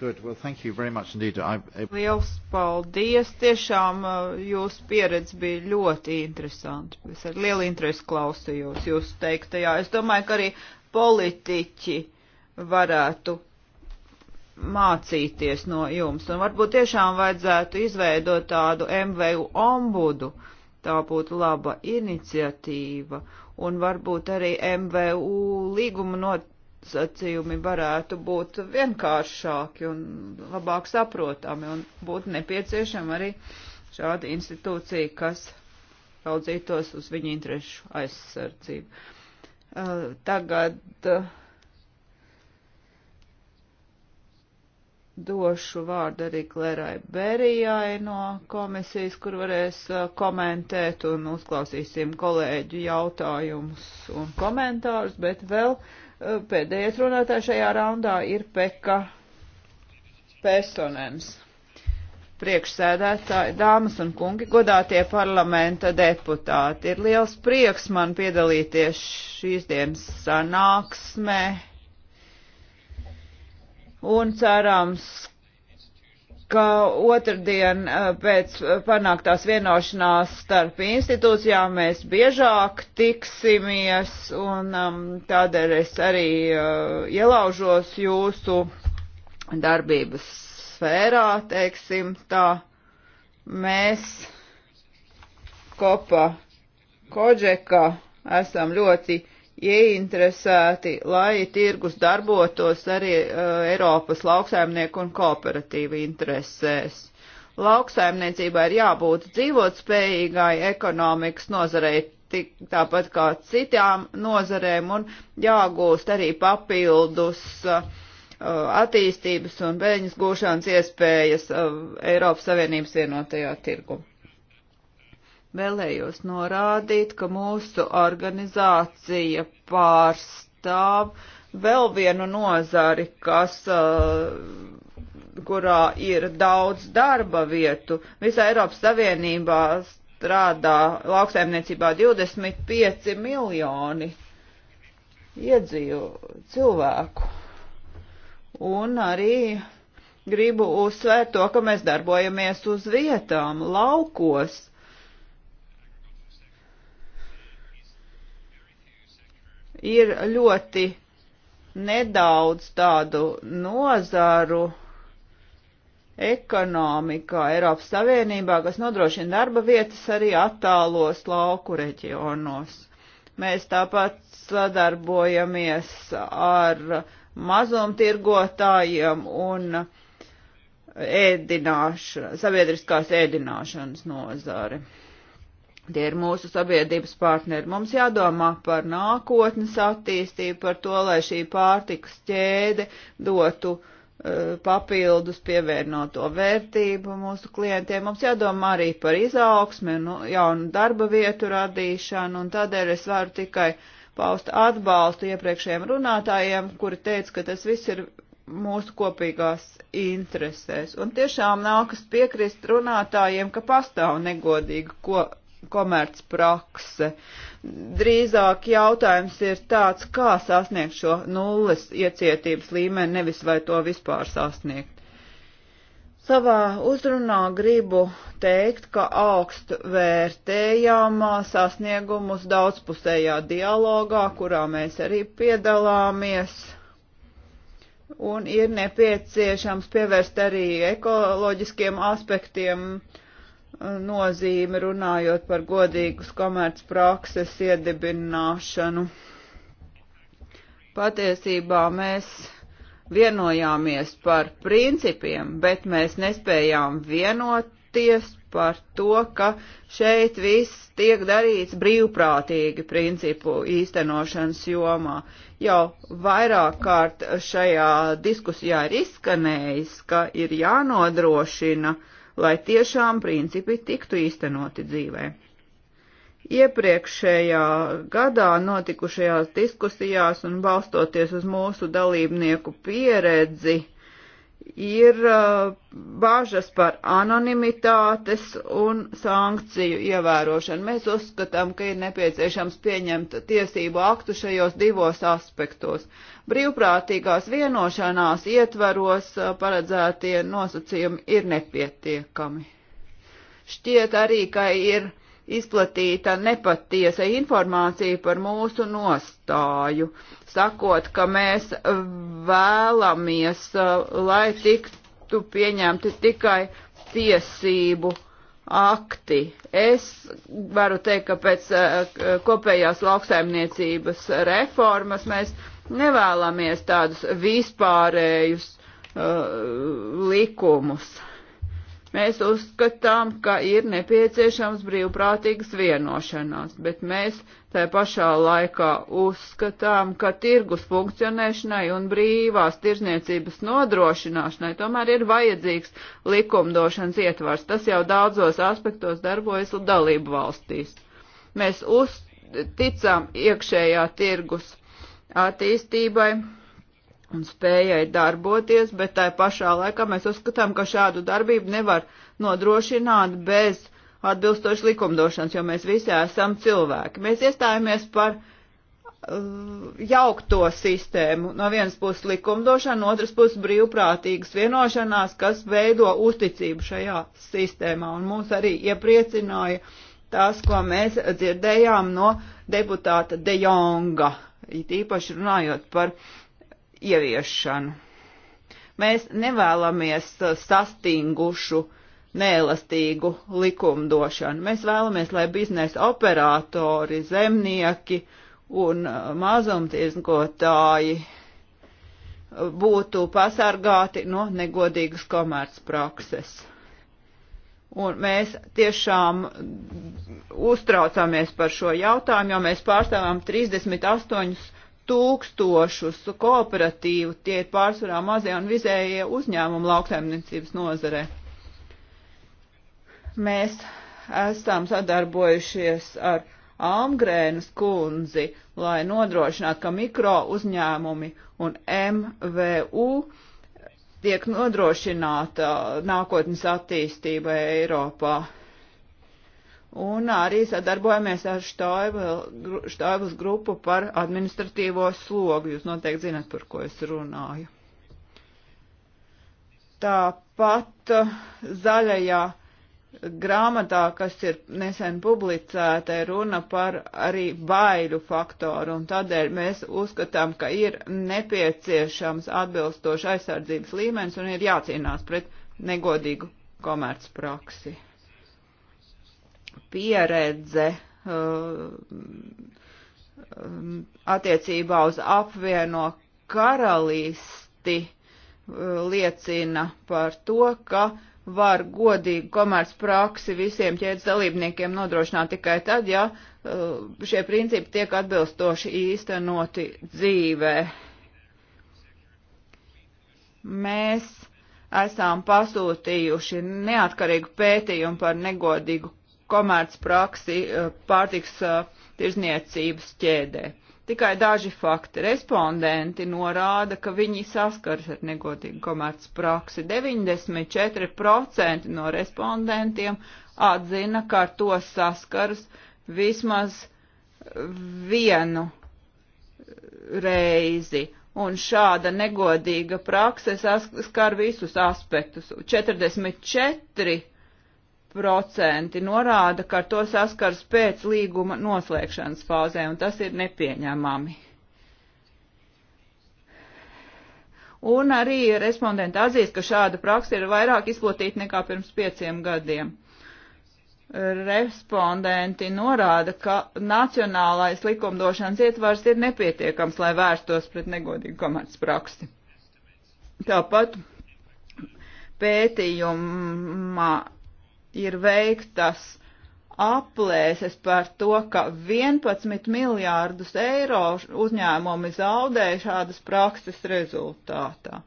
Good. Well, thank you very much indeed. I... Liels paldies! Tiešām uh, jūsu pieredze bija ļoti interesanta. Es ar lielu interesi klausījos jūsu teiktajā. Es domāju, ka arī politiķi varētu mācīties no jums. Un varbūt tiešām vajadzētu izveidot tādu MVU ombudu. Tā būtu laba iniciatīva. Un varbūt arī MVU līguma nosacījumi varētu būt vienkāršāki un labāk saprotami. Un būtu nepieciešama arī šāda institūcija, kas raudzītos uz viņu interesu aizsardzību. Uh, tagad uh, došu vārdu arī Klērai Berijai no komisijas, kur varēs uh, komentēt un uzklausīsim kolēģu jautājumus un komentārus, bet vēl uh, pēdējais runātājs šajā raundā ir Peka Pesonens. Priekšsēdētāji, dāmas un kungi, godātie parlamenta deputāti, ir liels prieks man piedalīties šīs dienas sanāksmē un cerams, ka otrdien pēc panāktās vienošanās starp institūcijām mēs biežāk tiksimies, un tādēļ es arī ielaužos jūsu darbības sfērā, teiksim tā. Mēs kopā Koģeka esam ļoti ieinteresēti, lai tirgus darbotos arī uh, Eiropas lauksaimnieku un kooperatīvu interesēs. Lauksaimniecībā ir jābūt dzīvotspējīgai ekonomikas nozarei, tik, tāpat kā citām nozarēm, un jāgūst arī papildus uh, attīstības un bēņas gūšanas iespējas uh, Eiropas Savienības vienotajā tirgu vēlējos norādīt, ka mūsu organizācija pārstāv vēl vienu nozari, kas, uh, kurā ir daudz darba vietu. Visā Eiropas Savienībā strādā lauksaimniecībā 25 miljoni iedzīvu cilvēku. Un arī gribu uzsvērt to, ka mēs darbojamies uz vietām, laukos ir ļoti nedaudz tādu nozaru ekonomikā Eiropas Savienībā, kas nodrošina darba vietas arī attālos lauku reģionos. Mēs tāpat sadarbojamies ar mazumtirgotājiem un ēdināšana, sabiedriskās ēdināšanas nozari. Tie ir mūsu sabiedrības partneri. Mums jādomā par nākotnes attīstību, par to, lai šī pārtikas ķēde dotu uh, papildus pievienoto vērtību mūsu klientiem. Mums jādomā arī par izaugsmi, nu, jaunu darba vietu radīšanu, un tādēļ es varu tikai paust atbalstu iepriekšējiem runātājiem, kuri teica, ka tas viss ir mūsu kopīgās interesēs. Un tiešām nākas piekrist runātājiem, ka pastāv negodīga ko komerc prakse. Drīzāk jautājums ir tāds, kā sasniegt šo nulles iecietības līmeni, nevis vai to vispār sasniegt. Savā uzrunā gribu teikt, ka augst vērtējām sasniegumus daudzpusējā dialogā, kurā mēs arī piedalāmies un ir nepieciešams pievērst arī ekoloģiskiem aspektiem uh, nozīmi runājot par godīgas komercprakses iedibināšanu. Patiesībā mēs vienojāmies par principiem, bet mēs nespējām vienoties par to, ka šeit viss tiek darīts brīvprātīgi principu īstenošanas jomā. Jau vairāk kārt šajā diskusijā ir izskanējis, ka ir jānodrošina uh, lai tiešām principi tiktu īstenoti dzīvē. Iepriekšējā gadā notikušajās diskusijās un balstoties uz mūsu dalībnieku pieredzi, ir uh, bāžas par anonimitātes un sankciju ievērošanu. Mēs uzskatām, ka ir nepieciešams pieņemt tiesību aktu šajos divos aspektos. Brīvprātīgās vienošanās ietvaros uh, paredzētie nosacījumi ir nepietiekami. Šķiet arī, ka ir izplatīta nepatiesa informācija par mūsu nostāju sakot, ka mēs vēlamies, uh, lai tiktu pieņemti tikai tiesību akti. Es varu teikt, ka pēc uh, kopējās lauksaimniecības reformas mēs nevēlamies tādus vispārējus uh, likumus. Mēs uzskatām, ka ir nepieciešams brīvprātīgas vienošanās, bet mēs tā pašā laikā uzskatām, ka tirgus funkcionēšanai un brīvās tirzniecības nodrošināšanai tomēr ir vajadzīgs likumdošanas ietvars. Tas jau daudzos aspektos darbojas dalību valstīs. Mēs uzticam iekšējā tirgus attīstībai un spējai darboties, bet tai pašā laikā mēs uzskatām, ka šādu darbību nevar nodrošināt bez atbilstoši likumdošanas, jo mēs visi esam cilvēki. Mēs iestājāmies par uh, jaukto sistēmu. No vienas puses likumdošana, no otras puses brīvprātīgas vienošanās, kas veido uzticību šajā sistēmā. Un mūs arī iepriecināja tas, ko mēs dzirdējām no deputāta De Jonga, it īpaši runājot par uh, ieviešanu. Mēs nevēlamies uh, sastingušu, neelastīgu likumdošanu. Mēs vēlamies, lai biznesa operatori, zemnieki un uh, mazumtirgotāji uh, būtu pasargāti no negodīgas komercprakses. Un mēs tiešām uztraucamies par šo jautājumu, jo mēs pārstāvām 38 tūkstošus kooperatīvu, tie ir pārsvarā mazie un vizējie uzņēmumi lauksaimniecības nozare. Mēs esam sadarbojušies ar Almgrēnas kundzi, lai nodrošinātu, ka mikro uzņēmumi un MVU tiek nodrošināta nākotnes attīstība Eiropā un arī sadarbojamies ar štābas grupu par administratīvo slogu. Jūs noteikti zinat, par ko es runāju. Tāpat uh, zaļajā grāmatā, kas ir nesen publicēta, ir runa par arī baiļu faktoru, un tādēļ mēs uzskatām, ka ir nepieciešams atbilstoši aizsardzības līmenis un ir jācīnās pret negodīgu komercpraksi. praksi pieredze uh, attiecībā uz apvieno karalisti uh, liecina par to, ka var godīgu komercpraksi visiem ķēdes dalībniekiem nodrošināt tikai tad, ja uh, šie principi tiek atbilstoši īstenoti dzīvē. Mēs esam pasūtījuši neatkarīgu pētījumu par negodīgu komercpraksi eh, pārtiks eh, tirzniecības ķēdē. Tikai daži fakti. Respondenti norāda, ka viņi saskars ar negodīgu komercpraksi. 94% no respondentiem atzina, ka ar to saskars vismaz vienu reizi. Un šāda negodīga prakse skar visus aspektus. 44 procenti norāda, ka ar to saskars pēc līguma noslēgšanas fāzē, un tas ir nepieņemami. Un arī respondenti atzīst, ka šāda praksa ir vairāk izplatīta nekā pirms pieciem gadiem. Respondenti norāda, ka nacionālais likumdošanas ietvars ir nepietiekams, lai vērstos pret negodīgu komercpraksi. Tāpat pētījumā ir veiktas aplēses par to, ka 11 miljārdus eiro uzņēmumi zaudēja šādas prakses rezultātā.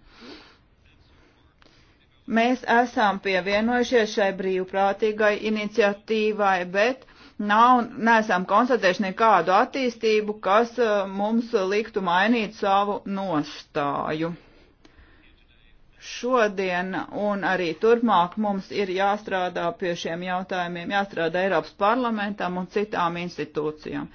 Mēs esam pievienojušies šai brīvprātīgai iniciatīvai, bet nav, neesam konstatējuši nekādu attīstību, kas eh, mums liktu mainīt savu nostāju šodien un arī turpmāk mums ir jāstrādā pie šiem jautājumiem, jāstrādā Eiropas parlamentam un citām institūcijām.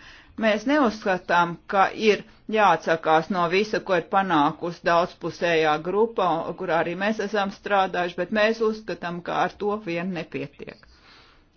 Mēs neuzskatām, ka ir jāatsakās no visa, ko ir panākusi daudzpusējā grupa, kurā arī mēs esam strādājuši, bet mēs uzskatām, ka ar to vien nepietiek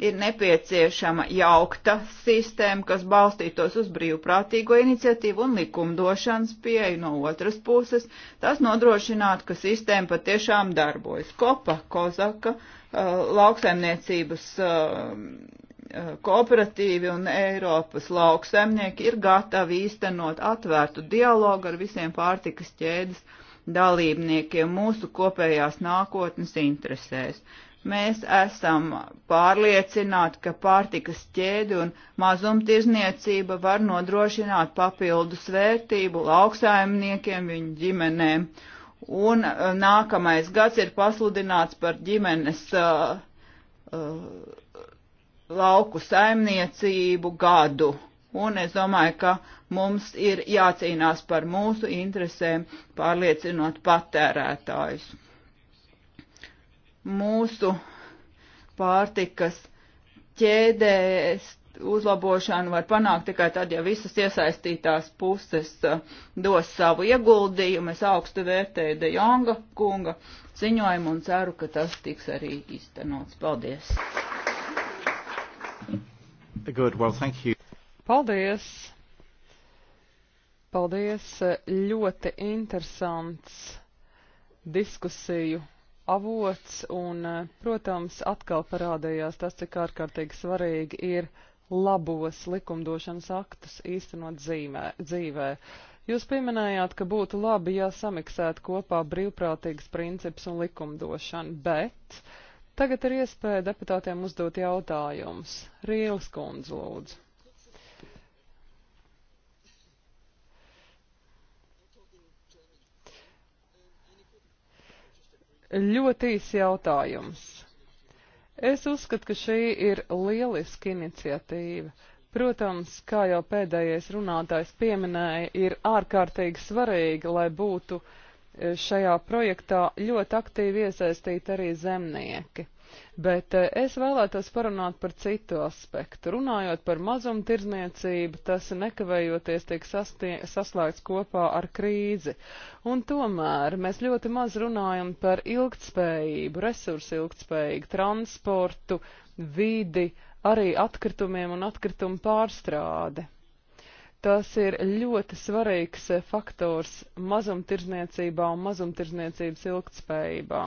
ir nepieciešama jaukta sistēma, kas balstītos uz brīvprātīgo iniciatīvu un likumdošanas pieeju no otras puses. Tas nodrošinātu, ka sistēma patiešām darbojas. Kopa, Kozaka, uh, lauksaimniecības uh, uh, kooperatīvi un Eiropas lauksaimnieki ir gatavi īstenot atvērtu dialogu ar visiem pārtikas ķēdes dalībniekiem mūsu kopējās nākotnes interesēs. Mēs esam pārliecināti, ka pārtikas ķēde un mazumtirzniecība var nodrošināt papildus vērtību lauksaimniekiem, viņu ģimenēm. Un uh, nākamais gads ir pasludināts par ģimenes uh, uh, lauku saimniecību gadu. Un es domāju, ka mums ir jācīnās par mūsu interesēm, pārliecinot patērētājus mūsu pārtikas ķēdēs uzlabošanu var panākt tikai tad, ja visas iesaistītās puses uh, dos savu ieguldījumu. Es augstu vērtēju De Jonga kunga ziņojumu un ceru, ka tas tiks arī īstenots. Paldies! Good, well, thank you. Paldies! Paldies! Ļoti interesants diskusiju avots, un, eh, protams, atkal parādījās tas, cik ārkārtīgi svarīgi ir labos likumdošanas aktus īstenot dzīvē. dzīvē. Jūs pieminējāt, ka būtu labi, ja samiksētu kopā brīvprātīgas princips un likumdošana, bet tagad ir iespēja deputātiem uzdot jautājumus. Rīles kundze lūdzu. Ļoti īsi jautājums. Es uzskatu, ka šī ir lieliska iniciatīva. Protams, kā jau pēdējais runātājs pieminēja, ir ārkārtīgi svarīgi, lai būtu e, šajā projektā ļoti aktīvi iesaistīti arī zemnieki. Bet eh, es vēlētos parunāt par citu aspektu. Runājot par mazumtirdzniecību, tas nekavējoties tiek saslēgts kopā ar krīzi. Un tomēr mēs ļoti maz runājam par ilgtspējību, resursu ilgtspējību, transportu, vidi, arī atkritumiem un atkritumu pārstrādi. Tas ir ļoti svarīgs eh, faktors mazumtirdzniecībā un mazumtirdzniecības ilgtspējībā.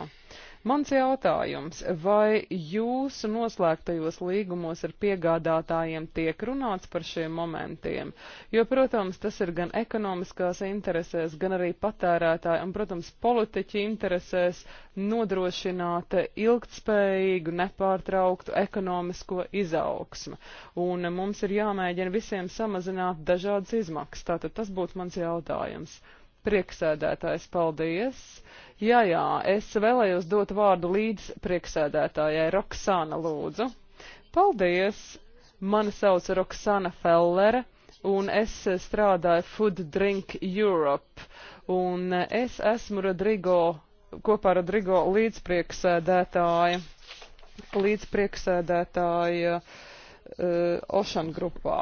Mans jautājums, vai jūsu noslēgtajos līgumos ar piegādātājiem tiek runāts par šiem momentiem? Jo, protams, tas ir gan ekonomiskās interesēs, gan arī patērētāji un, protams, politiķi interesēs nodrošināt ilgtspējīgu, nepārtrauktu ekonomisko izaugsmu. Un mums ir jāmēģina visiem samazināt dažādas izmaksas. Tātad tas būtu mans jautājums. Prieksēdētājs, paldies! Jā, jā, es vēlējos dot vārdu līdz prieksēdētājai Roksāna Lūdzu. Paldies! Mani sauc Roksana Fellere un es strādāju Food Drink Europe un es esmu Rodrigo, kopā ar Rodrigo līdzprieksēdētāja, līdzprieksēdētāja uh, eh, Ocean grupā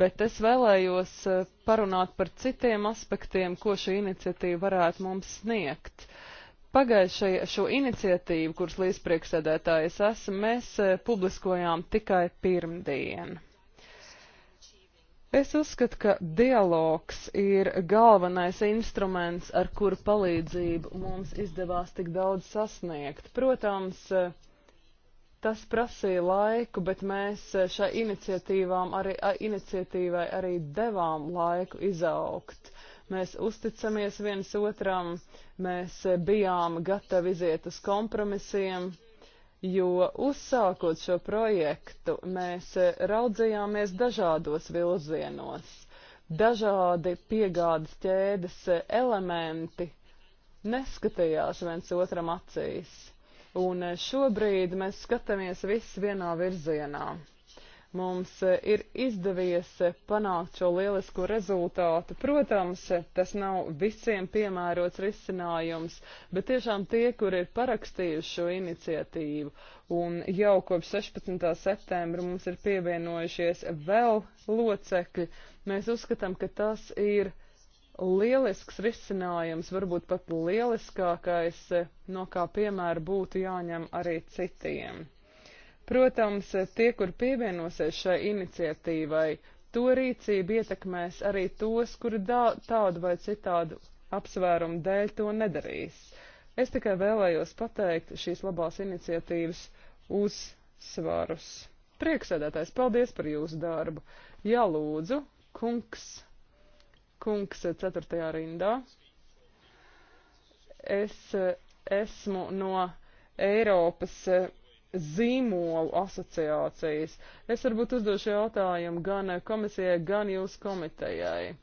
bet es vēlējos eh, parunāt par citiem aspektiem, ko šī iniciatīva varētu mums sniegt. Pagājušajā šo iniciatīvu, kuras līdzpriekšsēdētājas esmu, mēs eh, publiskojām tikai pirmdien. Es uzskatu, ka dialogs ir galvenais instruments, ar kuru palīdzību mums izdevās tik daudz sasniegt. Protams, eh, Tas prasīja laiku, bet mēs šai iniciatīvām arī, iniciatīvai arī devām laiku izaugt. Mēs uzticamies viens otram, mēs bijām gatavi iziet uz kompromisiem, jo uzsākot šo projektu, mēs raudzījāmies dažādos virzienos. Dažādi piegādes ķēdes elementi neskatījās viens otram acīs Un eh, šobrīd mēs skatāmies viss vienā virzienā. Mums eh, ir izdevies eh, panākt šo lielisko rezultātu. Protams, tas nav visiem piemērots risinājums, bet tiešām tie, kur ir parakstījuši šo iniciatīvu, un jau kopš 16. septembra mums ir pievienojušies vēl locekļi, mēs uzskatām, ka tas ir uh, lielisks risinājums, varbūt pat lieliskākais, eh, no kā piemēra būtu jāņem arī citiem. Protams, eh, tie, kur pievienosies šai iniciatīvai, to rīcību ietekmēs arī tos, kuri tādu vai citādu apsvērumu dēļ to nedarīs. Es tikai vēlējos pateikt šīs labās iniciatīvas uzsvarus. Prieksēdētājs, paldies par jūsu darbu. Jā, lūdzu, kungs kungs eh, ceturtajā rindā. Es eh, esmu no Eiropas eh, zīmolu asociācijas. Es varbūt uzdošu jautājumu gan komisijai, gan jūsu komitejai.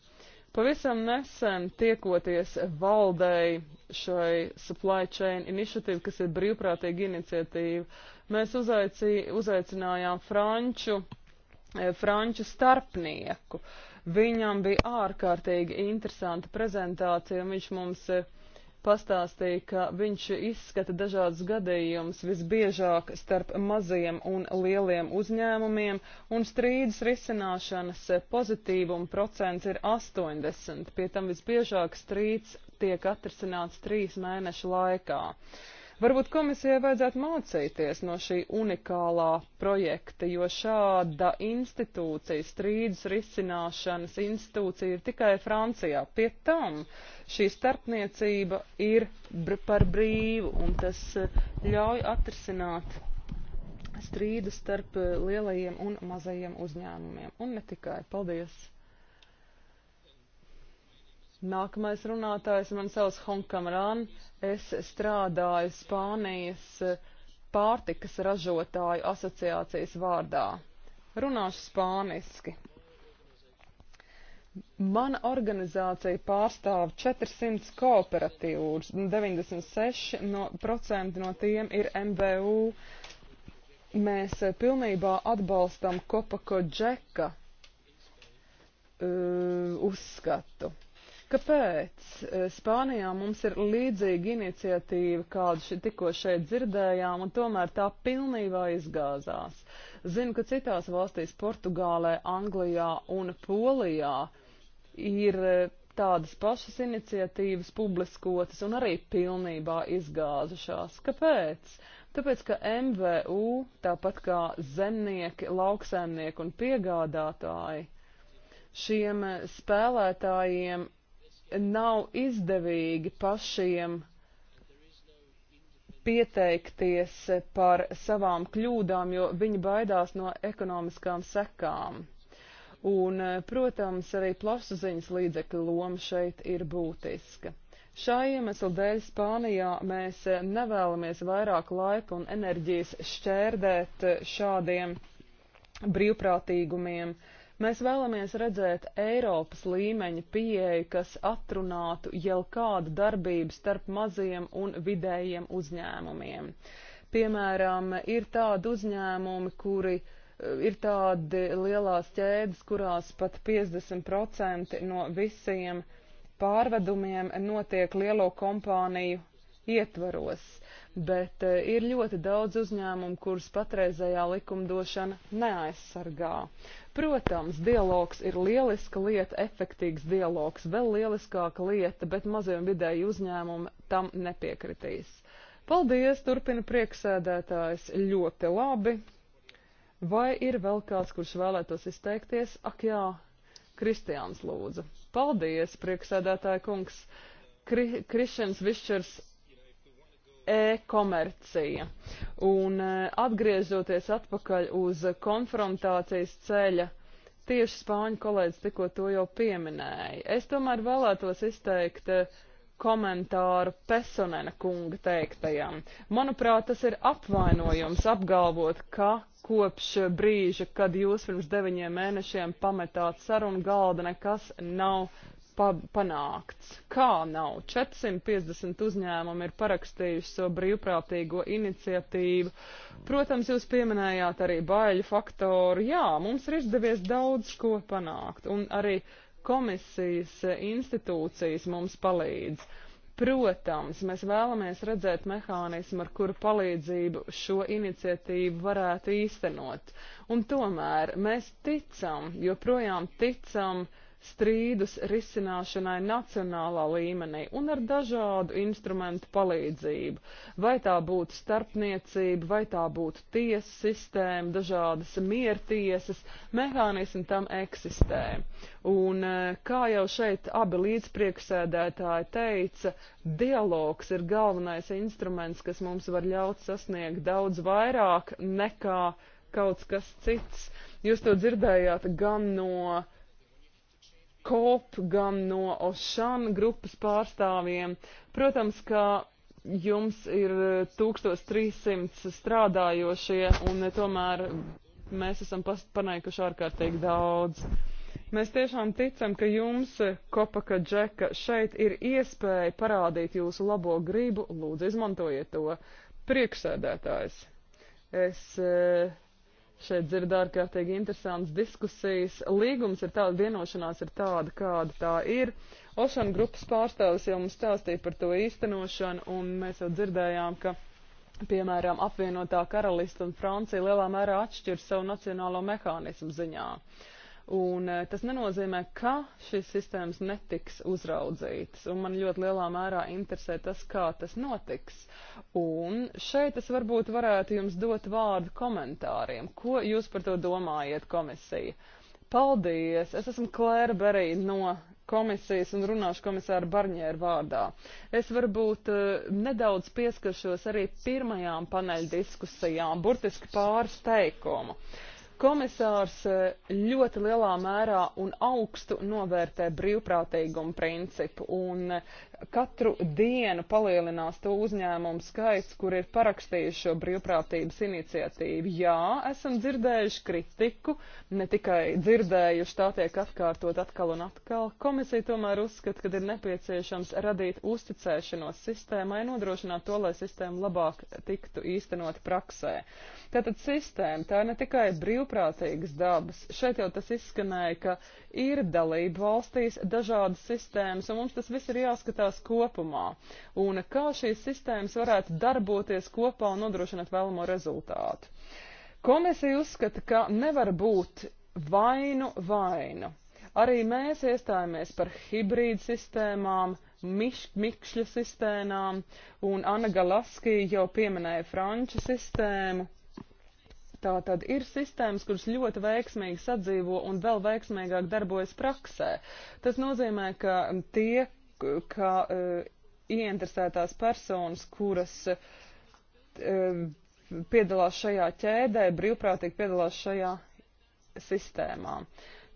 Pavisam nesen tiekoties valdei šai supply chain initiative, kas ir brīvprātīga iniciatīva, mēs uzaicī, uzaicinājām franču, franču starpnieku. Uh, Viņam bija ārkārtīgi interesanta prezentācija, un viņš mums eh, pastāstīja, ka viņš izskata dažādas gadījumus visbiežāk starp maziem un lieliem uzņēmumiem, un strīdus risināšanas eh, pozitīvuma procents ir 80, pie tam visbiežāk strīds tiek atrisināts trīs mēnešu laikā. Uh, Varbūt komisijai vajadzētu mācīties no šī unikālā projekta, jo šāda institūcija, strīdus risināšanas institūcija ir tikai Francijā. Pie tam šī starpniecība ir br par brīvu un tas eh, ļauj atrisināt strīdu starp eh, lielajiem un mazajiem uzņēmumiem. Un ne tikai. Paldies! Nākamais runātājs man savs Honkamran. Es strādāju Spānijas eh, pārtikas ražotāju asociācijas vārdā. Runāšu spāniski. Mana organizācija pārstāv 400 kooperatīvus, 96% no, no tiem ir MVU. Mēs eh, pilnībā atbalstam Kopako Džeka uh, uzskatu. Kāpēc? E, Spānijā mums ir līdzīga iniciatīva, kādu šeit tikko šeit dzirdējām, un tomēr tā pilnībā izgāzās. Zinu, ka citās valstīs, Portugālē, Anglijā un Polijā, ir e, tādas pašas iniciatīvas publiskotas un arī pilnībā izgāzušās. Kāpēc? Tāpēc, ka MVU, tāpat kā zemnieki, lauksēmnieki un piegādātāji, šiem e, spēlētājiem nav izdevīgi pašiem pieteikties par savām kļūdām, jo viņi baidās no ekonomiskām sekām. Un, protams, arī plašsaziņas līdzekļu loma šeit ir būtiska. Šā iemesla dēļ Spānijā mēs nevēlamies vairāk laika un enerģijas šķērdēt šādiem brīvprātīgumiem, uh, Mēs vēlamies redzēt Eiropas līmeņa pieeju, kas atrunātu jau kādu darbību starp maziem un vidējiem uzņēmumiem. Piemēram, ir tādi uzņēmumi, kuri eh, ir tādi lielās ķēdes, kurās pat 50% no visiem pārvedumiem notiek lielo kompāniju ietvaros, bet eh, ir ļoti daudz uzņēmumu, kurus patreizējā likumdošana neaizsargā. Protams, dialogs ir lieliska lieta, efektīgs dialogs, vēl lieliskāka lieta, bet mazie un vidēji uzņēmumi tam nepiekritīs. Paldies, turpina prieksēdētājs, ļoti labi. Vai ir vēl kāds, kurš vēlētos izteikties? Ak jā, Kristiāns lūdzu. Paldies, prieksēdētāja kungs. Kri Krišens Višķers e-komercija. Un e, atgriežoties atpakaļ uz konfrontācijas ceļa, tieši spāņu kolēģis tikko to jau pieminēja. Es tomēr vēlētos izteikt e, komentāru Pesonena kunga teiktajam. Manuprāt, tas ir apvainojums apgalvot, ka kopš brīža, kad jūs pirms deviņiem mēnešiem pametāt sarunu galda, nekas nav pa panākts. Kā nav? 450 uzņēmumi ir parakstījuši šo so brīvprātīgo iniciatīvu. Protams, jūs pieminējāt arī baiļu faktoru. Jā, mums ir izdevies daudz ko panākt, un arī komisijas institūcijas mums palīdz. Protams, mēs vēlamies redzēt mehānismu, ar kuru palīdzību šo iniciatīvu varētu īstenot. Un tomēr mēs ticam, joprojām ticam, uh, strīdus risināšanai nacionālā līmenī un ar dažādu instrumentu palīdzību. Vai tā būtu starpniecība, vai tā būtu tiesa sistēma, dažādas miertiesas, mehānismi tam eksistē. Un eh, kā jau šeit abi līdzpriekšsēdētāji teica, dialogs ir galvenais instruments, kas mums var ļaut sasniegt daudz vairāk nekā kaut kas cits. Jūs to dzirdējāt gan no uh, KOP, gan no OŠAN grupas pārstāvjiem. Protams, ka jums ir 1300 e, strādājošie, un e, tomēr mēs esam panākuši ārkārtīgi daudz. Mēs tiešām ticam, ka jums, e, Kopaka Džeka, šeit ir iespēja parādīt jūsu labo gribu. Lūdzu, izmantojiet to. Priekšsēdētājs. Es e, Šeit dzird ārkārtīgi interesants diskusijas. Līgums ir tāda, vienošanās ir tāda, kāda tā ir. Ošana grupas pārstāvis jau mums stāstīja par to īstenošanu, un mēs jau dzirdējām, ka, piemēram, apvienotā karalista un Francija lielā mērā atšķir savu nacionālo mehānismu ziņā. Uh, Un eh, tas nenozīmē, ka šīs sistēmas netiks uzraudzītas, un man ļoti lielā mērā interesē tas, kā tas notiks. Un šeit es varbūt varētu jums dot vārdu komentāriem. Ko jūs par to domājat, komisija? Paldies! Es esmu Klēra Berija no komisijas un runāšu komisāru Barņēru vārdā. Es varbūt uh, nedaudz pieskaršos arī pirmajām paneļdiskusijām, burtiski pāris teikumu. Uh, Komisārs eh, ļoti lielā mērā un augstu novērtē brīvprātīgumu principu, un eh, katru dienu palielinās to uzņēmumu skaits, kur ir parakstījuši šo brīvprātības iniciatīvu. Jā, esam dzirdējuši kritiku, ne tikai dzirdējuši, tā tiek atkārtot atkal un atkal. Komisija tomēr uzskata, ka ir nepieciešams radīt uzticēšanos sistēmai, nodrošināt to, lai sistēma labāk tiktu īstenot praksē. Tātad sistēma, tā ir ne tikai brīvprātīgas dabas. Šeit jau tas izskanēja, ka ir dalību valstīs dažādas sistēmas, un mums tas viss ir jāskatās izskatās kopumā un kā šīs sistēmas varētu darboties kopā un nodrošināt vēlamo rezultātu. Komisija uzskata, ka nevar būt vainu vainu. Arī mēs iestājāmies par hibrīd sistēmām, miš, mikšļu sistēmām, un Anna Galaskī jau pieminēja franču sistēmu. Tā tad ir sistēmas, kuras ļoti veiksmīgi sadzīvo un vēl veiksmīgāk darbojas praksē. Tas nozīmē, ka tie, kā uh, ieinteresētās personas, kuras uh, piedalās šajā ķēdē, brīvprātīgi piedalās šajā sistēmā.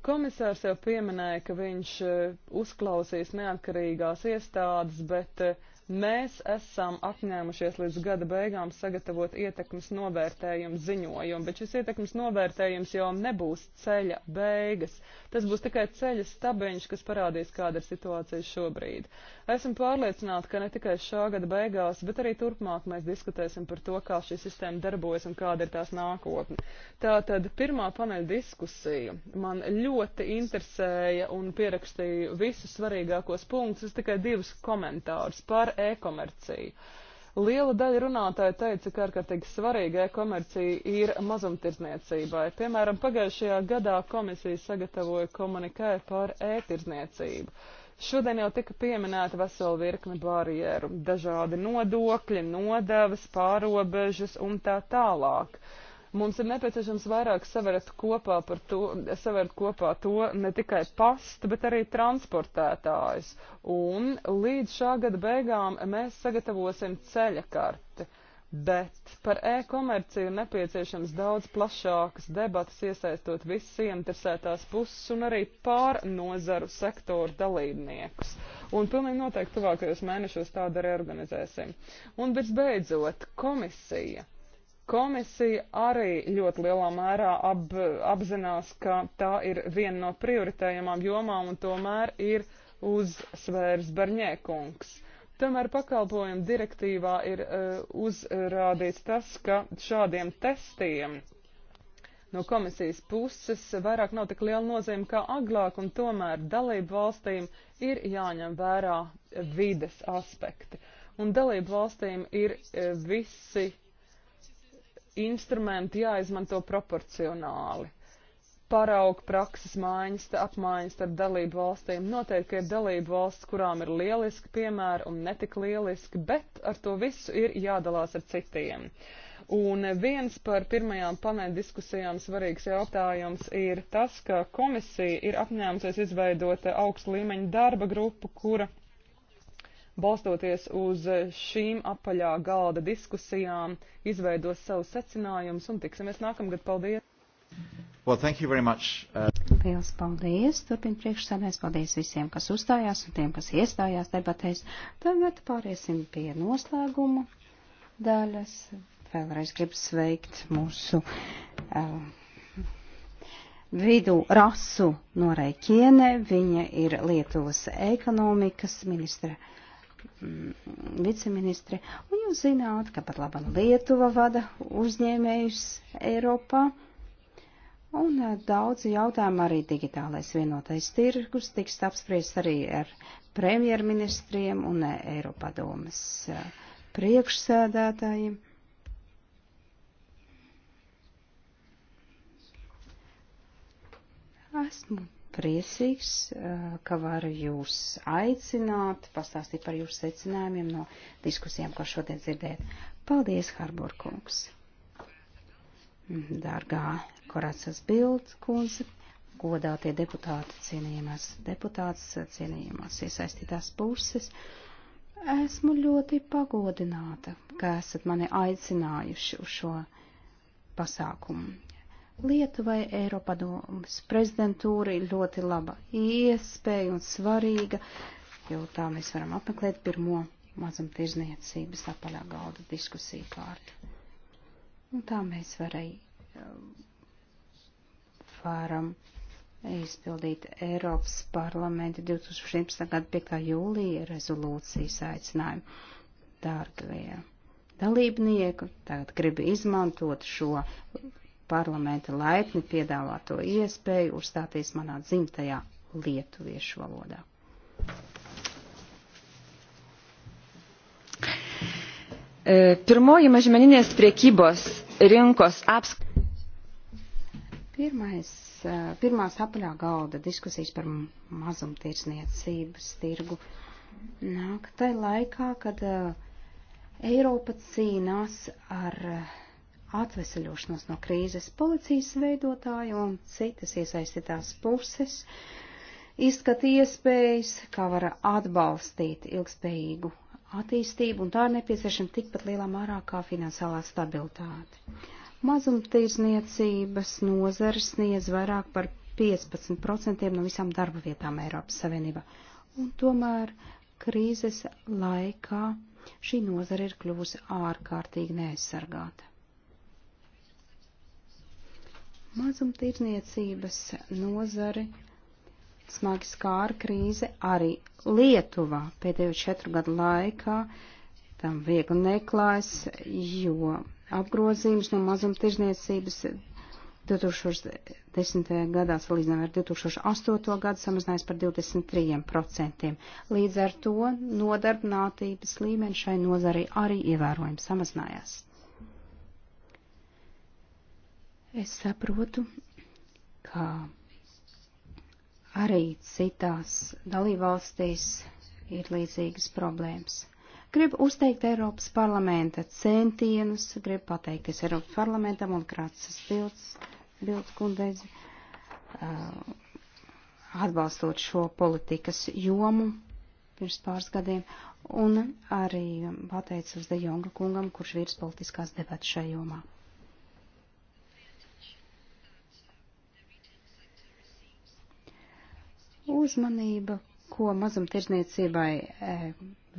Komisārs jau pieminēja, ka viņš uh, uzklausīs neatkarīgās iestādes, bet uh, Mēs esam apņēmušies līdz gada beigām sagatavot ietekmes novērtējumu ziņojumu, bet šis ietekmes novērtējums jau nebūs ceļa beigas. Tas būs tikai ceļa stabiņš, kas parādīs, kāda ir situācija šobrīd. Esmu pārliecināta, ka ne tikai šā gada beigās, bet arī turpmāk mēs diskutēsim par to, kā šī sistēma darbojas un kāda ir tās nākotne. Tātad pirmā paneļa diskusija man ļoti interesēja un pierakstīju visus svarīgākos punktus. Es tikai divus komentārus par e-komerciju. Liela daļa runātāja teica, ka ārkārtīgi svarīga e-komercija ir mazumtirdzniecībai. Piemēram, pagājušajā gadā komisija sagatavoja komunikē par e-tirdzniecību. Šodien jau tika pieminēta vesela virkne barjeru, dažādi nodokļi, nodevas, pārobežas un tā tālāk. Uh, Mums ir nepieciešams vairāk savert kopā, to, savert kopā to ne tikai pastu, bet arī transportētājus. Un līdz šā gada beigām mēs sagatavosim ceļa karti. Bet par e-komerciju nepieciešams daudz plašākas debatas, iesaistot visas ieinteresētās puses un arī pārnozaru sektoru dalībniekus. Un pilnīgi noteikti tuvākajos mēnešos tādu arī organizēsim. Un visbeidzot, komisija Komisija arī ļoti lielā mērā ap, apzinās, ka tā ir viena no prioritējumām jomām un tomēr ir uzsvērs Barņēkungs. Tomēr pakalpojumu direktīvā ir uh, uzrādīts tas, ka šādiem testiem no komisijas puses vairāk nav tik liela nozīme kā agrāk, un tomēr dalību valstīm ir jāņem vērā vides aspekti. Un dalību valstīm ir e, visi instrumenti jāizmanto proporcionāli. Parauga prakses mājas, apmaiņas starp dalību valstīm. Noteikti ir dalību valsts, kurām ir lieliski piemēri un netik lieliski, bet ar to visu ir jādalās ar citiem. Un viens par pirmajām panēm diskusijām svarīgs jautājums ir tas, ka komisija ir apņēmusies izveidot augstu līmeņu darba grupu, kura balstoties uz šīm apaļā galda diskusijām, izveidos savus secinājumus un tiksimies nākamgad. Paldies! Well, thank you very much. Uh... Liels paldies! Turpin priekšsēdēs paldies visiem, kas uzstājās un tiem, kas iestājās debatēs. Tagad pāriesim pie noslēguma daļas. Vēlreiz gribu sveikt mūsu uh, vidu rasu Norei Kiene. Viņa ir Lietuvas ekonomikas ministra. Uh, Mm, viceministri, un jūs zināt, ka pat labam Lietuva vada uzņēmējus Eiropā, un eh, daudzi jautājumi arī digitālais vienotais tirgus tiks apspriests arī ar premjerministriem un eh, Eiropadomas eh, priekšsēdētājiem. Esmu priecīgs, eh, ka varu jūs aicināt, pastāstīt par jūsu secinājumiem no diskusijām, ko šodien dzirdēt. Paldies, Harbor kungs! Dārgā Koracas Bild kundze, godātie deputāti, cienījamās deputātas, cienījamās iesaistītās puses, esmu ļoti pagodināta, ka esat mani aicinājuši uz šo pasākumu. Lietuvai Eiropadomas prezidentūra ir ļoti laba iespēja un svarīga, jo tā mēs varam apmeklēt pirmo mazumtirzniecības apaļā galda diskusiju kārtu. Un tā mēs varēja, um, varam izpildīt Eiropas parlamenta 2016. gada 5. jūlija rezolūcijas aicinājumu. Dārgie dalībnieki, tagad gribu izmantot šo parlamenta laipni piedāvāto iespēju uzstāties manā dzimtajā lietuviešu valodā. E, pirmoji mažmeninės priekybos rinkos apskaitos. Pirmais, e, pirmās apaļā galda diskusijas par mazumtirdzniecības tirgu nāk tai laikā, kad e, Eiropa cīnās ar uh, atveseļošanos no krīzes policijas veidotāji un citas iesaistītās puses izskata iespējas, kā var atbalstīt ilgspējīgu attīstību, un tā ir nepieciešama tikpat lielā mērā kā finansiālā stabilitāte. Mazumtirdzniecības nozares sniedz vairāk par 15% no visām darba vietām Eiropas Savienībā, un tomēr krīzes laikā šī nozara ir kļūsi ārkārtīgi neaizsargāta. Mazumtirdzniecības nozari smagi skāra krīze arī Lietuvā pēdējo četru gadu laikā. Tam viegli neklājas, jo apgrozījums no mazumtirdzniecības 2010. gadā salīdzinājumā ar 2008. gadu samazinājās par 23%. Līdz ar to nodarbinātības līmenis šai nozarei arī ievērojami samazinājās. Es saprotu, ka arī citās dalībvalstīs ir līdzīgas problēmas. Gribu uzteikt Eiropas parlamenta centienus, gribu pateikties Eiropas parlamentam un Krācas bildes, bildes kundreiz atbalstot šo politikas jomu pirms pāris gadiem, un arī pateicos De Jonga kungam, kurš virs politiskās debatas šajā jomā. Uzmanība, ko mazumtirdzniecībai e,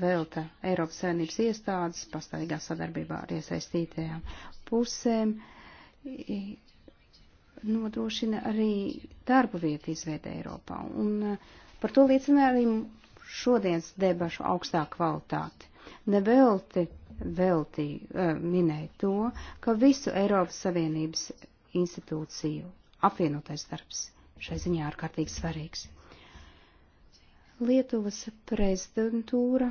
velta Eiropas Savienības iestādes, pastāvīgā sadarbībā ar iesaistītajām pusēm, i, nodrošina arī darba vietu izveidu Eiropā. Un e, par to liecina arī šodienas debašu augstā kvalitāte. Nevelti velti e, minēja to, ka visu Eiropas Savienības institūciju apvienotais darbs šai ziņā ārkārtīgi svarīgs. Lietuvas prezidentūra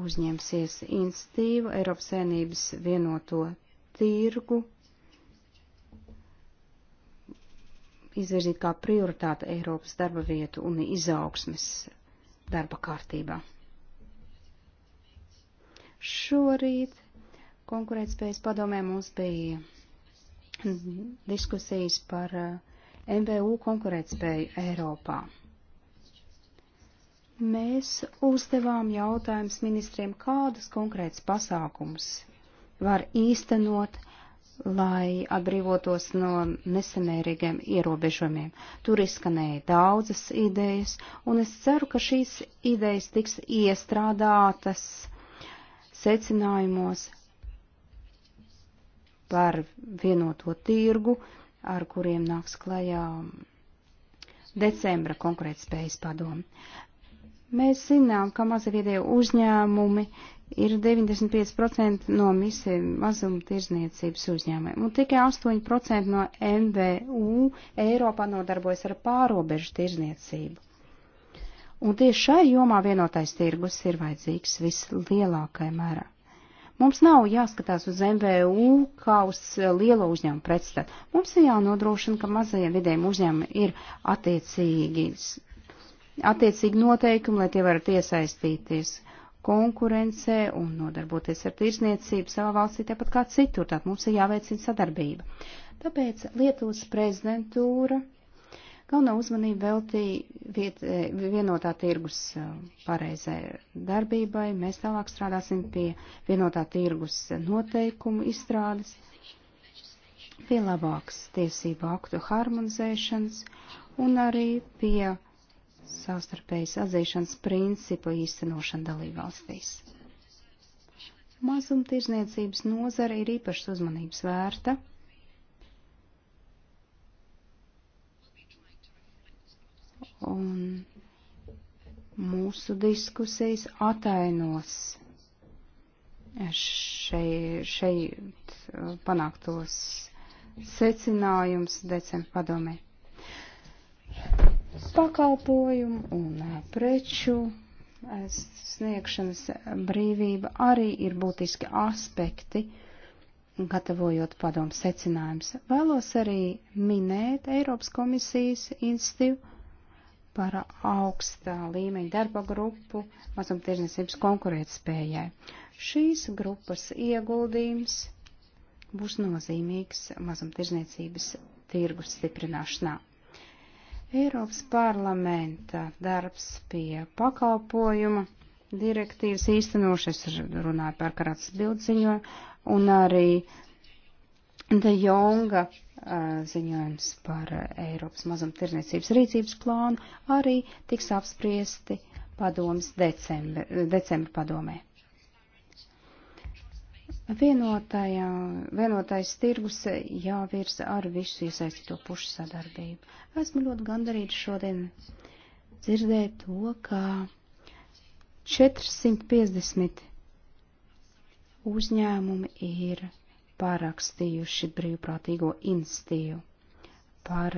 uzņemsies institīvu Eiropas saimnības vienoto tirgu izvirzīt kā prioritāte Eiropas darba vietu un izaugsmes darba kārtībā. Šorīt konkurētspējas padomē mums bija diskusijas par eh, MVU konkurētspēju Eiropā. Mēs uzdevām jautājumus ministriem, kādus konkrētus pasākumus var īstenot, lai atbrīvotos no nesenērīgiem ierobežojumiem. Tur izskanēja daudzas idejas, un es ceru, ka šīs idejas tiks iestrādātas secinājumos par vienoto tirgu, ar kuriem nāks klajā decembra konkrētspējas padomu. Mēs zinām, ka mazaviedie uzņēmumi ir 95% no visiem mazumtirdzniecības uzņēmumiem, un tikai 8% no MVU Eiropā nodarbojas ar pārobežu tirdzniecību. Un tieši šai jomā vienotais tirgus ir vajadzīgs vislielākajā mērā. Mums nav jāskatās uz MVU kā uz lielo uzņēmumu pretstatu. Mums ir jānodrošina, ka mazajiem vidējiem uzņēmumiem ir attiecīgas attiecīgi noteikumi, lai tie varētu iesaistīties konkurencē un nodarboties ar tirsniecību savā valstī tāpat kā citur, tātad mums ir jāveicina sadarbība. Tāpēc Lietuvas prezidentūra galveno uzmanību veltīja viet, e, vienotā tirgus e, pareizai darbībai. Mēs tālāk strādāsim pie vienotā tirgus noteikumu izstrādes, pie labākas tiesību aktu harmonizēšanas un arī pie savstarpējas atzīšanas principu īstenošana dalībvalstīs. Mazumtirdzniecības nozara ir īpašas uzmanības vērta. Un mūsu diskusijas atainos šeit, šeit uh, panāktos secinājums decembra padomē pakalpojumu un e, preču e, sniegšanas brīvība arī ir būtiski aspekti, gatavojot padomu secinājums. Vēlos arī minēt Eiropas komisijas institīvu par augstā līmeņa darba grupu mazumtirdzniecības konkurētspējai. Šīs grupas ieguldījums būs nozīmīgs mazumtirdzniecības tirgus stiprināšanā. Eiropas parlamenta darbs pie pakalpojuma direktīvas īstenošas, runāju par karats bildziņo, un arī De Jonga ziņojums par Eiropas mazumtirniecības rīcības plānu arī tiks apspriesti padomas decembra, decembra padomē. Vienotajā, vienotais tirgus jāvirza ar visu iesaistīto pušu sadarbību. Esmu ļoti gandarīta šodien dzirdēt to, ka 450 uzņēmumi ir pārakstījuši brīvprātīgo institīvu par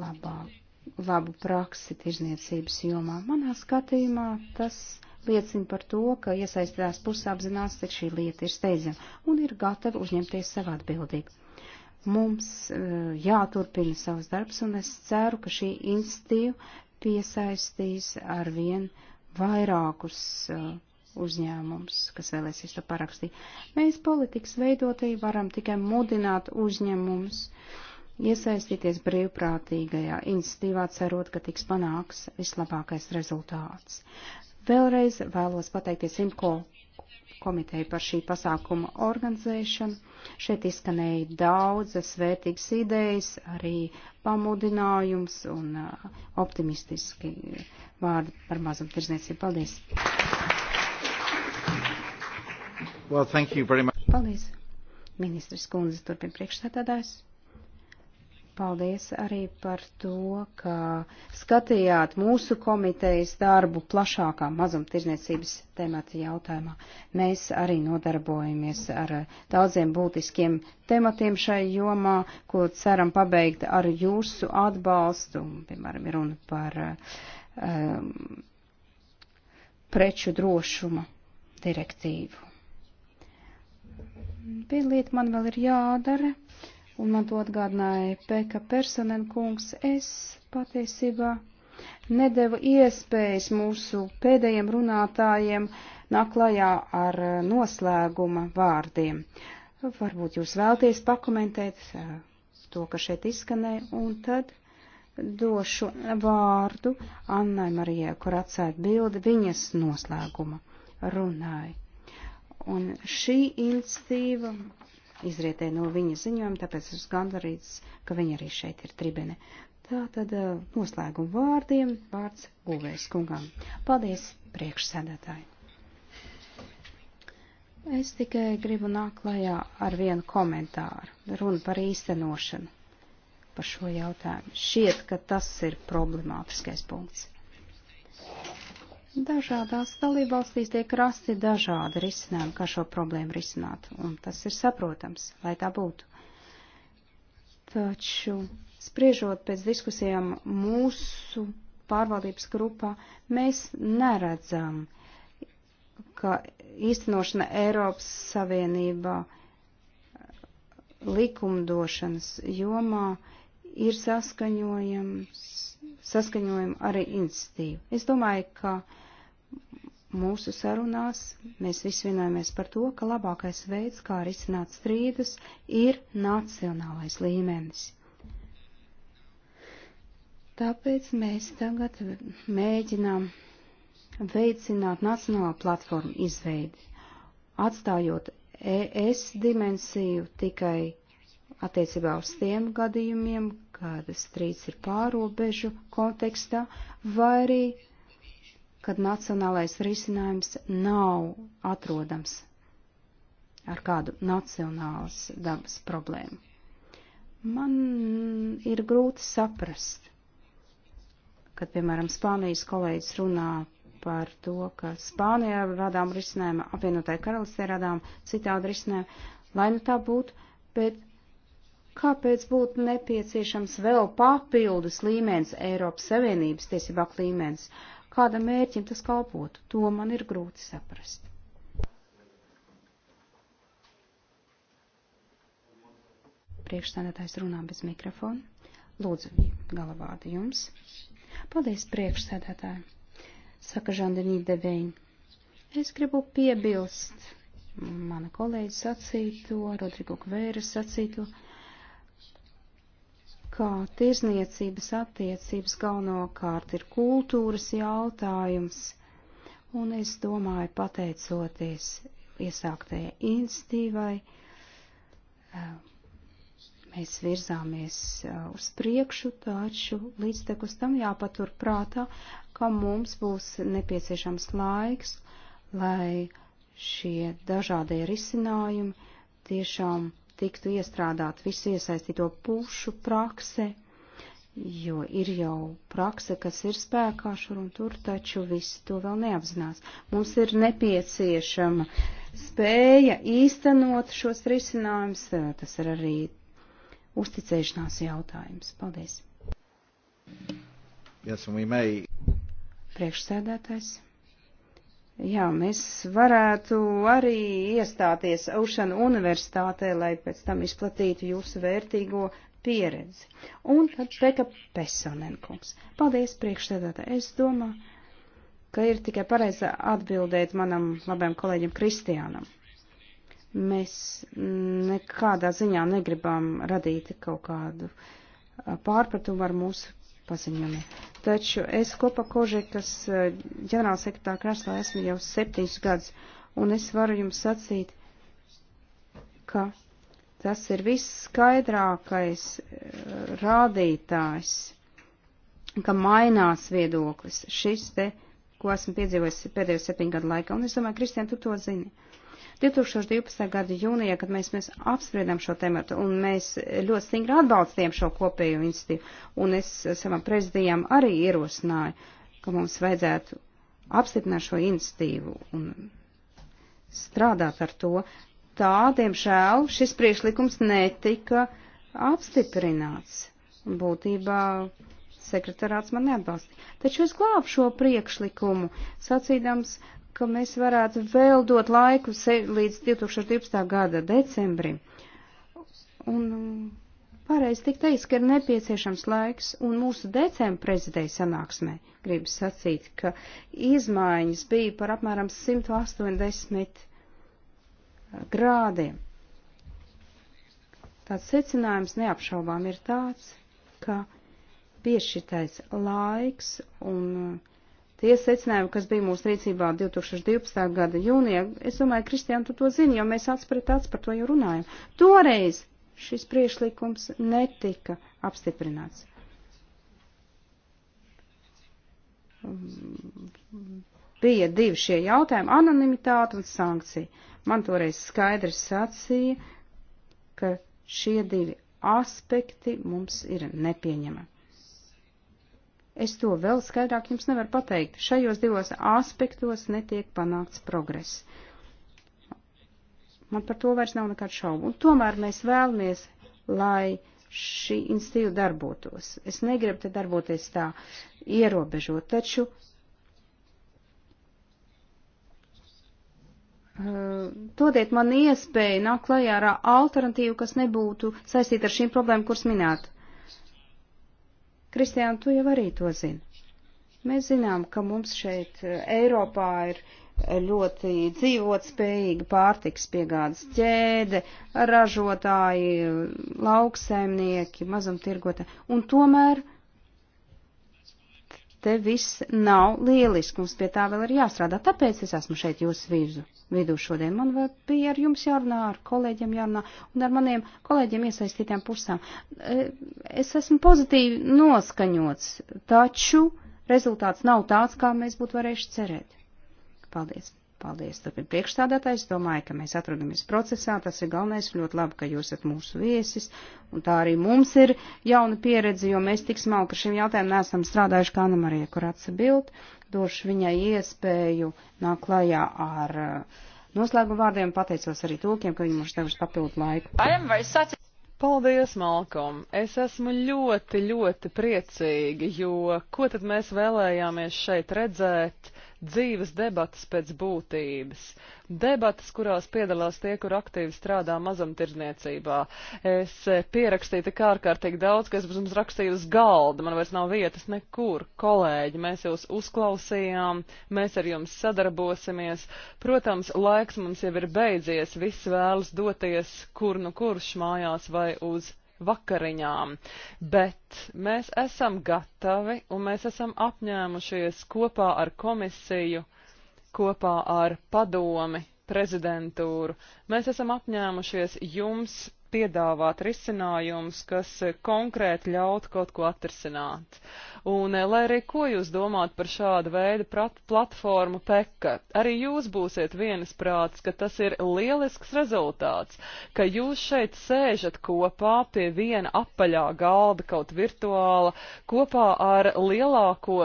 labā, labu praksi tirzniecības jomā. Manā skatījumā tas liecina par to, ka iesaistītās puses apzinās, ka šī lieta ir steidzama un ir gatava uzņemties savu atbildību. Mums uh, jāturpina savs darbs, un es ceru, ka šī institīva piesaistīs arvien vairākus uh, e, uzņēmums, kas vēlēsies to parakstīt. Mēs politikas veidotīji varam tikai mudināt uzņēmumus iesaistīties brīvprātīgajā institīvā, cerot, ka tiks panāks vislabākais rezultāts. Vēlreiz vēlos pateikties Imko komiteju par šī pasākuma organizēšanu. Šeit izskanēja daudzas vērtīgas idejas, arī pamudinājums un uh, optimistiski vārdi par mazumtirdzniecību. Paldies! Well, thank you very much. Paldies! Ministrs kundze turpina priekšstādājs. Paldies arī par to, ka skatījāt mūsu komitejas darbu plašākā mazumtirdzniecības temata jautājumā. Mēs arī nodarbojamies ar daudziem būtiskiem tematiem šai jomā, ko ceram pabeigt ar jūsu atbalstu, piemēram, runa par um, preču drošuma direktīvu. Viena lieta man vēl ir jādara. Uh, un man to atgādināja Peka Personen kungs, es patiesībā nedeva iespējas mūsu pēdējiem runātājiem nāk klajā ar eh, noslēguma vārdiem. Varbūt jūs vēlties pakomentēt eh, to, kas šeit izskanēja, un tad došu vārdu Annai Marijai, kur atsēt bildi viņas noslēguma runāja. Un šī institīva izrietē no viņa ziņojuma, tāpēc es gandarīts, ka viņa arī šeit ir tribene. Tā tad noslēguma vārdiem vārds Gulvēs kungam. Paldies, priekšsēdētāji! Es tikai gribu nākt klajā ar vienu komentāru. Runa par īstenošanu par šo jautājumu. Šiet, ka tas ir problemātiskais punkts. Dažādās dalībvalstīs tiek rasti dažādi risinājumi, kā šo problēmu risināt, un tas ir saprotams, lai tā būtu. Taču, spriežot pēc diskusijām mūsu pārvaldības grupā, mēs neredzam, ka īstenošana Eiropas Savienībā likumdošanas jomā ir saskaņojams saskaņojumu arī iniciatīvu. Es domāju, ka mūsu sarunās mēs visi vienojamies par to, ka labākais veids, kā risināt strīdus, ir nacionālais līmenis. Tāpēc mēs tagad mēģinām veicināt nacionālo platformu izveidi, atstājot ES dimensiju tikai attiecībā uz tiem gadījumiem, kad strīds ir pārobežu kontekstā, vai arī, kad nacionālais risinājums nav atrodams ar kādu nacionālas dabas problēmu. Man ir grūti saprast, kad, piemēram, Spānijas kolēģis runā par to, ka Spānijā radām risinājumu, apvienotāju karalistē radām citādu risinājumu, lai nu tā būtu, bet Kāpēc būtu nepieciešams vēl papildus līmenis Eiropas Savienības tiesību aktu līmenis? Kādam mērķim tas kalpotu? To man ir grūti saprast. Priekšsēdētājs runā bez mikrofona. Lūdzu, galvāda jums. Paldies, priekšsēdētāji. Saka Žandenī Deveņa. Es gribu piebilst mana kolēģi sacīto, Rodrigo Kvēra sacīto. Uh, kā tirzniecības attiecības galvenokārt ir kultūras jautājums, un es domāju, pateicoties iesāktējai institīvai, eh, mēs virzāmies eh, uz priekšu, taču līdztekus tam jāpatur prātā, ka mums būs nepieciešams laiks, lai šie dažādie risinājumi tiešām tiktu iestrādāt visu iesaistīto pušu prakse, jo ir jau prakse, kas ir spēkā šur un tur, taču visi to vēl neapzinās. Mums ir nepieciešama spēja īstenot šos risinājumus, tas ir arī uzticēšanās jautājums. Paldies! Yes, may... Priekšsēdētājs. Jā, mēs varētu arī iestāties Ocean universitātē, lai pēc tam izplatītu jūsu vērtīgo pieredzi. Un tad Peka Pesonenkungs. Paldies, priekšsēdētā. Es domāju, ka ir tikai pareizi atbildēt manam labajam kolēģim Kristiānam. Mēs nekādā ziņā negribam radīt kaut kādu pārpratumu ar mūsu paziņojumi. Taču es kopā Kožekas eh, ģenerāla sekretāra krēslā esmu jau septiņus gadus, un es varu jums sacīt, ka tas ir viss skaidrākais eh, rādītājs, ka mainās viedoklis. Šis te, ko esmu piedzīvojis pēdējo septiņu gadu laikā, un es domāju, Kristian, tu to zini. 2012. gada jūnijā, kad mēs, mēs apspriedām šo tematu, un mēs ļoti stingri atbalstījām šo kopēju institīvu, un es savam prezidijam arī ierosināju, ka mums vajadzētu apstiprināt šo institīvu un strādāt ar to. Tā, diemžēl, šis priekšlikums netika apstiprināts. Būtībā sekretārāts man neatbalstīja. Taču es glābu šo priekšlikumu, sacīdams, uh, ka mēs varētu vēl dot laiku līdz 2012. gada decembrim. Un um, pareizi tik teiks, ka ir nepieciešams laiks, un mūsu decembra prezidēja sanāksmē gribu sacīt, ka izmaiņas bija par apmēram 180 grādiem. Tāds secinājums neapšaubām ir tāds, ka piešķirtais laiks un uh, tie secinājumi, kas bija mūsu rīcībā 2012. gada jūnijā, es domāju, Kristiāna, tu to zini, jo mēs atspret acis par to jau runājam. Toreiz šis priešlikums netika apstiprināts. Bija divi šie jautājumi - anonimitāte un sankcija. Man toreiz skaidrs sacīja, ka šie divi aspekti mums ir nepieņemami. Es to vēl skaidrāk jums nevaru pateikt. Šajos divos aspektos netiek panākts progress. Man par to vairs nav nekāds šaubu. Un tomēr mēs vēlamies, lai šī institīva darbotos. Es negribu te darboties tā ierobežot, taču eh, dodiet man iespēju nāk klajā ar alternatīvu, kas nebūtu saistīta ar šīm problēmām, kuras minēt. Kristiāna, tu jau arī to zini. Mēs zinām, ka mums šeit eh, Eiropā ir eh, ļoti dzīvotspējīga pārtiks piegādes ķēde, ražotāji, eh, lauksaimnieki, mazumtirgotāji, un tomēr te viss nav lieliski, mums pie tā vēl ir jāstrādā, tāpēc es esmu šeit jūsu vīzu vidū šodien. Man vēl bija ar jums jārunā, ar kolēģiem jārunā un ar maniem kolēģiem iesaistītām pusām. E, es esmu pozitīvi noskaņots, taču rezultāts nav tāds, kā mēs būtu varējuši cerēt. Paldies! Paldies, turpin priekšstādātājs. Domāju, ka mēs atrodamies procesā. Tas ir galvenais. Ļoti labi, ka jūs esat mūsu viesis. Un tā arī mums ir jauna pieredze, jo mēs tik smalki par šiem jautājumiem neesam strādājuši kā Anamarija, kur atsebild. Došu viņai iespēju nāk klajā ar uh, noslēgu vārdiem. Pateicos arī tūkiem, ka viņi mums devuši papildu laiku. Paldies, Malkom! Es esmu ļoti, ļoti priecīga, jo ko tad mēs vēlējāmies šeit redzēt? dzīves debatas pēc būtības. Debatas, kurās piedalās tie, kur aktīvi strādā mazumtirdzniecībā. Es eh, pierakstīju tik ārkārtīgi daudz, ka es jums rakstīju uz galda, man vairs nav vietas nekur. Kolēģi, mēs jūs uzklausījām, mēs ar jums sadarbosimies. Protams, laiks mums jau ir beidzies, viss vēlas doties kur nu kurš mājās vai uz vakariņām, bet mēs esam gatavi un mēs esam apņēmušies kopā ar komisiju, kopā ar padomi prezidentūru. Mēs esam apņēmušies jums piedāvāt risinājumus, kas konkrēti ļautu kaut ko atrisināt. Un, eh, lai arī ko jūs domājat par šādu veidu platformu PEKA, arī jūs būsiet vienisprāts, ka tas ir lielisks rezultāts, ka jūs šeit sēžat kopā pie viena apaļā galda, kaut virtuāla, kopā ar lielāko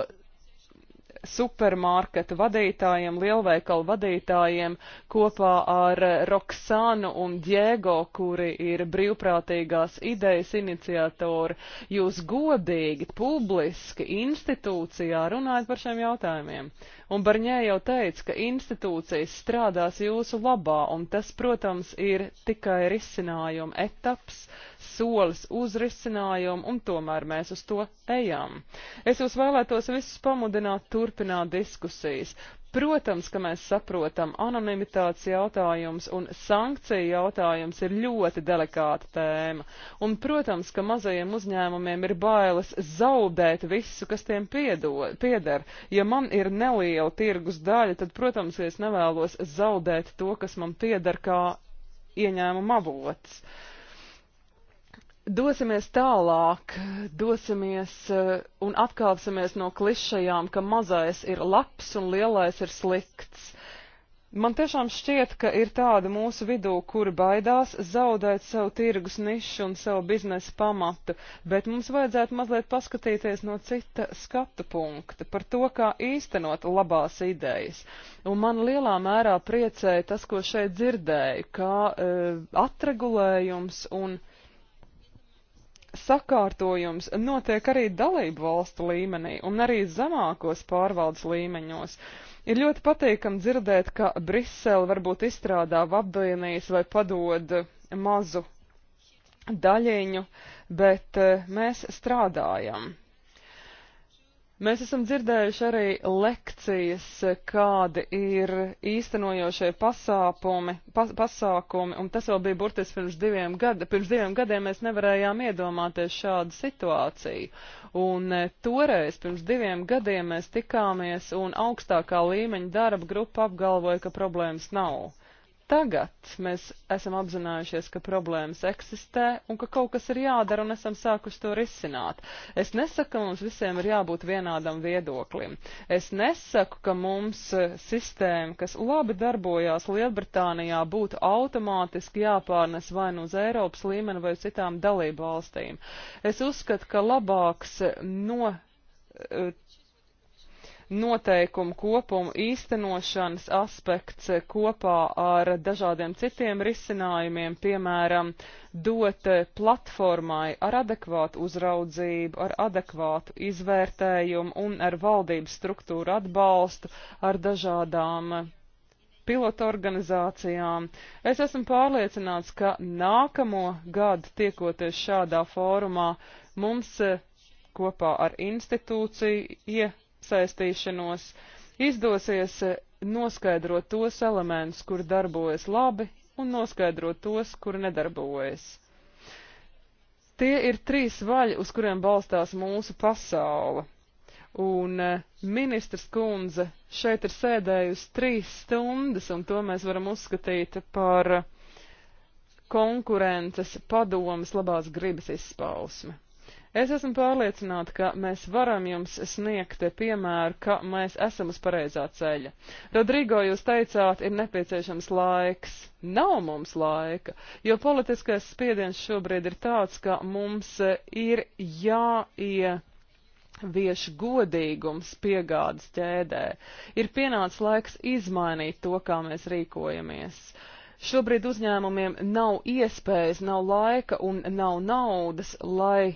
supermarketu vadītājiem, lielveikalu vadītājiem kopā ar Roksānu un Diego, kuri ir brīvprātīgās idejas iniciatori. Jūs godīgi, publiski, institūcijā runājat par šiem jautājumiem. Un Barņē jau teica, ka institūcijas strādās jūsu labā, un tas, protams, ir tikai risinājuma etaps solis uz risinājumu, un tomēr mēs uz to ejam. Es jūs vēlētos visus pamudināt turpināt diskusijas. Protams, ka mēs saprotam, anonimitātes jautājums un sankciju jautājums ir ļoti delikāta tēma. Un, protams, ka mazajiem uzņēmumiem ir bailes zaudēt visu, kas tiem piedod, pieder. Ja man ir neliela tirgus daļa, tad, protams, es nevēlos zaudēt to, kas man pieder kā ieņēmuma avots. Uh, Dosimies tālāk, dosimies eh, un atkāpsimies no klišajām, ka mazais ir labs un lielais ir slikts. Man tiešām šķiet, ka ir tāda mūsu vidū, kuri baidās zaudēt savu tirgus nišu un savu biznesa pamatu, bet mums vajadzētu mazliet paskatīties no cita skatu punkta par to, kā īstenot labās idejas. Un man lielā mērā priecēja tas, ko šeit dzirdēju, kā uh, atregulējums un. Uh, sakārtojums notiek arī dalību valstu līmenī un arī zemākos pārvaldes līmeņos. Ir ļoti patīkam dzirdēt, ka Brisele varbūt izstrādā vabdīnijas vai padod mazu daļiņu, bet eh, mēs strādājam. Mēs esam dzirdējuši arī lekcijas, kādi ir īstenojošie pasāpumi, pas, pasākumi, un tas jau bija burtiski pirms diviem gadiem. Pirms diviem gadiem mēs nevarējām iedomāties šādu situāciju. Un e, toreiz, pirms diviem gadiem, mēs tikāmies, un augstākā līmeņa darba grupa apgalvoja, ka problēmas nav tagad mēs esam apzinājušies, ka problēmas eksistē un ka kaut kas ir jādara un esam sākuši to risināt. Es nesaku, ka mums visiem ir jābūt vienādam viedoklim. Es nesaku, ka mums eh, sistēma, kas labi darbojās Lielbritānijā, būtu automātiski jāpārnes vai nu uz Eiropas līmeni vai uz citām dalību valstīm. Es uzskatu, ka labāks no eh, noteikumu kopumu īstenošanas aspekts kopā ar dažādiem citiem risinājumiem, piemēram, dot platformai ar adekvātu uzraudzību, ar adekvātu izvērtējumu un ar valdības struktūru atbalstu, ar dažādām pilotu organizācijām. Es esmu pārliecināts, ka nākamo gadu tiekoties šādā fórumā mums kopā ar institūciju saistīšanos izdosies eh, noskaidrot tos elementus, kur darbojas labi, un noskaidrot tos, kur nedarbojas. Tie ir trīs vaļi, uz kuriem balstās mūsu pasaule. Un eh, ministrs kundze šeit ir sēdējusi trīs stundas, un to mēs varam uzskatīt par konkurences padomas labās gribas izpausmi. Es esmu pārliecināta, ka mēs varam jums sniegt piemēru, ka mēs esam uz pareizā ceļa. Rodrigo, jūs teicāt, ir nepieciešams laiks. Nav mums laika, jo politiskais spiediens šobrīd ir tāds, ka mums ir jāie vieš godīgums piegādes ķēdē. Ir pienācis laiks izmainīt to, kā mēs rīkojamies. Šobrīd uzņēmumiem nav iespējas, nav laika un nav naudas, lai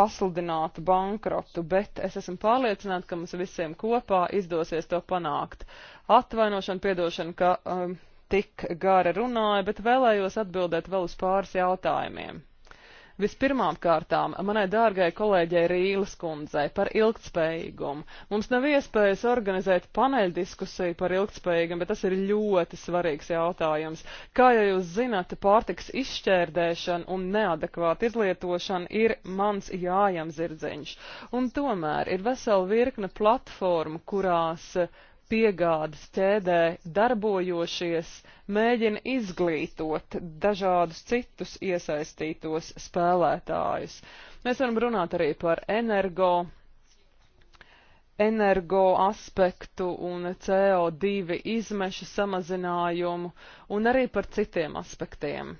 pasludinātu bankrotu, bet es esmu pārliecināta, ka mums visiem kopā izdosies to panākt. Atvainošana, piedošana, ka um, tik gara runāja, bet vēlējos atbildēt vēl uz pāris jautājumiem. Vispirmām kārtām, manai dārgai kolēģei Rīles kundzei par ilgtspējīgumu. Mums nav iespējas organizēt paneļdiskusiju par ilgtspējīgumu, bet tas ir ļoti svarīgs jautājums. Kā jau jūs zināt, pārtiks izšķērdēšana un neadekvāta izlietošana ir mans jājam zirdziņš. Un tomēr ir vesela virkne platformu, kurās piegādes ķēdē darbojošies mēģina izglītot dažādus citus iesaistītos spēlētājus. Mēs varam runāt arī par energo, energo aspektu un CO2 izmešu samazinājumu un arī par citiem aspektiem.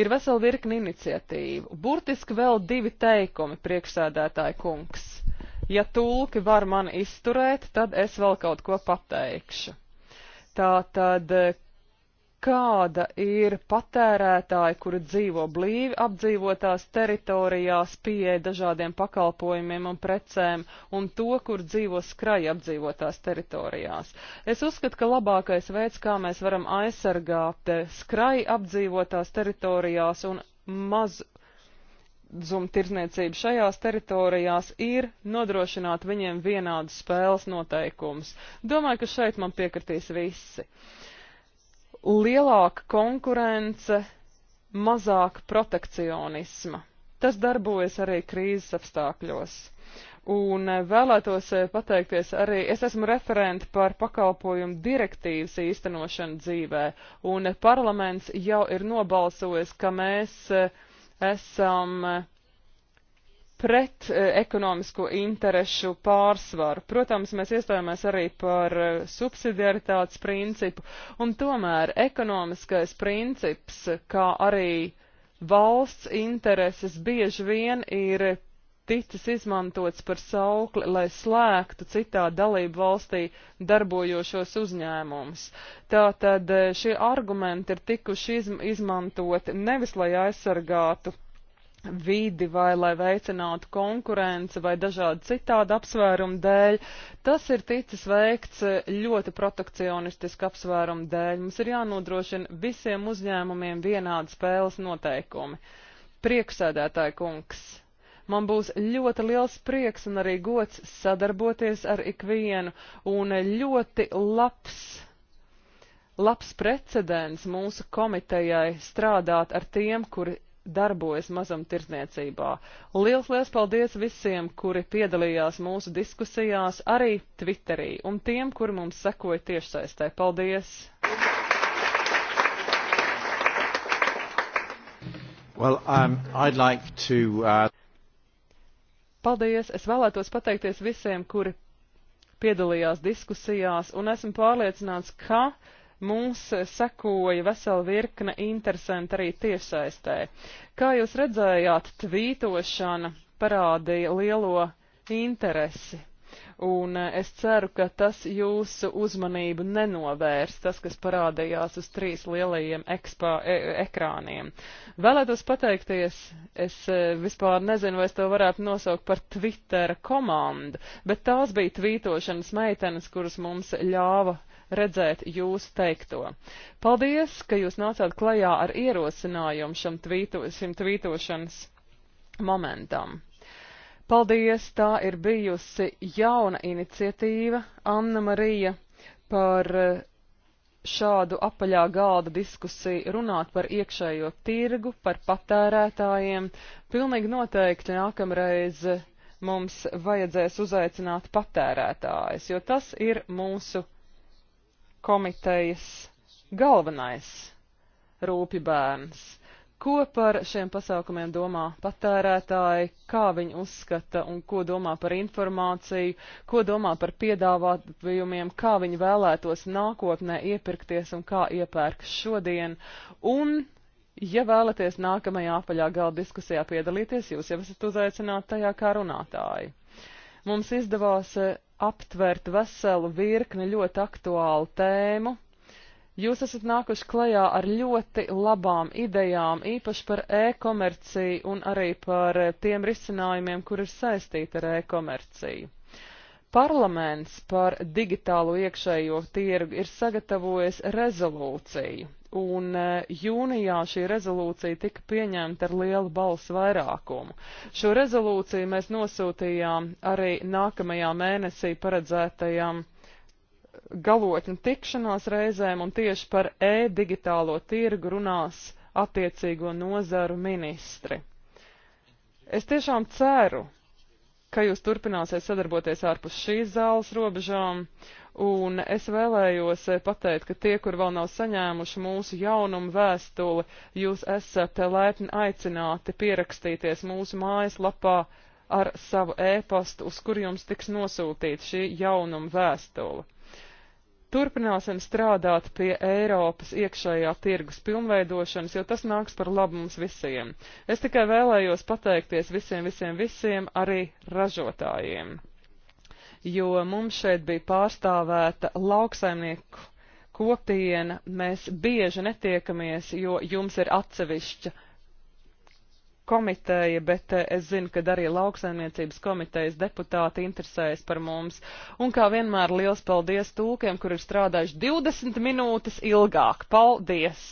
Ir vesela virkni iniciatīvu. Burtiski vēl divi teikumi, priekšsēdētāji kungs Ja tulki var mani izturēt, tad es vēl kaut ko pateikšu. Tā tad, kāda ir patērētāja, kuri dzīvo blīvi apdzīvotās teritorijās, pieeja dažādiem pakalpojumiem un precēm, un to, kur dzīvo skraja apdzīvotās teritorijās. Es uzskatu, ka labākais veids, kā mēs varam aizsargāt eh, skraja apdzīvotās teritorijās un maz zumtirdzniecību šajās teritorijās ir nodrošināt viņiem vienādas spēles noteikumus. Domāju, ka šeit man piekritīs visi. Lielāka konkurence, mazāk protekcionisma. Tas darbojas arī krīzes apstākļos. Un eh, vēlētos eh, pateikties arī, es esmu referenti par pakalpojumu direktīvas īstenošanu dzīvē, un eh, parlaments jau ir nobalsojis, ka mēs uh, esam eh, pret eh, ekonomisko interešu pārsvaru. Protams, mēs iestājāmies arī par eh, subsidiaritātes principu, un tomēr ekonomiskais princips, kā arī valsts intereses bieži vien ir ticis izmantots par saukli, lai slēgtu citā dalību valstī darbojošos uzņēmumus. Tātad e, šie argumenti ir tikuši izm izmantoti nevis, lai aizsargātu vidi vai lai veicinātu konkurenci vai dažādi citādi apsvērumu dēļ. Tas ir ticis veikts e, ļoti protekcionistiski apsvērumu dēļ. Mums ir jānodrošina visiem uzņēmumiem vienādi spēles noteikumi. Prieksēdētāji kungs, Man būs ļoti liels prieks un arī gods sadarboties ar ikvienu un ļoti labs. Labs precedents mūsu komitejai strādāt ar tiem, kuri darbojas mazumtirdzniecībā. Liels, liels paldies visiem, kuri piedalījās mūsu diskusijās, arī Twitterī, un tiem, kuri mums sekoja tiešsaistē. Paldies! Well, um, I'd like to, uh... Paldies! Es vēlētos pateikties visiem, kuri piedalījās diskusijās, un esmu pārliecināts, ka mums sekoja vesela virkne interesanti arī tiešsaistē. Kā jūs redzējāt, tvītošana parādīja lielo interesi un eh, es ceru, ka tas jūsu uzmanību nenovērs, tas, kas parādījās uz trīs lielajiem ekspā, e ekrāniem. Vēlētos pateikties, es eh, vispār nezinu, vai es to varētu nosaukt par Twitter komandu, bet tās bija tvītošanas meitenes, kuras mums ļāva redzēt jūsu teikto. Paldies, ka jūs nācāt klajā ar ierosinājumu šim tvīto, tvītošanas momentam. Paldies, tā ir bijusi jauna iniciatīva, Anna Marija, par eh, šādu apaļā galda diskusiju runāt par iekšējo tirgu, par patērētājiem. Pilnīgi noteikti nākamreiz mums vajadzēs uzaicināt patērētājs, jo tas ir mūsu komitejas galvenais rūpi bērns. Ko par šiem pasākumiem domā patērētāji, kā viņi uzskata un ko domā par informāciju, ko domā par piedāvājumiem, kā viņi vēlētos nākotnē iepirkties un kā iepērk šodien. Un Ja vēlaties nākamajā apaļā galda diskusijā piedalīties, jūs jau esat uzaicināti tajā kā runātāji. Mums izdevās eh, aptvert veselu virkni ļoti aktuālu tēmu, Jūs esat nākuši klajā ar ļoti labām idejām, īpaši par e-komerciju un arī par eh, tiem risinājumiem, kur ir saistīti ar e-komerciju. Parlaments par digitālo iekšējo tirgu ir sagatavojis rezolūciju, un eh, jūnijā šī rezolūcija tika pieņemta ar lielu balsu vairākumu. Šo rezolūciju mēs nosūtījām arī nākamajā mēnesī paredzētajam uh, galotņu tikšanās reizēm, un tieši par e-digitālo tirgu runās attiecīgo nozaru ministri. Es tiešām ceru, ka jūs turpināsiet sadarboties ārpus šīs zāles robežām, un es vēlējos pateikt, ka tie, kur vēl nav saņēmuši mūsu jaunumu vēstuli, jūs esat laipni aicināti pierakstīties mūsu mājaslapā ar savu ēpastu, e uz kur jums tiks nosūtīta šī jaunuma vēstule. Turpināsim strādāt pie Eiropas iekšējā tirgus pilnveidošanas, jo tas nāks par labu mums visiem. Es tikai vēlējos pateikties visiem, visiem, visiem, arī ražotājiem, jo mums šeit bija pārstāvēta lauksaimnieku kopiena, mēs bieži netiekamies, jo jums ir atsevišķa komiteja, bet eh, es zinu, ka arī lauksaimniecības komitejas deputāti interesējas par mums. Un kā vienmēr liels paldies tūkiem, kur ir strādājuši 20 minūtes ilgāk. Paldies!